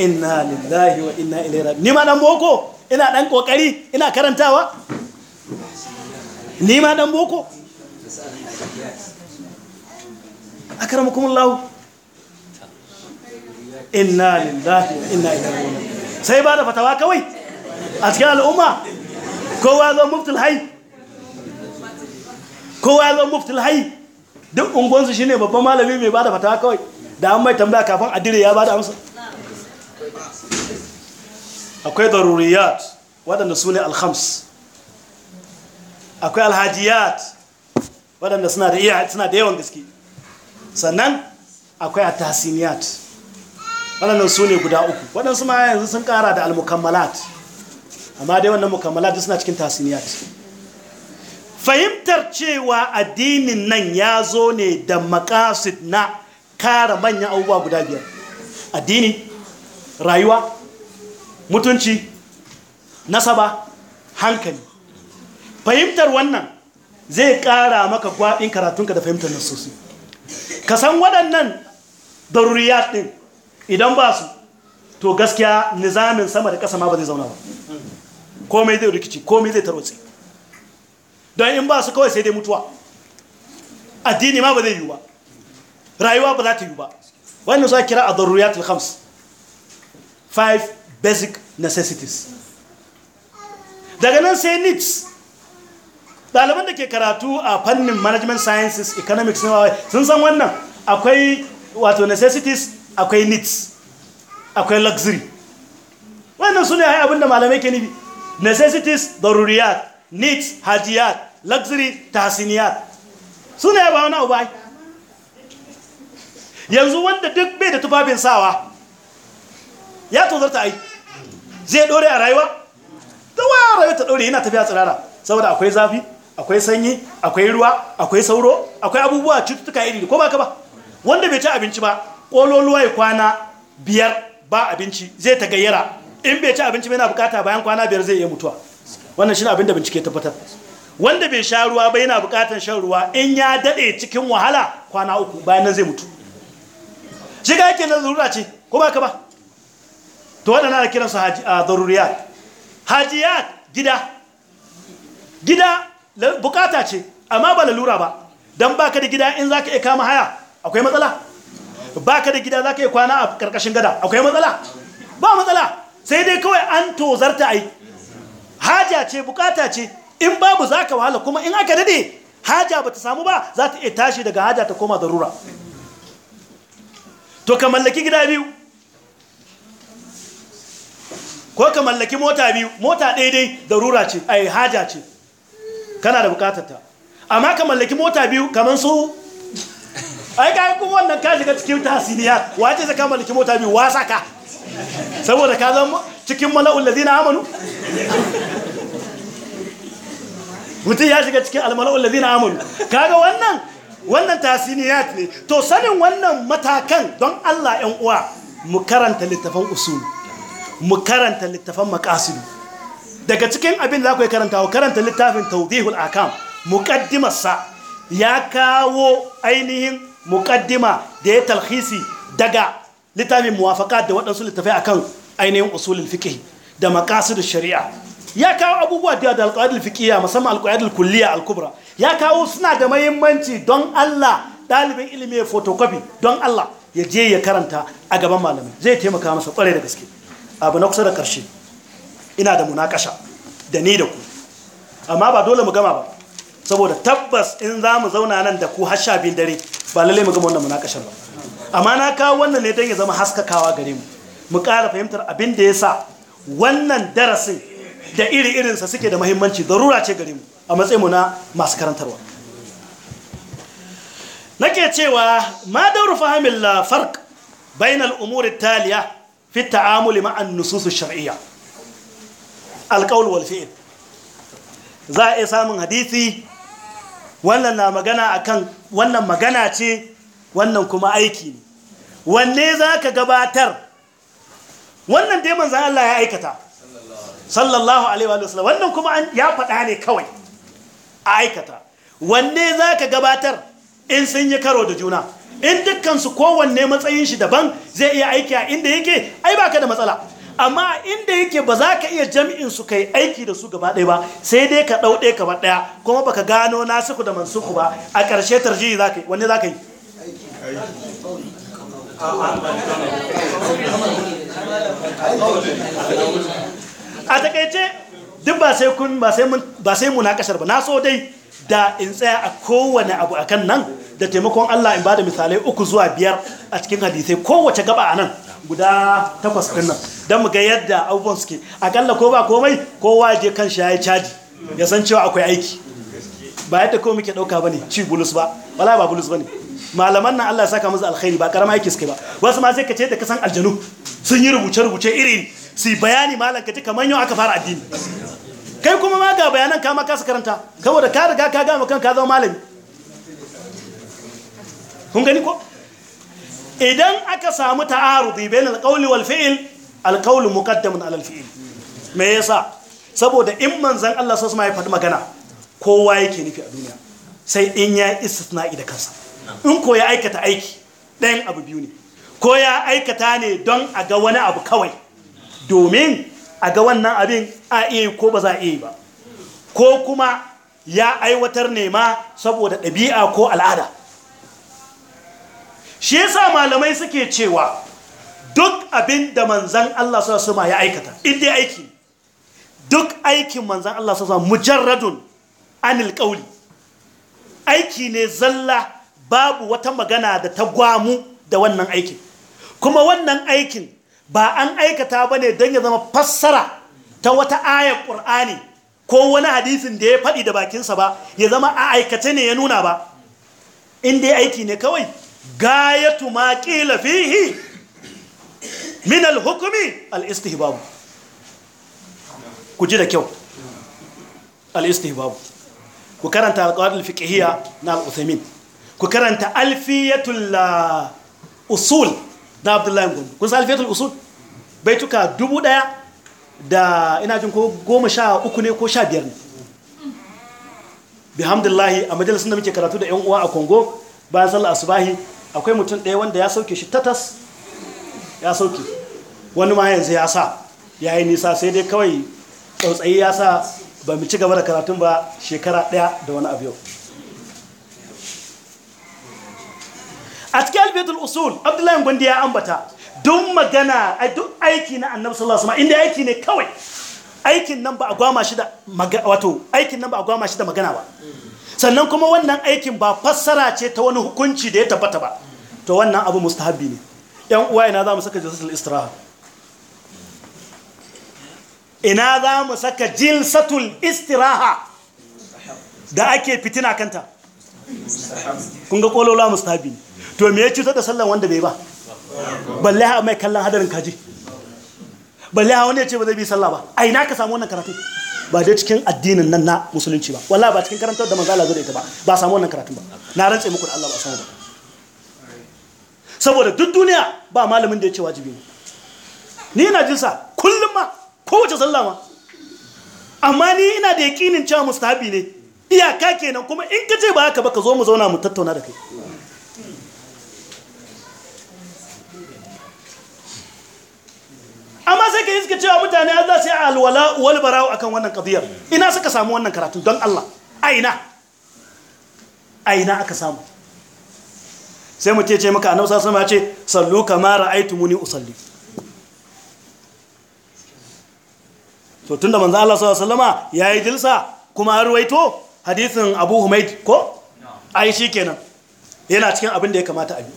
inna lillahi wa ina ilera ni ma dan boko ina dan kokari ina karantawa ni ma dan boko akramakumullahu inna lillahi wa inna ilaihi raji'un sai ba da fatawa kawai a cikin al'umma kowa zo muftul hayy kowa zo muftul hayy duk unguwansu shine babban malami mai ba da fatawa kawai da an mai tambaya kafin adire ya ba da amsa akwai daruriyat waɗanda su ne alhams akwai alhajiyat waɗanda suna da iya suna da yawan gaske sannan akwai atasiniyat waɗannan su ne guda uku waɗansu ma yanzu sun ƙara da almukammalat amma dai wannan mukammalat suna cikin tasiniyat fahimtar cewa addinin nan ya zo ne da makasid na kara manyan abubuwa guda biyar addini rayuwa mutunci nasaba hankali fahimtar wannan zai ƙara maka gwaɗin karatunka da fahimtar nasosi ka san waɗannan daruriyat ɗin idan ba su to gaskiya nizamin sama da ƙasa ma ba zai zauna ba komai zai rikici komai zai tarwatsi don in ba su kawai sai dai mutuwa addini ma ba zai yiwu ba rayuwa ba za ta yiwu ba wannan su kira a daruriyat al five basic necessities daga nan sai needs ɗaliban da ke karatu a fannin management sciences economics sun san wannan akwai wato necessities akwai needs akwai luxury wannan su ne yi abinda malamai ke nibi necessities ɗaruriyar needs hajiyar luxury tasiniyar su ne ba wani abu yanzu wanda duk bai da tufafin sawa ya tozarta ai zai dore a rayuwa da wa rayuwa ta dore yana tafiya tsirara saboda akwai zafi akwai sanyi akwai ruwa akwai sauro akwai abubuwa cututtuka iri ko ba ka ba wanda bai ci abinci ba kololuwa ya kwana biyar ba abinci zai ta gayyara in bai ci abinci mai na bukata bayan kwana biyar zai iya mutuwa wannan shi abin da bincike tabbatar wanda bai sha ruwa ba yana bukatan shan ruwa in ya dade cikin wahala kwana uku bayan nan zai mutu ga yake na zarura ce ko ba ka ba to waɗannan ana kiransu zaruriya. hajiya gida gida bukata ce amma ba lalura ba don baka da gida in zaka iya kama haya akwai matsala baka da gida zaka iya kwana a karkashin gada akwai matsala ba matsala sai dai kawai an tozarta ai haja ce bukata ce in babu zaka wahala kuma in aka dade haja bata samu ba za ta iya tashi daga haja ta koma darura to ka mallaki gida biyu ko ka mallaki mota biyu mota daidai darura ce ai haja ce kana da bukatarta ta amma ka mallaki mota biyu kamar su ai ka kuma wannan ka shiga cikin tasiriya wace sai ka mallaki mota biyu wasa ka saboda ka zama cikin mala'ul ladina amanu mutum ya shiga cikin almala'ul ladina amanu kaga wannan wannan tasiniyat ne to sanin wannan matakan don Allah 'yan uwa mu karanta littafan usul mu karanta littafan maqasid daga cikin abin da akwai karanta wa karanta littafin tawdihul akam ya kawo ainihin muqaddima da ya talhisi daga littafin muwafaqat da waɗansu littafai akan ainihin usulul fiqh da shari'a ya kawo abubuwa da da alqaidul fiqhiyya musamman alqaidul kulliyya alkubra ya kawo suna da muhimmanci don Allah ɗalibin ilimi ya photocopy don Allah ya je ya karanta a gaban malamai zai taimaka masa kware da gaske abu na kusa da ƙarshe ina da munakasha da ni da ku amma ba dole mu gama ba saboda tabbas in za mu zauna nan da ku har sha biyun dare ba lalle mu gama wannan munakashar ba amma na kawo wannan ne don ya zama haskakawa gare mu mu ƙara fahimtar abin da ya sa wannan darasin da iri irinsa suke da mahimmanci rura ce gare mu a matsayin mu na masu karantarwa nake cewa ma dauru fahimin la farq bainal umuri taliya fi ta'amuli ma'an nususu shar'iyya Alƙawul wal za a iya samun hadisi wannan na magana a kan wannan magana ce wannan kuma aiki ne wanne za ka gabatar wannan dai za Allah ya aikata sallallahu alaihi wa sallam wannan kuma ya faɗa ne kawai a aikata wanne za ka gabatar in sun yi karo da juna in dukkansu kowanne matsayin shi daban zai iya aiki a inda yake ai baka da matsala amma inda yake ba za ka iya jami'in su kai aiki da su gaba ɗaya ba sai dai ka ɗau ɗaya gaba ɗaya kuma baka gano nasiku da mansuku ba a ƙarshe tarjihi za ka yi wanne za ka yi a takaice duk ba sai kun ba sai muna ba na so dai da in tsaya a kowane abu akan nan da taimakon Allah in ba da misalai uku zuwa biyar a cikin hadisai kowace gaba a nan guda takwas ɗin nan don mu ga yadda abubuwan suke akalla ko ba komai ko waje kan shi ya caji ya san cewa akwai aiki ba yadda ko muke ɗauka ba ne ci bulus ba wala ba bulus ba ne malaman nan Allah ya saka musu alkhairi ba karama aiki suke ba wasu ma sai ka ce da kasan aljanu sun yi rubuce-rubuce iri su bayani malam ka ji kamar yau aka fara addini kai kuma ma ga bayanan kama kasa karanta saboda ka riga ka gama kan ka zama malami kun gani ko idan aka samu ta'arudi bain alqawli wal fi'l alqawlu muqaddamun ala alfi'l me yasa saboda in manzon Allah sallallahu alaihi wasallam ya magana kowa yake nufi a duniya sai in ya istisna'i da kansa in ko ya aikata aiki ɗayan abu biyu ne ko ya aikata ne don a ga wani abu kawai domin a ga wannan abin a iya ko ba za a iya ba ko kuma ya aiwatar ne ma saboda ɗabi'a ko al'ada shi yasa malamai suke cewa duk abin da manzan Allah su su ya aikata inda aiki duk aikin manzan Allah su mujarradun anil kauli aiki ne zalla babu wata magana da ta gwamu da wannan aikin kuma wannan aikin ba an aikata ba ne don ya zama fassara ta wata ayar ƙur'ani ko wani hadisin da ya faɗi da bakinsa ba ya zama a aikace ne ya nuna ba in dai aiki ne kawai gayatu ma qila fihi min al hukumi al-istihbab ku ji da kyau al-istihbab ku karanta al-qawaid fiqhiyya na al-uthaymin ku karanta alfiyatul usul na abdullahi gumbu kun san alfiyatul usul baituka dubu daya da ina jin ko goma sha uku ne ko sha biyar ne bihamdillahi a majalisun da muke karatu da 'yan uwa a kongo bayan sallar asubahi akwai mutum ɗaya wanda ya sauke shi tatas ya sauke wani ma yanzu ya sa ya yi nisa sai dai kawai tsautsayi ya sa ba mu ci gaba da karatun ba shekara ɗaya da wani abu yau a cikin albetul usul abdullahi gwandi ya ambata don magana a duk aiki na annabi sallallahu alaihi inda aiki ne kawai wato aikin nan ba a gwama shi da magana ba sannan kuma wannan aikin ba fassara ce ta wani hukunci da ya tabbata ba to wannan abu mustahabi ne yan uwa ina za mu saka jilsatul istiraha ina za mu saka jilsatul istiraha da ake fitina kanta kun ga kolola mustahabi ne to me ya ci da sallan wanda bai ba balle ha mai kallon hadarin kaji balle ha wanda ya ce ba zai bi sallah ba a ina ka samu wannan karatun ba dai cikin addinin nan na musulunci ba wallahi ba cikin karantar da manzala zai zo da ita ba ba samu wannan karatun ba na rantse muku da Allah ba samu ba saboda duk duniya ba malamin da ya ce wajibi ne ni ina jinsa sa kullum ma kowace sallah ma amma ni ina da yakinin cewa mustahabi ne iyaka kenan kuma in ka ce ba haka ba ka zo mu zauna mu tattauna da kai amma sai ka yi suka cewa mutane an za su yi alwala wal barawo akan wannan kadiyar ina suka samu wannan karatu don Allah aina aina aka samu sai mutum ce maka annabi sama ya ce sallu kama ra'aytumuni usalli tun da manzan Allah sallu salama ya yi jilsa kuma harwaito ruwaito hadisin Abu humaid ko shi kenan yana cikin abin da ya kamata a bi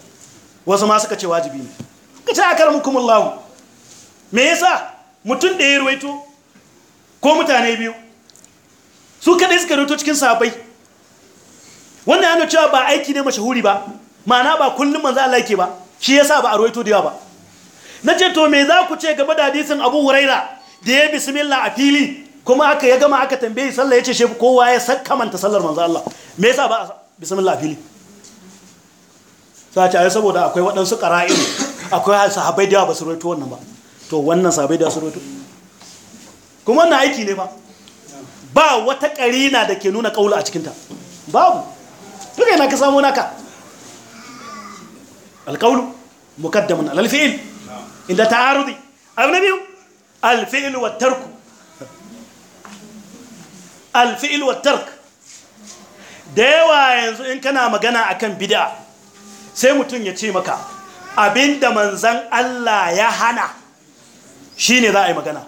wasu ma suka ce wajibi ne kace mukumullahu me yasa mutum da ya ruwaito ko mutane biyu su kadai suka ruwaito cikin sahabbai wannan yana cewa ba aiki ne mashahuri ba ma'ana ba kullum manzo Allah yake ba shi yasa ba a ruwaito da yawa ba nace to me za ku ce gaba da hadisin Abu Huraira da ya bismillah a fili kuma aka ya gama aka tambaye sallah yace shefu kowa ya manta sallar manzo Allah me yasa ba bismillah a fili sai ta saboda akwai waɗansu qara'in akwai sahabbai da yawa ba su ruwaito wannan ba to wannan sabai da su roto kuma wannan aiki ne ba ba wata karina da ke nuna kaula a cikinta babu duka yana ka samu naka alkaulu mukaddamun alalfi'il inda arudi abu na biyu alfi'il wa tarku alfi'il wa tarku da yawa yanzu in kana magana akan bid'a sai mutum ya ce maka abinda manzan Allah ya hana shi ne za a yi magana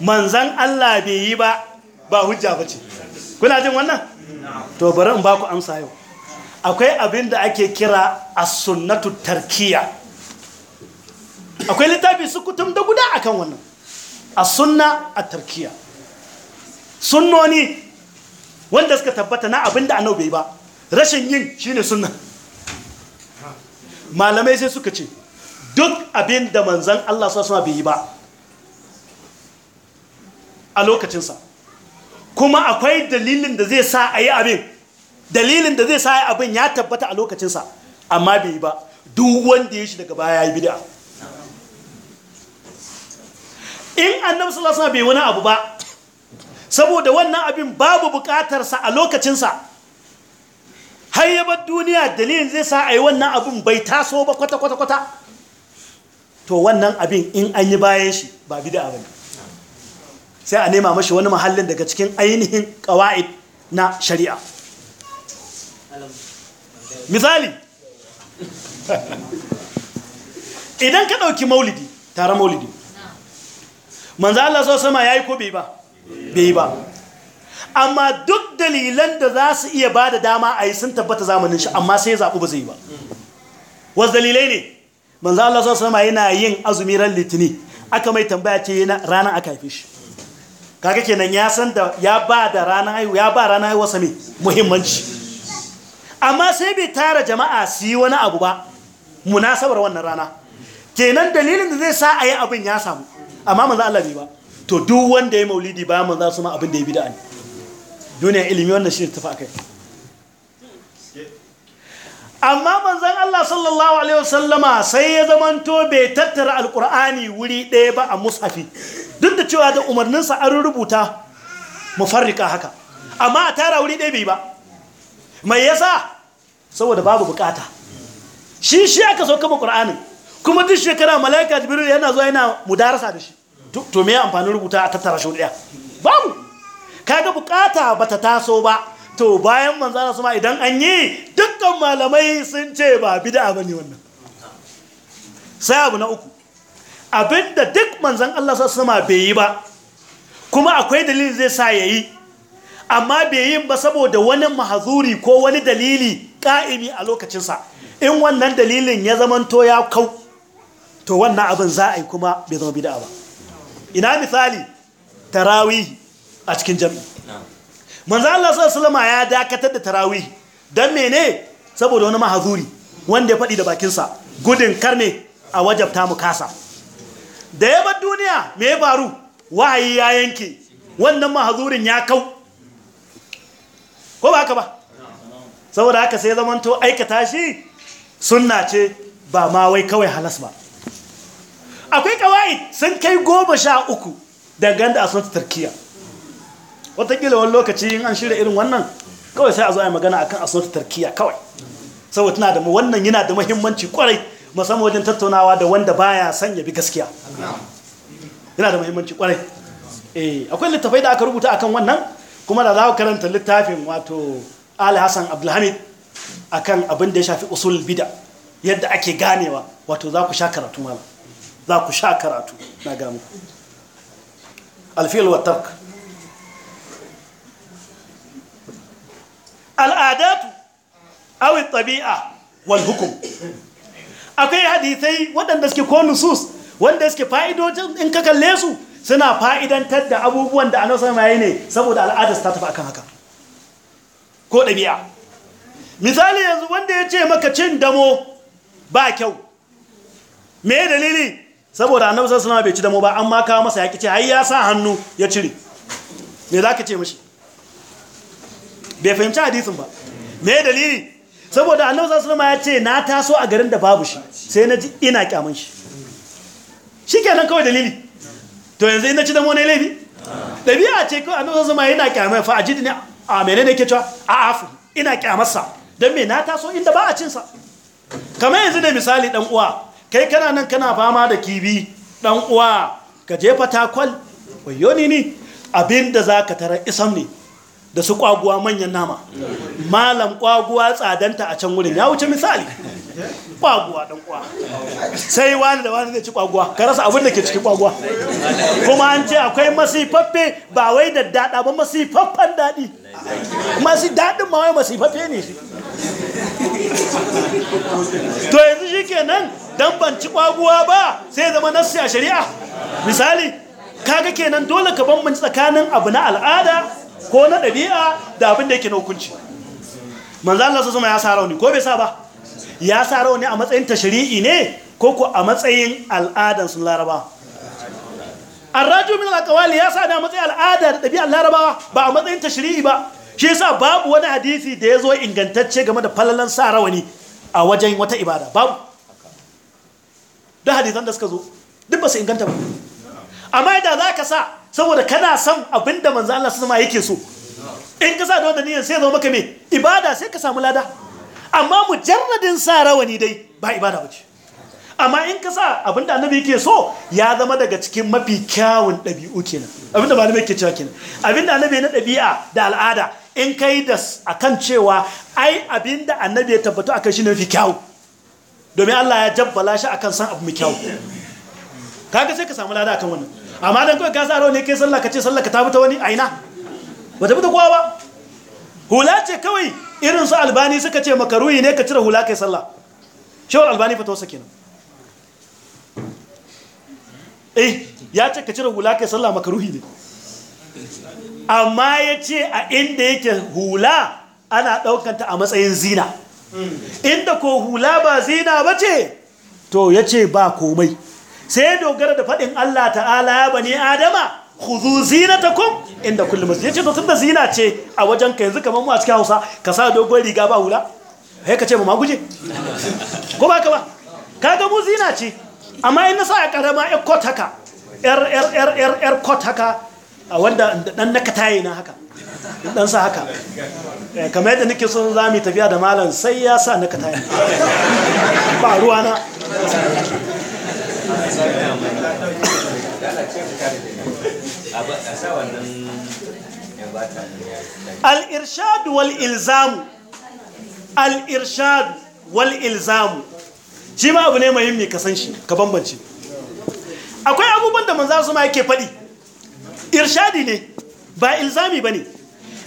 manzan Allah bai yi ba ba hujja ba ce kuna jin wannan to bari in ba ku amsa yau akwai abin da ake kira a sunnatu tarkiya akwai littafi su kutum da guda akan wannan a sunna a tarkiya sunnoni wanda suka tabbata na abin da annabi bai ba rashin yin shi ne sunna malamai sai suka ce duk abin da manzan Allah sa suna bai yi ba a lokacinsa kuma akwai dalilin da zai sa a yi abin dalilin da zai sa a yi abin ya tabbata a lokacinsa amma bai yi ba duk wanda ya shi daga baya ya yi bida in annabi sallallahu bai wani abu ba saboda wannan abin babu bukatarsa a lokacinsa har ya bar duniya dalilin zai sa a yi wannan abin bai taso ba kwata-kwata-kwata to wannan abin in an yi bayan shi ba bida abin sai a nema mashi wani mahallin daga cikin ainihin ƙawa'id na shari'a misali idan ka ɗauki maulidi tare maulidi manza Allah so sama yi ko bai ba bai ba amma duk dalilan da za su iya ba da dama a yi sun tabbata zamanin shi amma sai zaɓu ba zai ba wasu dalilai ne manza Allah so sama yana yin azumiran litini aka mai tambaya ce yana, ranar aka haife shi kaga kenan ya san da ya ba da ranar haihuwa ya ba ranar haihuwa sami muhimmanci amma sai bai tara jama'a su yi wani abu ba munasabar wannan rana kenan dalilin da zai sa a yi abin ya samu amma manzo Allah bai ba to duk wanda ya maulidi ba za su ma abin da ya da ne duniya ilimi wannan shi ne tafi akai amma manzon Allah sallallahu alaihi wasallama sai ya zamanto bai tattara alkur'ani wuri ɗaya ba a musafi duk da cewa da umarninsa an rubuta farrika haka amma a tara wuri ɗaya bai ba mai yasa saboda babu bukata shi shi aka so kama ƙur'anin kuma duk shekara malaika jibiru yana zuwa yana mudarasa da shi to me amfanin rubuta a tattara shi ɗaya babu kaga bukata bata taso ba to bayan manzara sama idan an yi dukkan malamai sun ce ba bid'a bane wannan sai abu na uku abinda duk manzan Allah sama bai yi ba kuma akwai dalilin zai sa ya yi amma bai yi ba saboda wani mahazuri ko wani dalili ƙa'imi a lokacinsa in wannan dalilin ya zamanto ya kau to wannan abin za a yi kuma bai zama bida ba ina misali tarawih a cikin jami'i. manzo Allah sallallahu ya dakatar da tarawih dan mene saboda wani mahazuri wanda ya faɗi da bakinsa gudun karne a wajabta mu kasa da ya bar duniya me ya faru wahayi ya yanke wannan mahazurin ya kau ko ba haka ba saboda haka sai zamanto aikata shi sunna ce ba ma wai kawai halas ba akwai kawai sun kai goma sha uku dangane da asuwata tarkiyya watakila wani lokaci in an shirya irin wannan kawai sai a zo a yi magana akan asnatu tarkiya kawai saboda tana da wannan yana da muhimmanci kwarai musamman wajen tattaunawa da wanda baya son ya bi gaskiya yana da muhimmanci kwarai eh akwai littafai da aka rubuta akan wannan kuma da za ku karanta littafin wato Ali Hassan Abdulhamid akan abin da ya shafi usul bid'a yadda ake ganewa wato za ku sha karatu malam za ku sha karatu na ga muku alfil wa tarka al'adatu awi tabi'a wal hukum akwai hadisai waɗanda suke ko nusus wanda suke fa'idojin in ka kalle su suna fa'idantar da abubuwan da anasar sallallahu ne saboda al'adar ta tafi akan haka ko ɗabi'a misali yanzu wanda ya ce maka cin damo ba kyau me dalili saboda anasar suna bai ci damo ba amma kawo masa ya ce har ya sa hannu ya cire me zaka ce mashi. bai fahimci hadisin ba me dalili saboda annabi sallallahu alaihi ya ce na taso a garin da babu shi sai na ji ina kyaman shi shikenan kawai dalili to yanzu ina ci da mone laifi dabi'a ce kawai annabi sallallahu alaihi yana kyamai fa ajidni a menene ke cewa a afu ina kyamarsa don me na taso inda ba a cin sa kamar yanzu da misali dan uwa kai kana nan kana fama da kibi dan uwa ka jefa takwal wayo ni ni abinda zaka tara isam ne da su kwaguwa manyan nama malam kwaguwa tsadanta a can wurin ya wuce misali kwaguwa dan kwa sai wani da wani zai ci kwaguwa ka rasa abin da ke cikin kwaguwa kuma an ce akwai masifaffe ba wai da dada ba masifaffen dadi masu dadin ma wai masifaffe ne to yanzu shi kenan dan ban ci kwaguwa ba sai zama nassi a shari'a misali kaga kenan dole ka bambanci tsakanin abu na al'ada ko na ɗabi'a da abin da yake na hukunci manzan Allah sallallahu ya sa rauni ko bai sa ba ya sa rauni a matsayin tashri'i ne ko ko a matsayin al'adan sun laraba arraju min alqawali ya sa da matsayin al'ada da ɗabi'ar larabawa ba a matsayin tashri'i ba shi yasa babu wani hadisi da ya zo ingantacce game da falalan sa rawani a wajen wata ibada babu da hadisan da suka zo duk ba su inganta ba amma da za ka sa saboda kana son abin da manzan Allah sallama yake so in ka sa da wanda niyan sai zama maka me ibada sai ka samu lada amma mujarradin sa rawani dai ba ibada ce amma in ka sa abin da annabi yake so ya zama daga cikin mafi kyawun ɗabi'u kenan abin da malamai ke cewa kenan abin da annabi na ɗabi'a da al'ada in ka yi da akan cewa ai abin da annabi ya tabbata akan shi ne mafi kyawu domin Allah ya jabbala shi akan san abu mai kyawu kaga sai ka samu lada akan wannan amma dan kawai ka sa ne kai sallah ka ce sallah ka tafi ta wani aina ba tafi ta kowa ba hula ce kawai irin su albani suka ce makaruyi ne ka cire hula kai sallah shawar albani fata wasa kenan eh ya ce ka cire hula kai sallah makaruhi ne amma ya ce a inda yake hula ana ɗaukanta a matsayin zina inda ko hula ba zina ba ce to ya ce ba komai sai dogara da faɗin Allah ta'ala ya bani adama zina ta kun? inda kullum Ya ce to da zina ce a wajen ka yanzu kamar mu a cikin Hausa ka sa dogon riga ba hula sai ka ce ma maguje ko ba ka ba Ka ga mu zina ce amma in na sa a karama ya kot haka yar yar yar yar yar kot haka A wanda dan naka taye na haka dan sa haka eh, kamar yadda nake sun za mu tafiya da malam sai ya sa naka taye ba ruwa na al’irshad wal ilzam al wal shi ma abu ne muhimmi ka san shi ka bambance akwai abubuwan da manzo ma yake faɗi irshadi ne ba ilzami ba ne.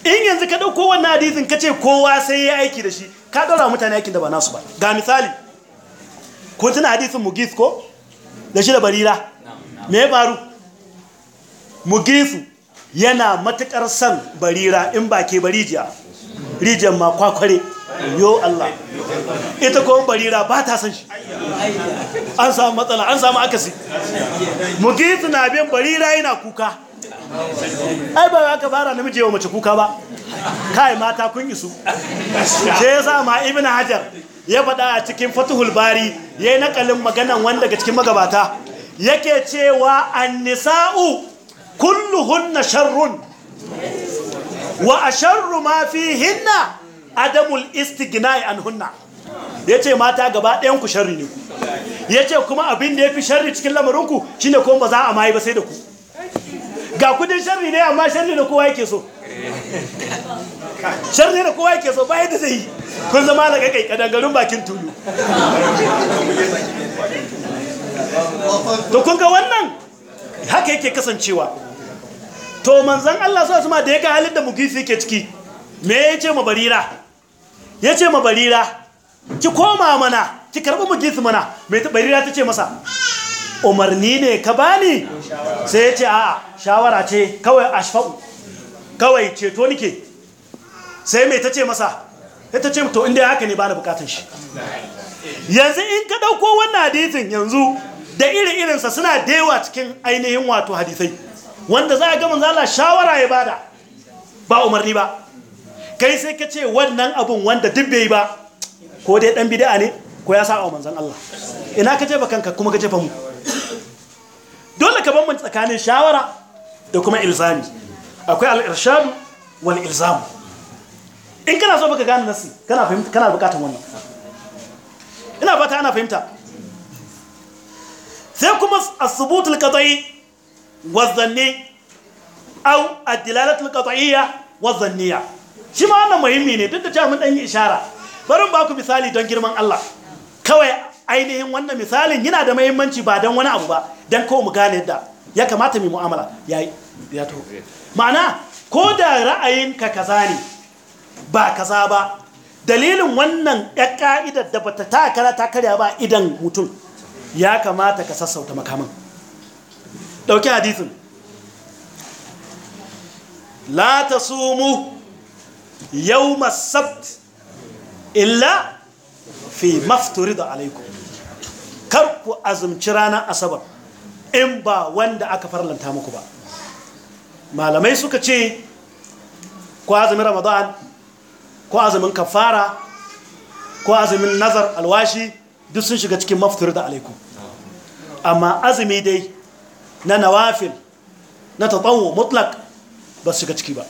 in yanzu ka ɗauko wannan ka ce kowa sai ya aiki da shi ka ɗaura mutane aikin da ba nasu ba ga misali ko hadithin hadisin mugis ko da shi da barira me ya faru mugifu yana matukar san barira in ba ke barijiya rijiyar ma kwakware yo Allah ita kuma barira ba ta san shi an samu matsala an samu akasi mugifu na bin barira yana kuka ai ba aka fara namiji yawa mace kuka ba kai mata kun isu sai ya sa ma ibn hajar ya faɗa a cikin fatuhul bari ya yi nakalin maganan wanda daga cikin magabata yake cewa annisa'u kulluhunna sharrun wa a sharru ma fi hinna adamul istiginai an hunna ya ce mata gaba ɗayanku sharri ne ku ya ce kuma abin da ya fi sharri cikin lamarinku shi ne kuma ba za a mayi ba sai da ku ga kudin sharri ne amma sharri da kowa yake so ne da kowa yake so ba da zai yi kun zama da kai garin bakin tulu to kun ga wannan haka yake kasancewa to manzan Allah su ma da ya ga halin da mugisi yake ciki me ya ce ma barira ya ce ma barira ki koma mana ki karbi mugisi mana me barira ta ce masa umarni ne ka bani sai ya ce a'a shawara ce kawai ashfa'u kawai ceto nike sai mai ta ce masa ya ta ce to inda haka ne ba na bukatun shi yanzu in ka ɗauko wannan hadithin yanzu da iri-irinsa suna dewa cikin ainihin wato hadisai wanda za a ga manzala shawara ya bada ba umarni ba kai sai ka ce wannan abun wanda duk bai ba ko dai dan bidi'a ne ko ya a manzon Allah ina ka jefa kanka kuma ka jefa mu dole ka bambanta tsakanin shawara da kuma ilzami akwai al-irshad wal ilzam in kana so baka gane nasi kana fahimta kana bukatan wannan ina fata ana fahimta sai kuma asubutul subutul qat'i wa dhanni aw ad-dilalatul qat'iyya wa dhanniya shi ma wannan muhimmi ne duk da cewa mun dan yi ishara bari ba ku misali don girman Allah kawai ainihin wannan misalin yana da muhimmanci ba dan wani abu ba don kawai mu gane da ya kamata mu mu'amala ya ya to ma'ana ko da ra'ayinka kaza ne ba kaza ba dalilin wannan ya ka'idar da bata takara ta karya ba idan mutum ya kamata ka sassauta makaman dauki hadithin la sumu yau sabt illa fi mafturid da kar ku azumci ranar asabar in ba wanda aka farlanta muku ba malamai suka ce ku azumi ramadan ko azumin kafara ko azumin nazar alwashi duk sun shiga cikin maftur da alaikum amma azumi dai na nawafil na tatawo mutlak ba su shiga ciki ba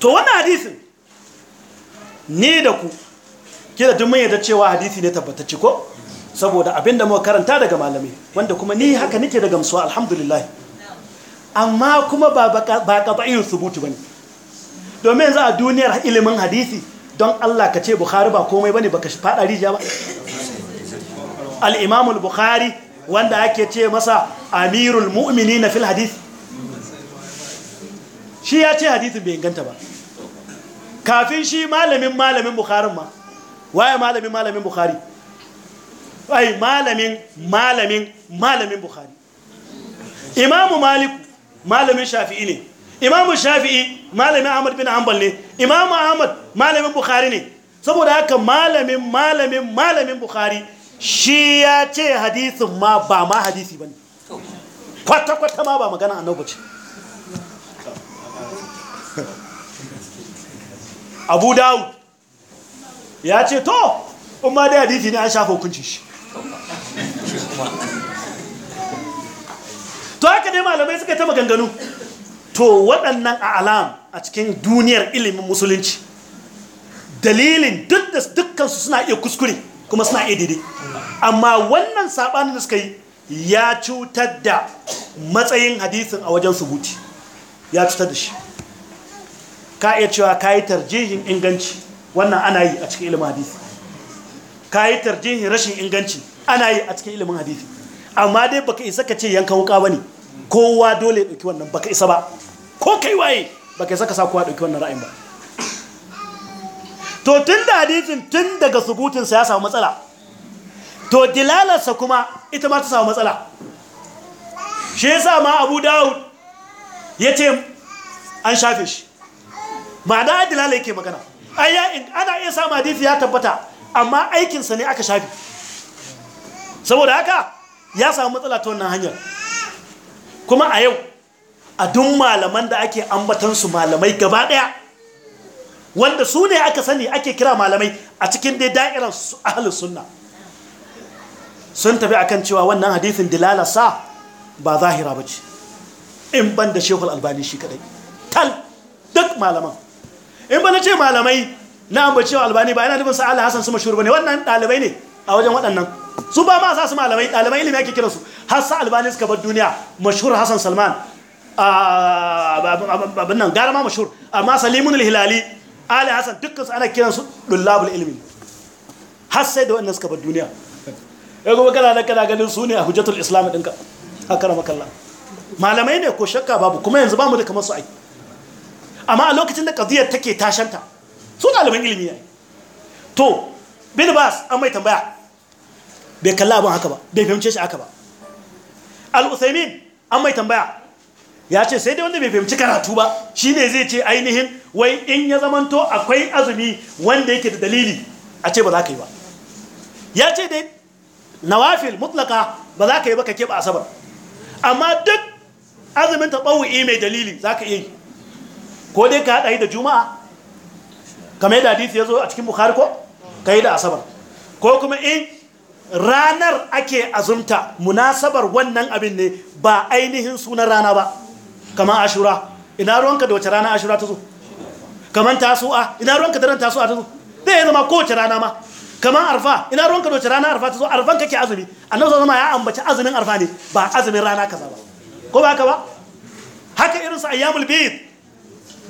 to wannan hadisin ni da ku kira da duk mun yadda cewa hadisi ne tabbatacce ko saboda abinda muka karanta daga malami wanda kuma ni haka nake da gamsuwa alhamdulillah amma kuma ba ba ba ne. domin za a duniyar ilimin hadisi don Allah ka ce Bukhari ba komai ba baka fada rijiya ba al-Imam al-Bukhari wanda ake ce masa Amirul na fil hadisi. shi ya ce hadisi bai inganta ba kafin shi malamin malamin Bukharin ma waye malamin malamin Bukhari ai malamin malamin malamin Bukhari Imam Malik malamin Shafi'i ne imamu shafi'i malamin ahmad bin hanbal ne imamu ahmad malamin bukhari ne saboda haka malamin malamin malamin bukhari shi ya ce hadisin ma ba ma hadisi ba ne kwata-kwata ma ba magana annabu ce abu dawo ya ce to in ma da hadisi ne an shafa hukunci shi to haka ne malamai suka ta maganganu to waɗannan alam a cikin duniyar ilimin musulunci dalilin duk da dukkansu suna iya kuskure kuma suna iya daidai amma wannan saɓanin da suka yi ya cutar da matsayin hadisin a wajen subuti ya cutar da shi ka iya cewa ka yi tarjihin inganci wannan ana yi a cikin ilimin hadisi ka yi tarjihin rashin inganci ana yi a cikin ilimin hadisi amma dai baka isa ka ce yankan wuka ba ne kowa dole ya ɗauki wannan baka isa ba ko kai waye ba kai saka sako kowa ɗauki wannan ra'ayin ba to tun da hadisin tun daga subutinsa ya samu matsala to dilalarsa kuma ita ma ta samu matsala shi yasa ma abu dawud ya ce an shafe shi ma'ana dilala yake magana ana iya samu hadisi ya tabbata amma aikinsa ne aka shafe saboda haka ya samu matsala ta wannan hanyar kuma a yau a duk malaman da ake ambatansu malamai gaba ɗaya wanda su ne aka sani ake kira malamai a cikin dai da'irar ahalus sunna sun tafi akan cewa wannan hadithin dilalasa ba zahira ba ce in ban da shekul albani shi kadai tal duk malaman in ba na ce malamai na ambacewa albani ba yana nufin sa'ala hassan su mashuru ba ne wannan dalibai ne a wajen waɗannan su ba ma sa su malamai ɗalibai ilimi ake kiransu har sa albani suka bar duniya mashhur hassan salman Ah, abin nan gara ma mashur amma salimun alhilali ali hassan dukkansu ana kiransu dullabul ilmi har sai da wannan suka bar duniya ya kuma kana da kana ganin su ne a hujjatul islam ɗinka a karama kalla malamai ne ko shakka babu kuma yanzu bamu da kamar su ai amma a lokacin da kaziyar take tashanta su ɗaliban ilimi ne to bin bas an mai tambaya bai kalla abin haka ba bai fahimce shi haka ba al-usaimin an mai tambaya ya ce sai dai wanda bai fahimci karatu ba shi ne zai ce ainihin wai in ya zamanto akwai azumi wanda yake da dalili a ce ba za ka yi ba ya ce dai nawafil mutlaka ba za ka yi ba ka keɓa asabar amma duk azumin ta taɓawu'i mai dalili za ka yi ko dai ka haɗa yi da juma'a kamar yadda hadisi ya zo a cikin bukhari ko ka yi da asabar ko kuma in ranar ake azumta munasabar wannan abin ne ba ainihin sunan rana ba kamar ashura ina ruwanka da wace rana ashura ta zo kaman tasu'a ina ruwanka da ran tasu'a ta zo zai zama kowace rana ma kaman arfa ina ruwanka da wace rana arfa ta zo arfan kake azumi annabi zama ya ambaci azumin arfa ne ba azumin rana kaza ba ko ba ka ba haka irin su ayyamul bayt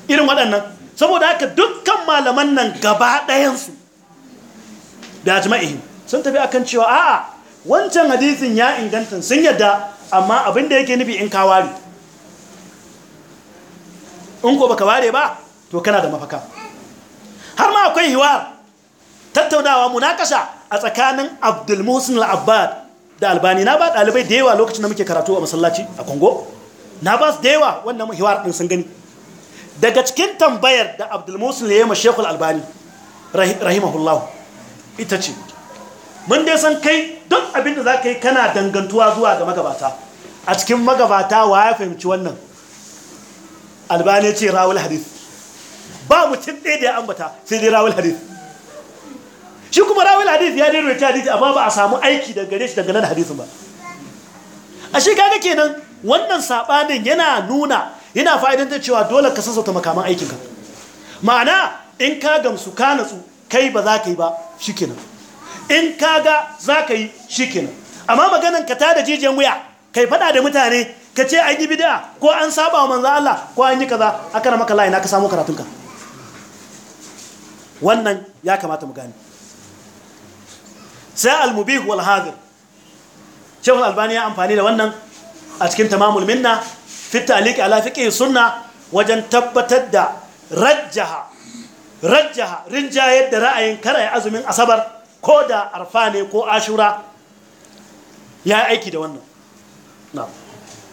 irin waɗannan saboda haka dukkan malaman nan gaba su da jama'i sun tafi akan cewa a'a wancan hadisin ya inganta sun yadda amma abin da yake nufi in kawari in ko baka ware ba to kana da mafaka har ma akwai hiwar tattaunawa munakasha a tsakanin abdul muhsin al-abbad da albani na ba dalibai da yawa lokacin da muke karatu a masallaci a kongo na ba su da yawa wannan hiwar din sun gani daga cikin tambayar da abdul muhsin ya yi ma al albani rahimahullahu ita ce mun dai san kai duk abin da za ka yi kana dangantuwa zuwa ga magabata a cikin magabata wa ya fahimci wannan albani ce rawul hadith ba mutum ɗaya da ya ambata sai dai rawul hadith shi kuma rawul hadith ya dai rawaita hadith amma ba a samu aiki da gare shi dangane da hadithin ba a shi kaga kenan wannan saɓanin yana nuna yana fa'idantar cewa dole ka sassauta makaman aikinka ma'ana in ka gamsu ka natsu kai ba za ka yi ba shikenan in ka ga za ka yi shikenan amma maganan ka ta da jijiyan wuya kai faɗa da mutane ka ce an yi bid'a ko an saba wa manzo Allah ko an yi kaza akara maka layi na ka samu karatunka wannan ya kamata mu gane sai al-mubih wal hadir Albani ya amfani da wannan a cikin tamamul minna fi ta'liq ala sunna wajen tabbatar da rajjaha rajjaha rinjayar da ra'ayin karai azumin asabar ko da arfa ne ko ashura ya aiki da wannan na'am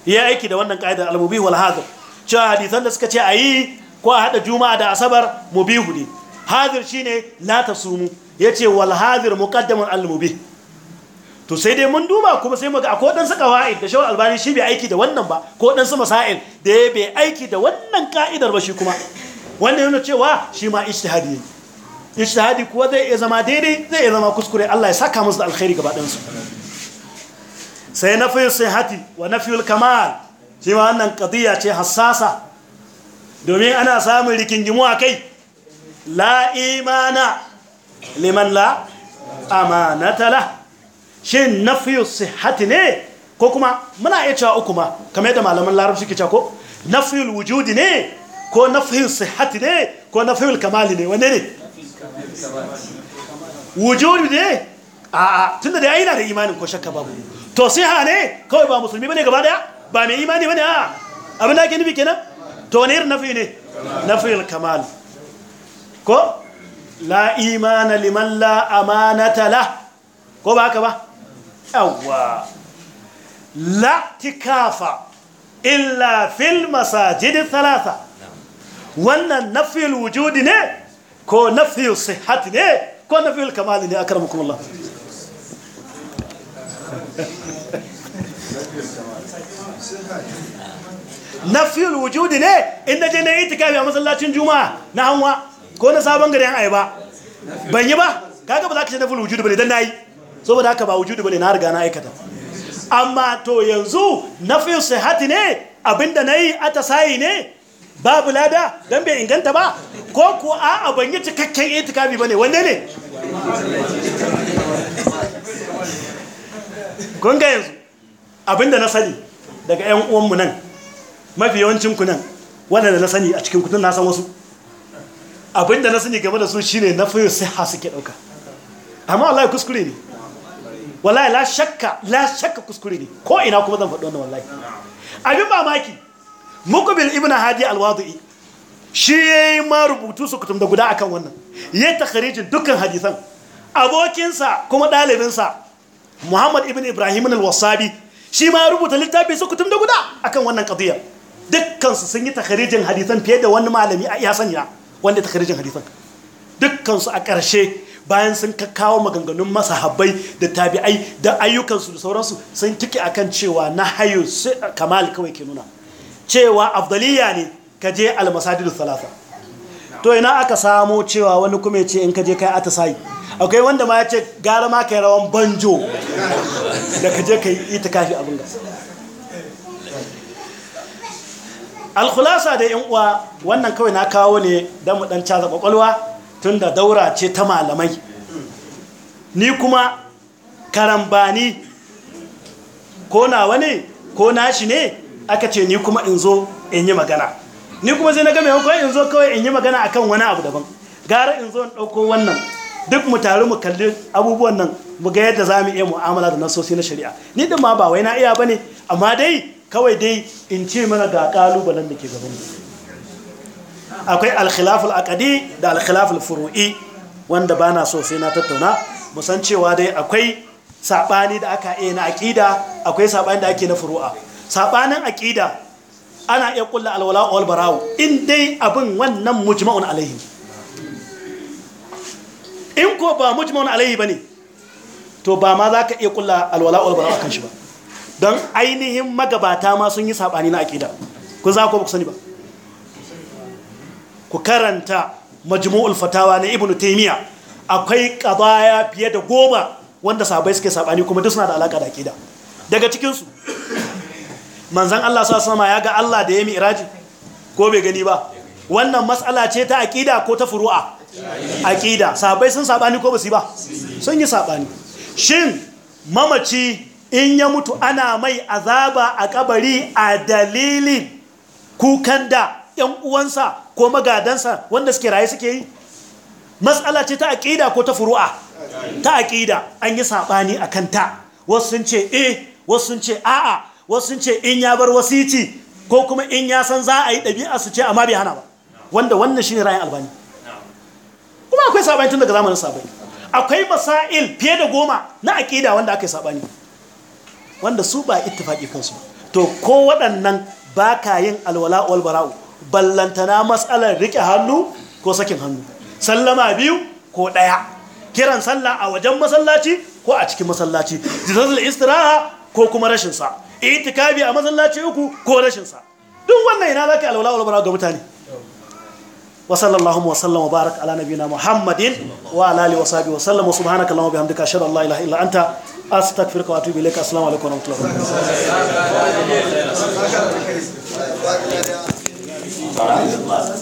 ya aiki da wannan ka'idar al-mubih wal hadir cewa hadisan da suka ce a yi ko a hada juma'a da asabar mubihu ne hadir shine la tasumu yace wal hadir muqaddamun al-mubih to sai dai mun duba kuma sai muga akwai dan saka wa'id da shawar albani shi bai aiki da wannan ba ko dan su masail da ya bai aiki da wannan ka'idar ba shi kuma wannan yana cewa shi ma ijtihadi ne ijtihadi kuwa zai iya zama daidai zai iya zama kuskure Allah ya saka musu da alkhairi gaba su sai na sai hati wa na fiye kamar shi ma wannan ƙadiyya ce hassasa domin ana samun rikingimu a kai la imana liman la amanatala fiye sai hati ne ko kuma muna iya cewa uku ma kamar yadda malaman larabci suke cewa ko fiye wujudi ne ko na sai hati ne ko na fiye kamali ne wani ne wujudi ne a tunda da ya yi na da imanin ko shakka babu to siha ne kawai ba musulmi bane gaba daya ba mai imani bane a abin da ake nufi kenan to wani irin nafi ne nafi kamal ko la imana liman la amanata la ko ba haka ba yawwa la tikafa illa fil masajid thalatha wannan nafi wujudi ne ko nafi sihhat ne ko nafi kamal ne akramukum Allah nafiyul wujudi ne in na je ne yi a masallacin juma'a na hanwa ko na sabon gari yan ayaba ban yi ba kaga ba za ka ce nafiyul wujudi bane dan nayi saboda haka ba wujudi bane na riga na aikata amma to yanzu nafiyul hati ne abinda na nayi atasayi ne babu lada don bai inganta ba ko ko a ban yi cikakken itikafi bane wanne ne gonga yanzu abinda na sani daga yan uwanmu nan mafi yawancin ku nan wadanda na sani a cikin kudin na san wasu abinda na sani game da su shine na fiye sai ha suke ɗauka amma wallahi kuskure ne wallahi la shakka la shakka kuskure ne ko ina kuma zan faɗo wannan wallahi abin mamaki muqbil ibnu hadi al shi yayi ma rubutu su kutum da guda akan wannan yayi takhrijin dukkan hadisan abokinsa kuma ɗalibinsa muhammad ibn ibrahim al-wasabi shi ma ya rubuta littafi su kutum da guda akan wannan kadiyar dukkansu sun yi takarijin hadisan fiye da wani malami a iya sanya wanda takarijin hadisan dukkansu a ƙarshe bayan sun kakkawo maganganun masahabbai da tabi'ai da ayyukansu da sauransu sun tiki akan cewa na hayu kamal kawai ke nuna cewa afdaliya ne ka je almasadidu salasa to ina aka samo cewa wani kuma ya ce in ka je kai atasai akwai wanda ma ya ce gara ma kai rawan banjo da ka je kai ita kafi abin ga alkhulasa da yan uwa wannan kawai na kawo ne dan mu dan caza kwakwalwa tunda daura ce ta malamai ni kuma karambani ko na ne ko nashi ne aka ce ni kuma in zo in yi magana ni kuma sai na ga maimakon in zo kawai in yi magana a kan wani abu daban gara in zo in ɗauko wannan duk mu taru mu kalli abubuwan nan mu ga yadda za mu iya mu'amala da nasosi na shari'a ni din ma ba wai na iya ba ne amma dai kawai dai in ce mana ga ƙalubalen da ke gaban akwai alkhilaful akadi da alkhilaful furu'i wanda bana so sai na tattauna musan cewa dai akwai sabani da aka iya na aƙida akwai saɓani da ake na furu'a saɓanin aƙida ana iya kulla alwala wal barawo in dai abin wannan mujma'un alaihi in ko ba mujma'un alaihi bane to ba ma za ka iya kulla alwala wal barawo kan shi ba don ainihin magabata ma sun yi sabani na aqida ku za ku ba ku sani ba ku karanta majmu'ul fatawa na ibnu taymiya akwai qadaya fiye da goma wanda sabai suke sabani kuma duk suna da alaka da aqida daga cikinsu. manzan Allah su sama ya ga Allah da ya mi'iraji ko bai gani ba wannan matsala ce ta aƙida ko ta furu'a aƙida Sabai sun saɓani ko ba ba sun yi saɓani shin mamaci in ya mutu ana mai azaba a kabari a dalilin kukan da ‘yan uwansa ko magadansa wanda suke raye suke yi matsala ce ta aƙida ko ta furu'a ta aƙida an yi saɓani a kanta wasu sun ce eh wasu sun ce a'a wasu ce in ya bar wasici ko kuma in ya san za a yi ɗabi'a su ce amma bai hana ba wanda wannan shi ne rayan albani kuma akwai sabani tun daga zamanin sabani akwai masail fiye da goma na aƙida wanda aka yi sabani wanda su ba ittifaqi kansu to ko waɗannan ba ka yin alwala wal bara'u ballantana matsalar riƙe hannu ko sakin hannu sallama biyu ko ɗaya kiran sallah a wajen masallaci ko a cikin masallaci jizazul istiraha ko kuma rashin sa itikafi a masallaci uku ko rashinsa duk wannan ina zaka alwala alwala ga mutane wa sallallahu wa sallama barak ala nabina muhammadin wa ala alihi wa sahbihi wa sallama subhanaka allahumma bihamdika ashhadu an la ilaha illa anta astaghfiruka wa atubu ilaika assalamu wa rahmatullahi wa barakatuh